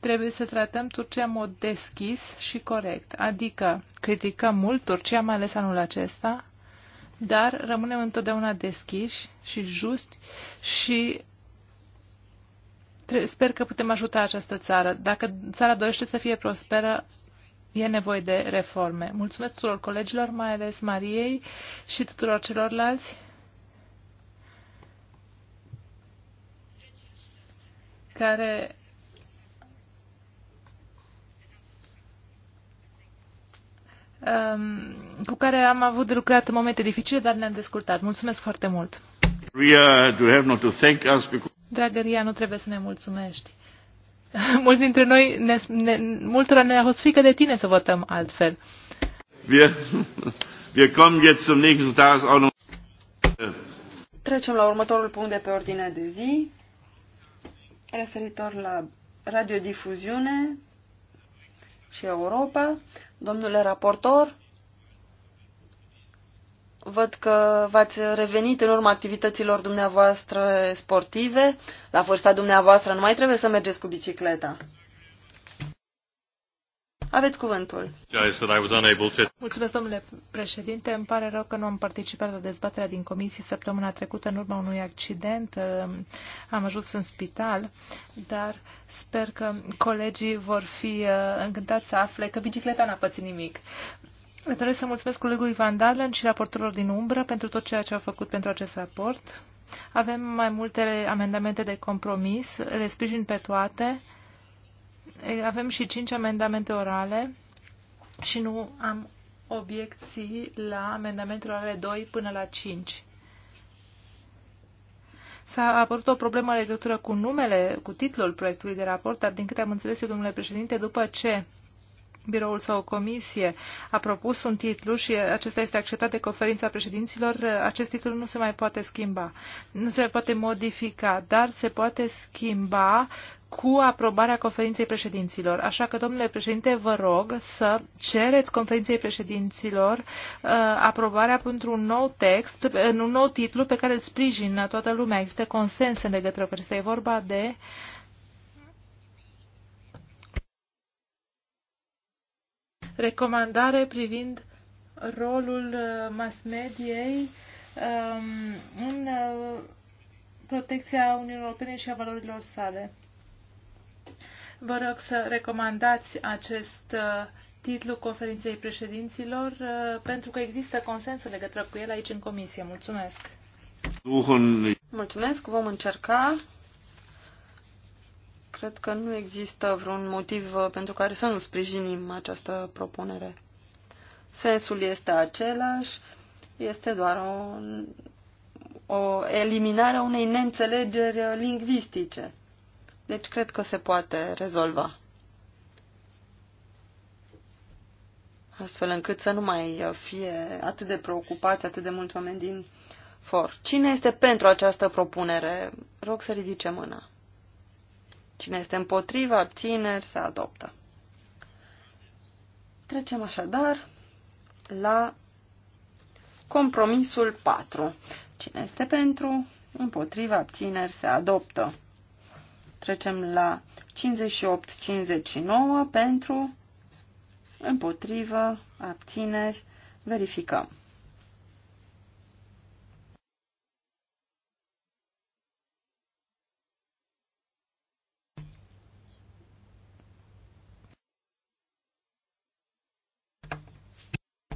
trebuie să tratăm Turcia în mod deschis și corect. Adică criticăm mult Turcia, mai ales anul acesta, dar rămânem întotdeauna deschiși și justi și sper că putem ajuta această țară. Dacă țara dorește să fie prosperă, e nevoie de reforme. Mulțumesc tuturor colegilor, mai ales Mariei și tuturor celorlalți. care Um, cu care am avut de lucrat în momente dificile, dar ne-am descurtat. Mulțumesc foarte mult! Dragă Ria, nu trebuie să ne mulțumești. Mulți dintre noi, ne, ne, multora ne-a fost frică de tine să votăm altfel. Wir, wir kommen jetzt zum nächsten Tagesordnung. Trecem la următorul punct de pe ordinea de zi, referitor la radiodifuziune și Europa. Domnule raportor, văd că v-ați revenit în urma activităților dumneavoastră sportive. La vârsta dumneavoastră nu mai trebuie să mergeți cu bicicleta. Aveți cuvântul. Mulțumesc, domnule președinte. Îmi pare rău că nu am participat la dezbaterea din comisie săptămâna trecută în urma unui accident. Am ajuns în spital, dar sper că colegii vor fi uh, încântați să afle că bicicleta n-a pățit nimic. Le doresc să mulțumesc colegului Van Dalen și raportorilor din umbră pentru tot ceea ce au făcut pentru acest raport. Avem mai multe amendamente de compromis, le sprijin pe toate avem și cinci amendamente orale și nu am obiecții la amendamentele orale 2 până la 5. S-a apărut o problemă în legătură cu numele, cu titlul proiectului de raport, dar din câte am înțeles eu, domnule președinte, după ce biroul sau o comisie a propus un titlu și acesta este acceptat de conferința președinților, acest titlu nu se mai poate schimba, nu se mai poate modifica, dar se poate schimba cu aprobarea conferinței președinților. Așa că, domnule președinte, vă rog să cereți conferinței președinților uh, aprobarea pentru un nou text, un nou titlu pe care îl sprijină toată lumea. Există consens în legătură cu acesta. E vorba de uh, recomandare privind rolul uh, mass mediei um, în uh, protecția Uniunii Europene și a valorilor sale. Vă rog să recomandați acest uh, titlu conferinței președinților pentru că există consens în legătură cu el aici în comisie. Mulțumesc! Mulțumesc, vom încerca Cred că nu există vreun motiv uh, pentru care să nu sprijinim această propunere. Sensul este același, este doar o, o eliminare a unei neînțelegeri uh, lingvistice. Deci cred că se poate rezolva. Astfel încât să nu mai uh, fie atât de preocupați atât de mulți oameni din for. Cine este pentru această propunere? Rog să ridice mâna. Cine este împotrivă, abțineri, se adoptă. Trecem așadar la compromisul 4. Cine este pentru, împotrivă, abțineri, se adoptă. Trecem la 58-59 pentru, împotrivă, abțineri, verificăm.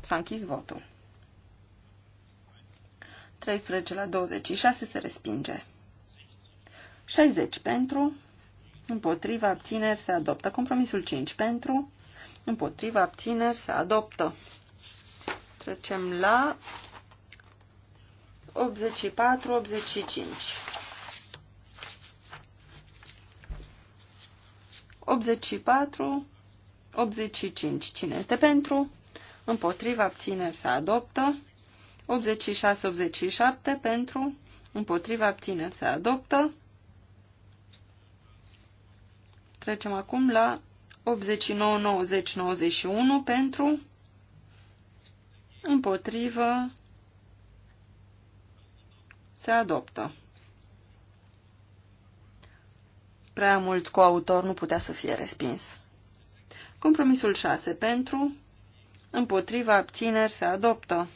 S-a închis votul. 13 la 26 se respinge. 60 pentru, împotriva abțineri se adoptă. Compromisul 5 pentru, împotriva abțineri se adoptă. Trecem la 84-85. 84, 85. Cine este pentru? împotriva abține să adoptă. 86-87 pentru, împotriva abține să adoptă. Trecem acum la 89-90-91 pentru, împotrivă, se adoptă. Prea mult coautor nu putea să fie respins. Compromisul 6 pentru, împotriva abțineri se adoptă.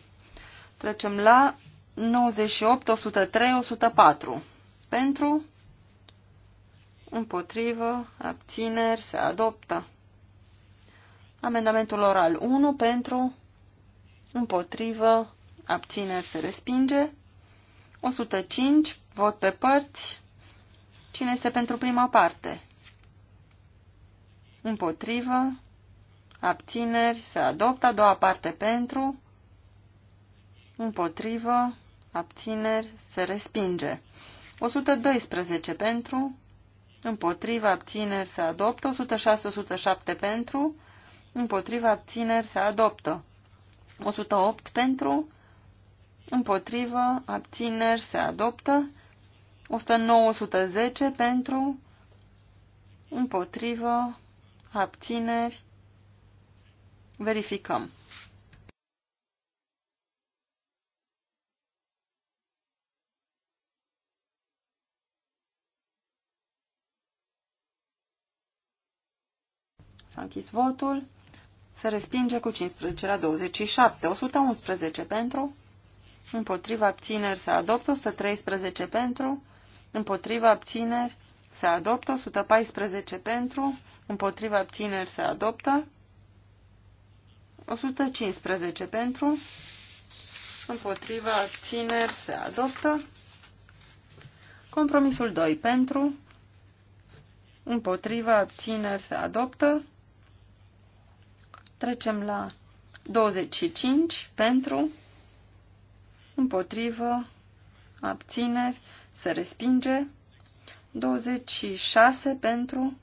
Trecem la 98, 103, 104. Pentru, împotrivă, abțineri se adoptă. Amendamentul oral 1 pentru, împotrivă, abțineri se respinge. 105, vot pe părți. Cine este pentru prima parte? Împotrivă, abțineri, se adoptă. A doua parte pentru, împotrivă, abțineri, se respinge. 112 pentru, împotrivă, abțineri se adoptă, 106-107 pentru, împotrivă, abțineri se adoptă, 108 pentru, împotrivă, abțineri se adoptă, 109-110 pentru, împotrivă, abțineri Verificăm. S-a închis votul. Se respinge cu 15 la 27. 111 pentru. Împotriva abțineri se adoptă 113 pentru. Împotriva abțineri se adoptă 114 pentru. Împotriva abțineri se adoptă 115 pentru, împotriva țineri se adoptă. Compromisul 2 pentru, împotriva țineri se adoptă. Trecem la 25 pentru, împotrivă, abțineri, se respinge. 26 pentru,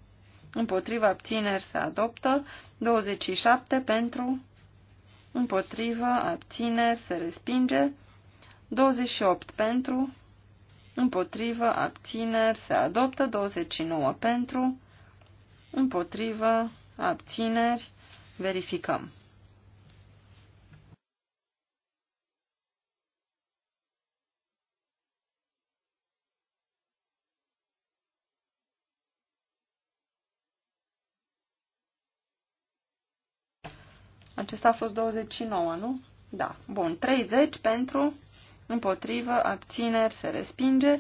împotriva abțineri se adoptă. 27 pentru, împotrivă, abțineri, se respinge. 28 pentru, împotrivă, abțineri, se adoptă. 29 pentru, împotrivă, abțineri, verificăm. Acesta a fost 29, nu? Da. Bun. 30 pentru, împotrivă, abțineri, se respinge.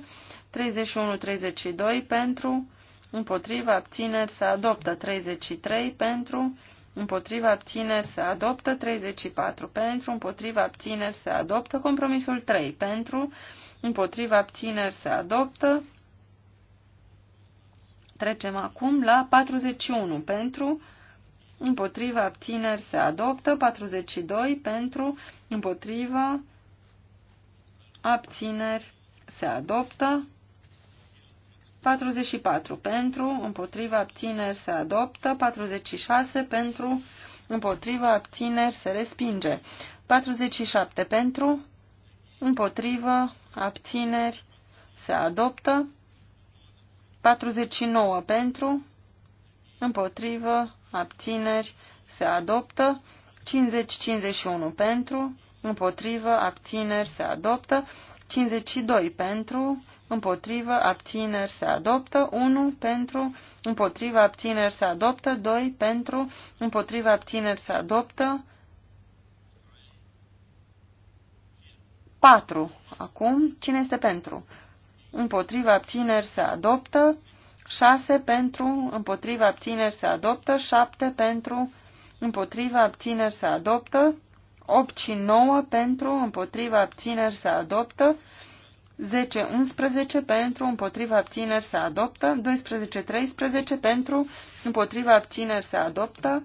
31-32 pentru, împotrivă, abțineri, se adoptă. 33 pentru, împotriva abțineri se adoptă 34 pentru, împotriva abțineri se adoptă compromisul 3 pentru, împotriva abțineri se adoptă. Trecem acum la 41 pentru, împotriva abțineri se adoptă, 42 pentru, împotriva abțineri se adoptă, 44 pentru, împotriva abțineri se adoptă, 46 pentru, împotriva abțineri se respinge, 47 pentru, împotriva abțineri se adoptă, 49 pentru, împotrivă, abțineri, se adoptă. 50-51 pentru, împotrivă, abțineri, se adoptă. 52 pentru, împotrivă, abțineri, se adoptă. 1 pentru, împotrivă, abțineri, se adoptă. 2 pentru, împotrivă, abțineri, se adoptă. 4. Acum, cine este pentru? Împotriva abțineri se adoptă. 6 pentru, împotriva abțineri se adoptă, 7 pentru, împotriva abțineri se adoptă, 8 și 9 pentru, împotriva abțineri se adoptă, 10, 11 pentru, împotriva abțineri se adoptă, 12, 13 pentru, împotriva abțineri se adoptă,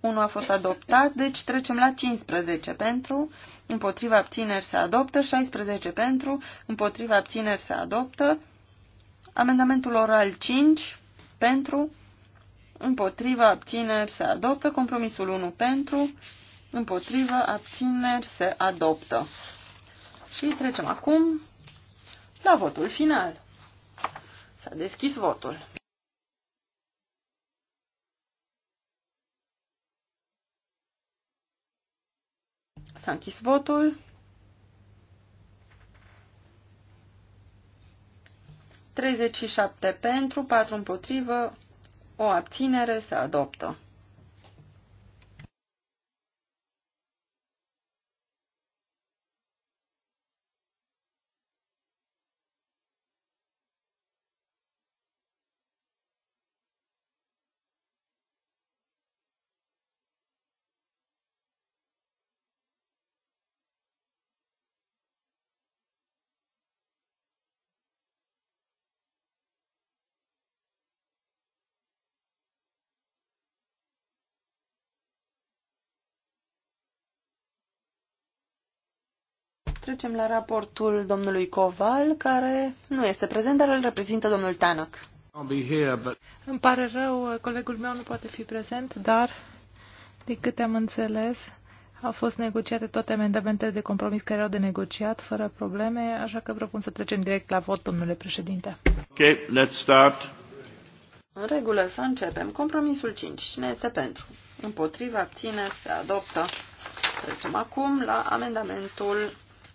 1 a fost adoptat, deci trecem la 15 pentru, împotriva abțineri se adoptă, 16 pentru, împotriva abțineri se adoptă, Amendamentul oral 5 pentru, împotrivă, abțineri, se adoptă. Compromisul 1 pentru, împotrivă, abțineri, se adoptă. Și trecem acum la votul final. S-a deschis votul. S-a închis votul. 37 pentru, 4 împotrivă, o abținere se adoptă. Trecem la raportul domnului Coval, care nu este prezent, dar îl reprezintă domnul Tanăc. Îmi pare rău, colegul meu nu poate fi prezent, dar, de câte am înțeles, au fost negociate toate amendamentele de compromis care au de negociat, fără probleme, așa că propun să trecem direct la vot, domnule președinte. Ok, let's start. În regulă, să începem. Compromisul 5. Cine este pentru? Împotriva, abține, se adoptă. Trecem acum la amendamentul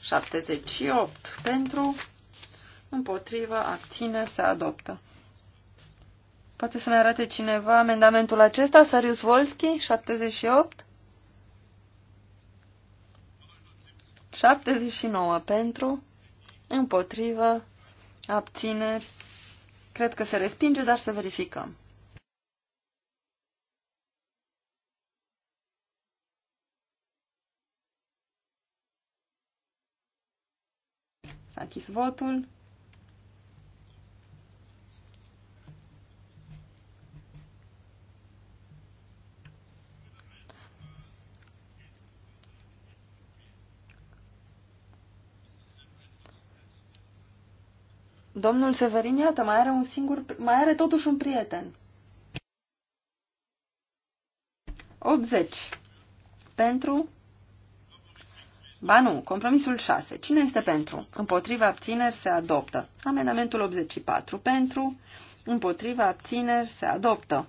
78 pentru, împotrivă, abține, se adoptă. Poate să-mi arate cineva amendamentul acesta, Sarius Volski, 78? 79 pentru, împotrivă, abțineri. Cred că se respinge, dar să verificăm. S-a închis votul. Domnul Severin, iată, mai are un singur, mai are totuși un prieten. 80. Pentru Ba nu, compromisul 6. Cine este pentru? Împotriva abțineri se adoptă. Amendamentul 84 pentru, împotriva abțineri se adoptă.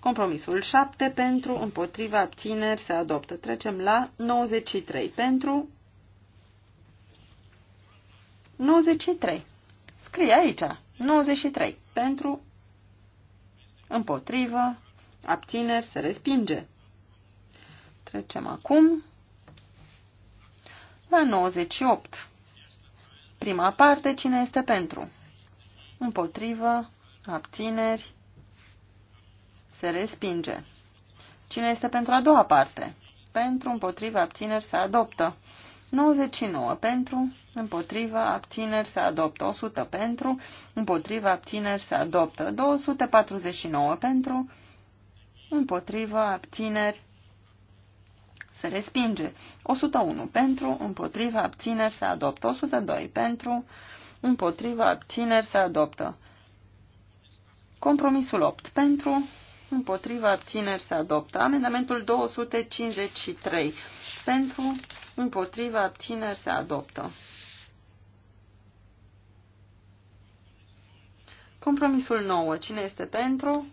Compromisul 7 pentru, împotriva abțineri se adoptă. Trecem la 93 pentru. 93. Scrie aici. 93 pentru, împotrivă, abțineri se respinge. Trecem acum la 98. Prima parte, cine este pentru? Împotrivă, abțineri, se respinge. Cine este pentru a doua parte? Pentru, împotrivă, abțineri, se adoptă. 99 pentru, împotrivă, abțineri, se adoptă. 100 pentru, împotrivă, abțineri, se adoptă. 249 pentru, împotrivă, abțineri, se respinge. 101 pentru, împotriva, abțineri, se adoptă. 102 pentru, împotriva, abțineri, se adoptă. Compromisul 8 pentru, împotriva, abțineri, se adoptă. Amendamentul 253 pentru, împotriva, abțineri, se adoptă. Compromisul 9. Cine este pentru?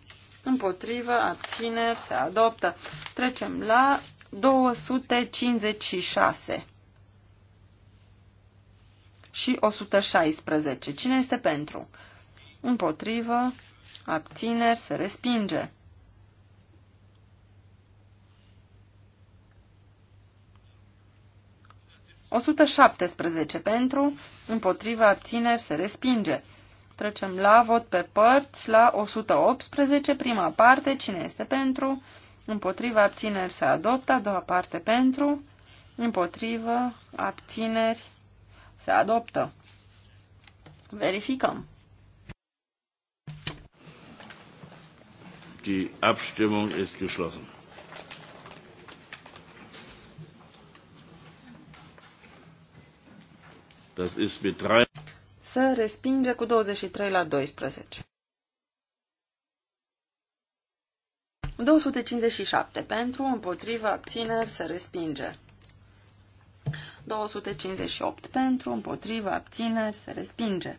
Împotrivă, abțineri, se adoptă. Trecem la 256 și 116. Cine este pentru? Împotrivă, abțineri, se respinge. O 117 pentru, împotriva abțineri se respinge. Trecem la vot pe părți, la 118, prima parte, cine este pentru, împotriva abțineri se adoptă, a doua parte pentru, împotrivă, abțineri se adoptă. Verificăm. Die Abstimmung ist geschlossen. Das ist mit drei. Se respinge cu 23 la 12. 257 pentru, împotrivă, abțineri, se respinge. 258 pentru, împotrivă, abțineri, se respinge.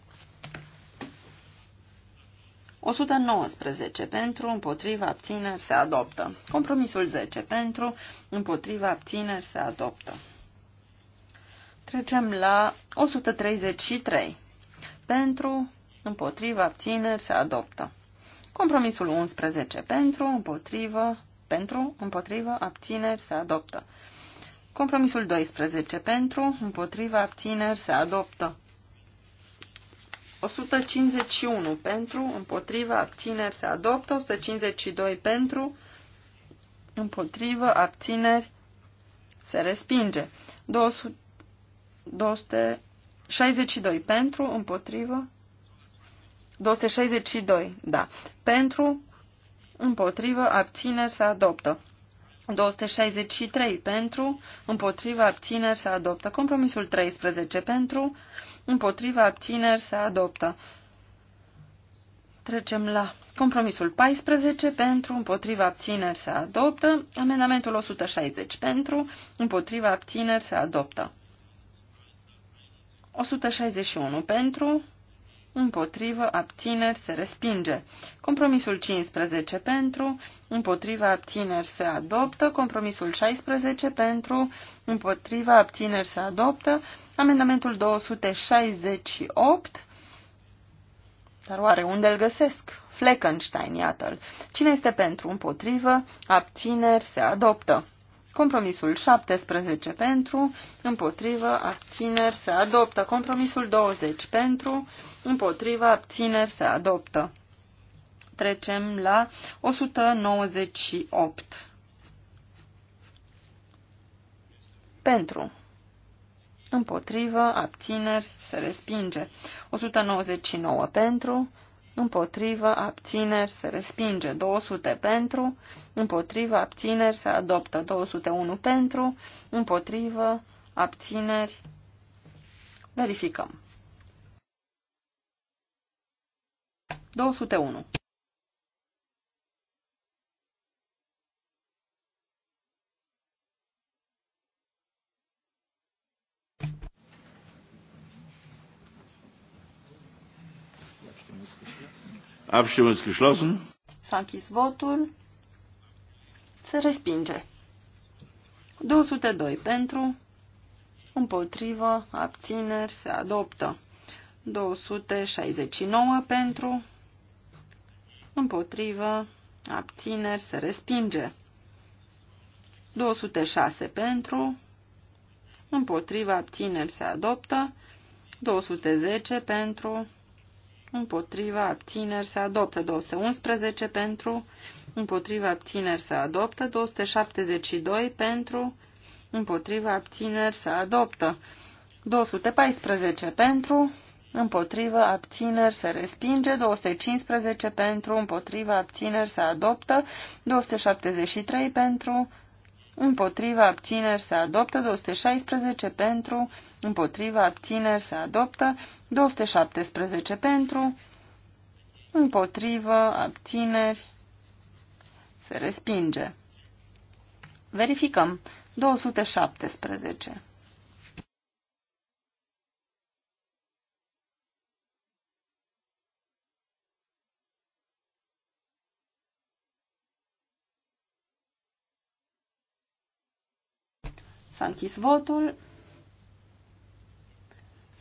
119 pentru, împotriva abțineri se adoptă. Compromisul 10 pentru, împotriva abțineri se adoptă. Trecem la 133. Pentru, împotriva abțineri se adoptă. Compromisul 11 pentru, împotrivă, pentru, împotrivă, abțineri, se adoptă. Compromisul 12 pentru, împotrivă, abțineri, se adoptă. 151 pentru, împotrivă, abțineri, se adoptă. 152 pentru, împotrivă, abțineri, se respinge. 200, 262 pentru, împotrivă, 262, da. Pentru, împotrivă, abțineri se adoptă. 263 pentru, împotrivă, abțineri se adoptă. Compromisul 13 pentru, împotrivă, abțineri se adoptă. Trecem la compromisul 14 pentru, împotriva abțineri se adoptă. Amendamentul 160 pentru, împotriva abțineri se adoptă. 161 pentru, împotrivă, abțineri, se respinge. Compromisul 15 pentru, împotriva abțineri se adoptă, compromisul 16 pentru, împotriva abțineri se adoptă, amendamentul 268, dar oare unde îl găsesc? Fleckenstein, iată-l. Cine este pentru, împotrivă, abțineri se adoptă. Compromisul 17 pentru, împotrivă, abțineri, se adoptă. Compromisul 20 pentru, împotrivă, abțineri, se adoptă. Trecem la 198. Pentru. Împotrivă, abțineri, se respinge. 199 pentru, împotrivă, abțineri, se respinge. 200 pentru, împotrivă, abțineri, se adoptă. 201 pentru, împotrivă, abțineri, verificăm. 201 Abstimmung ist geschlossen. Sankis votul. Se respinge. 202 pentru, împotrivă, abțineri, se adoptă. 269 pentru, împotrivă, abțineri, se respinge. 206 pentru, împotrivă, abțineri, se adoptă. 210 pentru, împotriva abțineri se adoptă 211 pentru, împotriva abțineri se adoptă 272 pentru, împotriva abțineri se adoptă 214 pentru, împotriva abțineri se respinge 215 pentru, împotriva abțineri se adoptă 273 pentru, împotriva abțineri se adoptă 216 pentru, împotriva, abțineri, se adoptă. 217 pentru, împotrivă, abțineri, se respinge. Verificăm. 217. S-a închis votul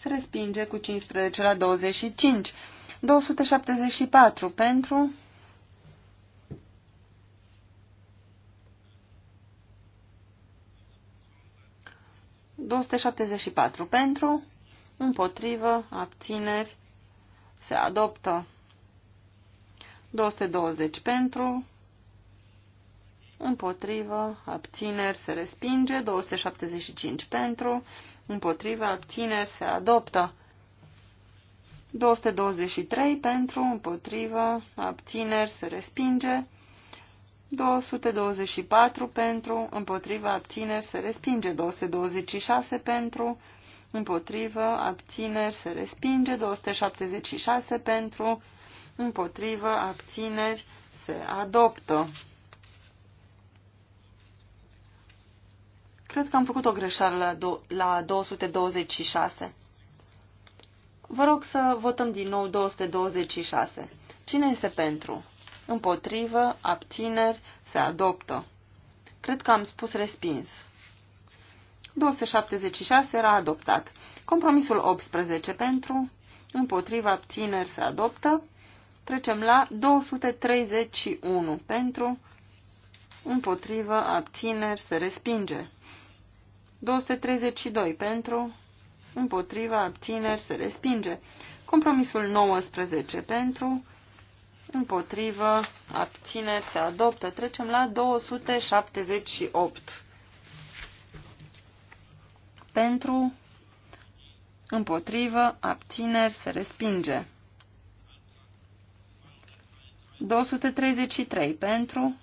se respinge cu 15 la 25. 274 pentru 274 pentru, împotrivă, abțineri, se adoptă. 220 pentru, împotrivă, abțineri, se respinge, 275 pentru, împotriva, abțineri, se adoptă. 223 pentru, împotrivă, abțineri, se respinge. 224 pentru, împotriva, abțineri, se respinge. 226 pentru, împotrivă, abțineri, se respinge. 276 pentru, împotrivă, abțineri, se adoptă. Cred că am făcut o greșeală la, do- la 226. Vă rog să votăm din nou 226. Cine este pentru? Împotrivă, abțineri, se adoptă. Cred că am spus respins. 276 era adoptat. Compromisul 18 pentru, împotrivă, abțineri, se adoptă. Trecem la 231 pentru, împotrivă, abțineri, se respinge. 232 pentru, împotriva, abțineri, se respinge. Compromisul 19 pentru, împotrivă, abțineri, se adoptă. Trecem la 278. Pentru, împotrivă, abțineri, se respinge. 233 pentru,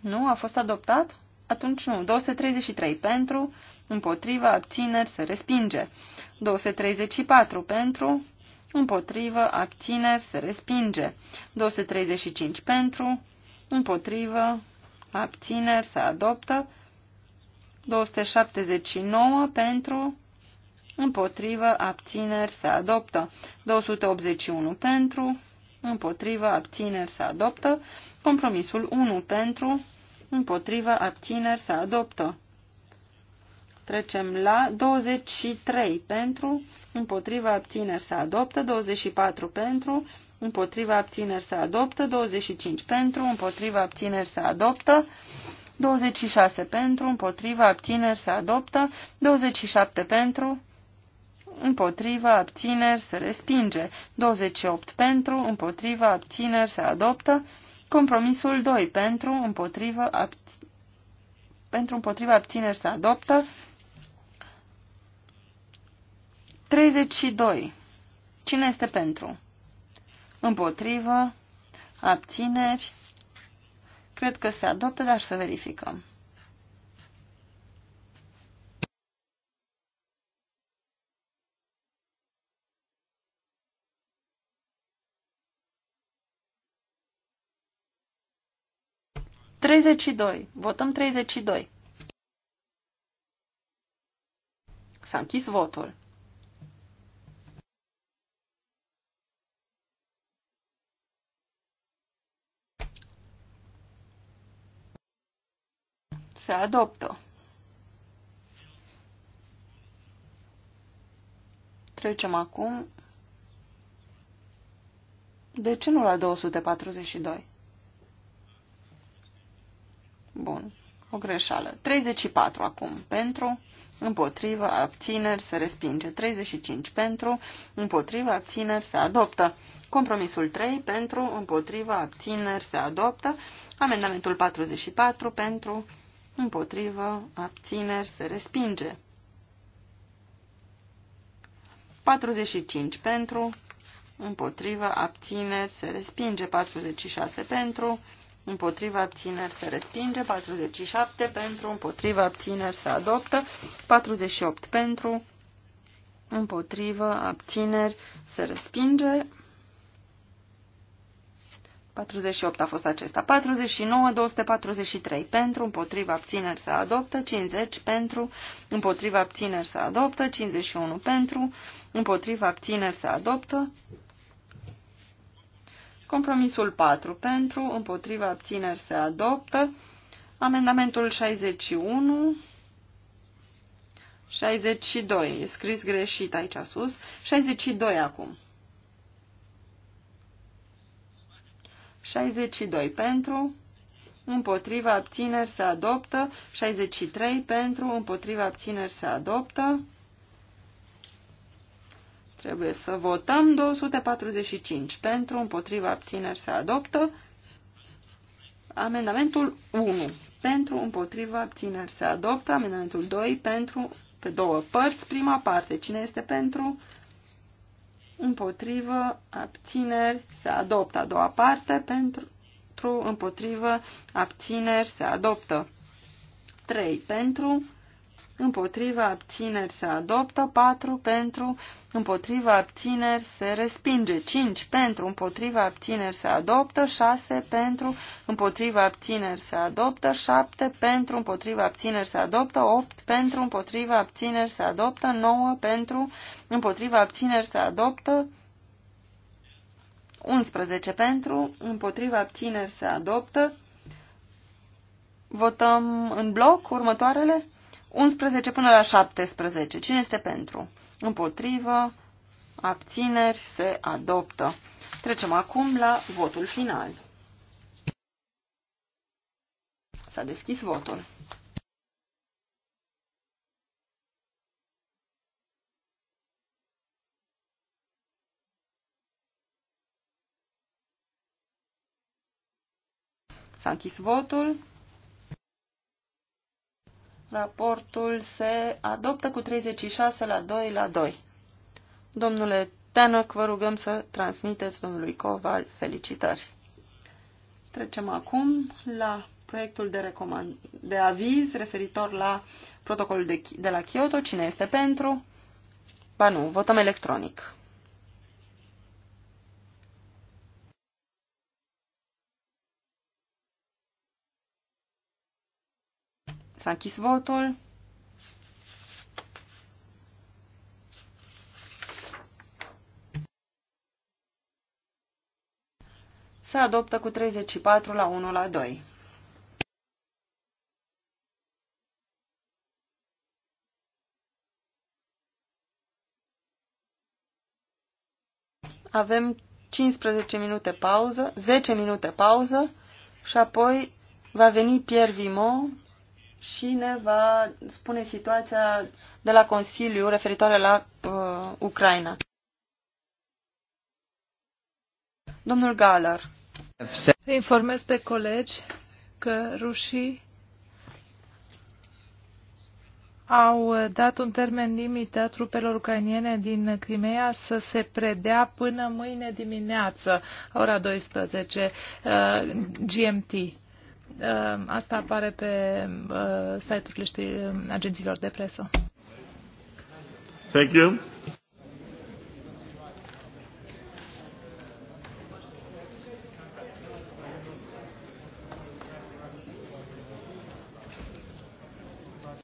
nu, a fost adoptat? atunci nu. 233 pentru, împotrivă, abțineri, se respinge. 234 pentru, împotrivă, abțineri, se respinge. 235 pentru, împotrivă, abțineri, se adoptă. 279 pentru, împotrivă, abțineri, se adoptă. 281 pentru, împotrivă, abțineri, se adoptă. Compromisul 1 pentru, împotrivă, abțineri, se adoptă. Trecem la 23 pentru, împotriva abțineri se adoptă, 24 pentru, împotriva abțineri se adoptă, 25 pentru, împotriva abțineri se adoptă, 26 pentru, împotriva abțineri se adoptă, 27 pentru, împotriva abțineri se respinge, 28 pentru, împotriva abțineri se adoptă, Compromisul 2. Pentru, împotrivă, abț- pentru, împotrivă, abțineri se adoptă. 32. Cine este pentru? Împotrivă, abțineri. Cred că se adoptă, dar să verificăm. 32. Votăm 32. S-a închis votul. Se adoptă. Trecem acum. De ce nu la 242? Bun. O greșeală. 34 acum. Pentru, împotrivă, abțineri, se respinge. 35 pentru, împotrivă, abțineri, se adoptă. Compromisul 3 pentru, împotrivă, abțineri, se adoptă. Amendamentul 44 pentru, împotrivă, abțineri, se respinge. 45 pentru, împotrivă, abțineri, se respinge. 46 pentru, împotriva abțineri se respinge, 47 pentru, împotriva abțineri se adoptă, 48 pentru, împotriva abțineri se respinge, 48 a fost acesta, 49, 243 pentru, împotriva abțineri se adoptă, 50 pentru, împotriva abțineri se adoptă, 51 pentru, împotriva abțineri se adoptă, Compromisul 4 pentru, împotriva abțineri se adoptă. Amendamentul 61, 62, e scris greșit aici sus, 62 acum. 62 pentru, împotriva abțineri se adoptă, 63 pentru, împotriva abțineri se adoptă, Trebuie să votăm 245 pentru, împotriva abțineri se adoptă. Amendamentul 1 pentru, împotriva abțineri se adoptă. Amendamentul 2 pentru, pe două părți, prima parte. Cine este pentru? Împotrivă, abțineri se adoptă. A doua parte pentru, pentru împotrivă, abțineri se adoptă. 3 pentru, împotriva abțineri se adoptă, 4 pentru, împotriva abțineri se respinge, 5 pentru, împotriva abțineri se adoptă, 6 pentru, împotriva abțineri se adoptă, 7 pentru, împotriva abțineri se adoptă, 8 pentru, împotriva abțineri se adoptă, 9 pentru, împotriva abțineri se adoptă, 11 pentru, împotriva abțineri se adoptă. Votăm în bloc următoarele? 11 până la 17. Cine este pentru? Împotrivă, abțineri, se adoptă. Trecem acum la votul final. S-a deschis votul. S-a închis votul. Raportul se adoptă cu 36 la 2 la 2. Domnule Tenoc, vă rugăm să transmiteți domnului Coval felicitări. Trecem acum la proiectul de, recomand, de aviz referitor la protocolul de, de la Kyoto. Cine este pentru? Ba nu, votăm electronic. S-a închis votul. Se adoptă cu 34 la 1 la 2. Avem 15 minute pauză, 10 minute pauză și apoi va veni Pierre Vimon și ne va spune situația de la Consiliu referitoare la uh, Ucraina. Domnul Galar. Informez pe colegi că rușii au dat un termen limită trupelor ucrainiene din Crimea să se predea până mâine dimineață, ora 12, uh, GMT. Uh, asta apare pe uh, site-urile uh, agențiilor de presă. Thank you.